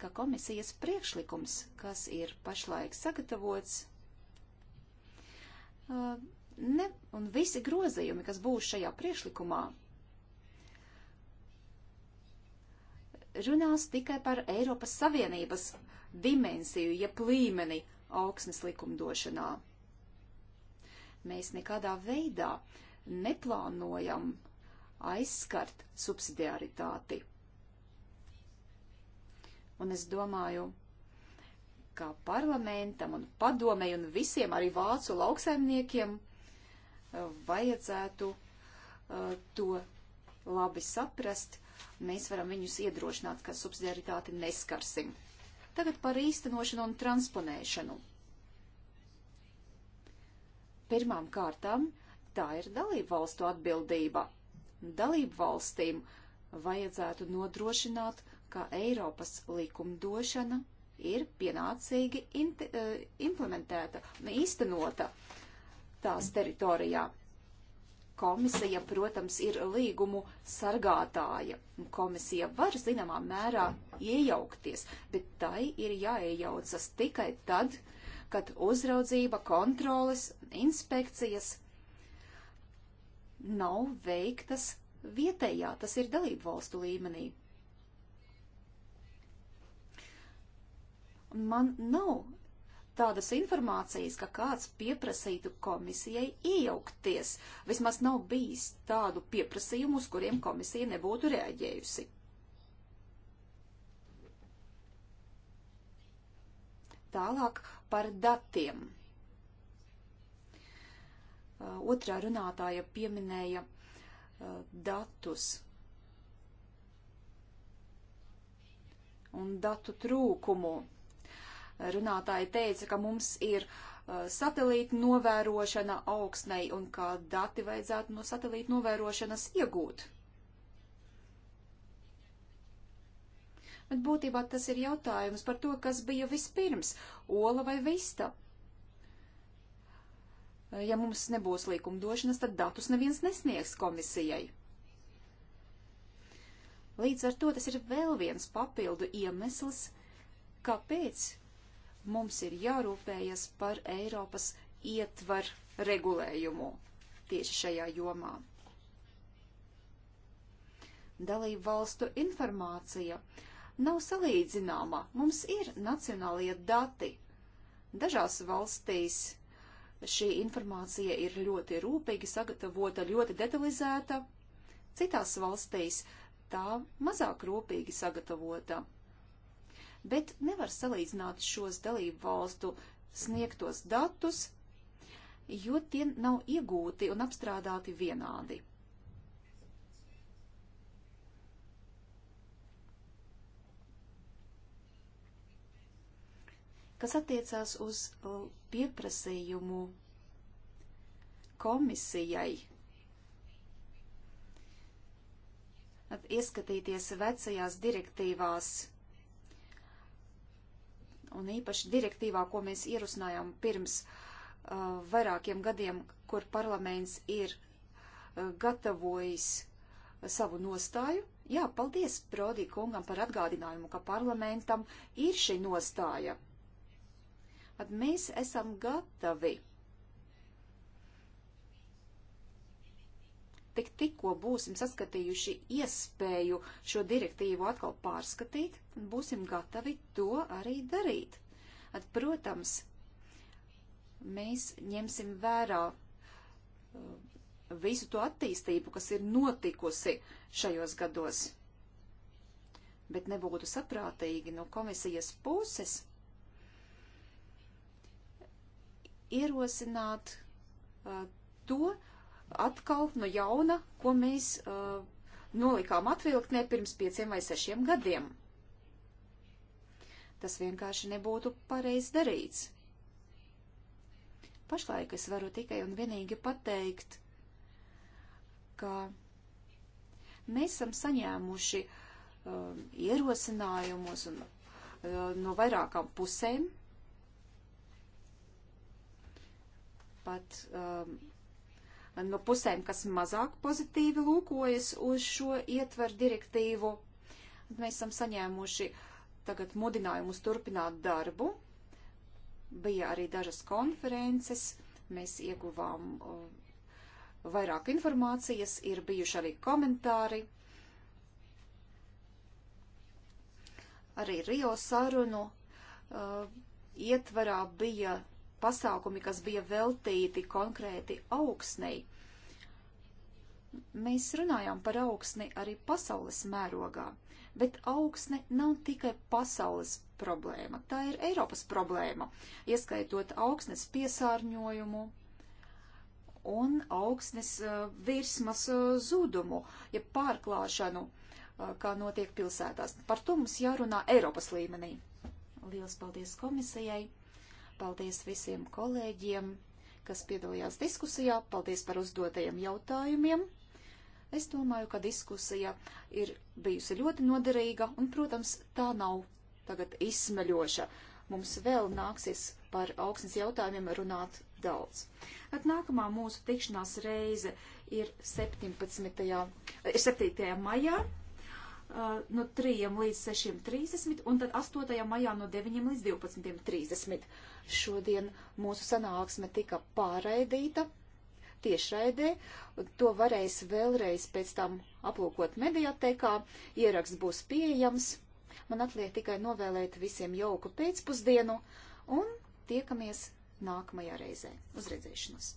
Speaker 3: ka komisijas priekšlikums, kas ir pašlaik sagatavots, Uh, ne, un visi grozījumi, kas būs šajā priekšlikumā, runās tikai par Eiropas Savienības dimensiju, jeb līmeni augsnes likumdošanā. Mēs nekādā veidā neplānojam aizskart subsidiaritāti. Un es domāju, kā parlamentam un padomei un visiem arī vācu lauksaimniekiem eh, vajadzētu uh, to labi saprast. Mēs varam viņus iedrošināt, ka subsidiaritāti neskarsim. Tagad par īstenošanu un transponēšanu. Pirmām kārtām tā ir dalību valstu atbildība. Dalību valstīm vajadzētu nodrošināt, ka Eiropas likumdošana ir pienācīgi e, implementēta un īstenota tās teritorijā. Komisija, protams, ir līgumu sargātāja. Komisija var zināmā mērā iejaukties, bet tai ir jāiejaucas tikai tad, kad uzraudzība, kontroles, inspekcijas nav veiktas vietējā, tas ir dalību valstu līmenī. Un man nav tādas informācijas, ka kāds pieprasītu komisijai iejaukties. Vismaz nav bijis tādu pieprasījumu, uz kuriem komisija nebūtu reaģējusi. Tālāk par datiem. Uh, otrā runātāja pieminēja uh, datus un datu trūkumu runātāji teica, ka mums ir uh, satelīta novērošana augsnei un kā dati vajadzētu no satelīta novērošanas iegūt. Bet būtībā tas ir jautājums par to, kas bija vispirms - ola vai vista. Ja mums nebūs likumdošanas, tad datus neviens nesniegs komisijai. Līdz ar to tas ir vēl viens papildu iemesls, kāpēc Mums ir jārūpējas par Eiropas ietvaru regulējumu tieši šajā jomā. Dalību valstu informācija nav salīdzināma. Mums ir nacionālie dati. Dažās valstīs šī informācija ir ļoti rūpīgi sagatavota, ļoti detalizēta, citās valstīs tā mazāk rūpīgi sagatavota bet nevar salīdzināt šos dalību valstu sniegtos datus, jo tie nav iegūti un apstrādāti vienādi. Kas attiecās uz pieprasījumu komisijai ieskatīties vecajās direktīvās un īpaši direktīvā, ko mēs ierosinājām pirms uh, vairākiem gadiem, kur parlaments ir uh, gatavojis uh, savu nostāju. Jā, paldies Prodī kungam par atgādinājumu, ka parlamentam ir šī nostāja. Tad mēs esam gatavi tik tikko būsim saskatījuši iespēju šo direktīvu atkal pārskatīt, un būsim gatavi to arī darīt. At, protams, mēs ņemsim vērā uh, visu to attīstību, kas ir notikusi šajos gados. Bet nebūtu saprātīgi no komisijas puses ierosināt uh, to, uh, atkal no jauna, ko mēs uh, nolikām atvilktnē pirms pieciem vai sešiem gadiem. Tas vienkārši nebūtu pareizi darīts. Pašlaik es varu tikai un vienīgi pateikt, ka mēs esam saņēmuši uh, ierosinājumus un, uh, no vairākām pusēm. Pat um, uh, no pusēm, kas mazāk pozitīvi lūkojas uz šo ietveru direktīvu. Mēs esam saņēmuši tagad mudinājumus turpināt darbu. Bija arī dažas konferences, mēs ieguvām uh, vairāk informācijas, ir bijuši arī komentāri. Arī Rio sarunu uh, ietvarā bija pasākumi, kas bija veltīti konkrēti augsnei. Mēs runājām par augsni arī pasaules mērogā, bet augsne nav tikai pasaules problēma, tā ir Eiropas problēma, ieskaitot augsnes piesārņojumu un augsnes eh, virsmas eh, zudumu, ja pārklāšanu, eh, kā notiek pilsētās. Par to mums jārunā Eiropas līmenī. Lielas paldies komisijai! Paldies visiem kolēģiem, kas piedalījās diskusijā. Paldies par uzdotajiem jautājumiem. Es domāju, ka diskusija ir bijusi ļoti noderīga un, protams, tā nav tagad izsmeļoša. Mums vēl nāksies par augsnes jautājumiem runāt daudz. At nākamā mūsu tikšanās reize ir 17. ir 7. maijā no 3 līdz 6.30 un tad 8. maijā no 9 līdz 12.30. Šodien mūsu sanāksme tika pārraidīta tiešraidē. To varēs vēlreiz pēc tam aplūkot mediatekā. Ieraksts būs pieejams. Man atliek tikai novēlēt visiem jauku pēcpusdienu un tiekamies nākamajā reizē. Uz redzēšanos!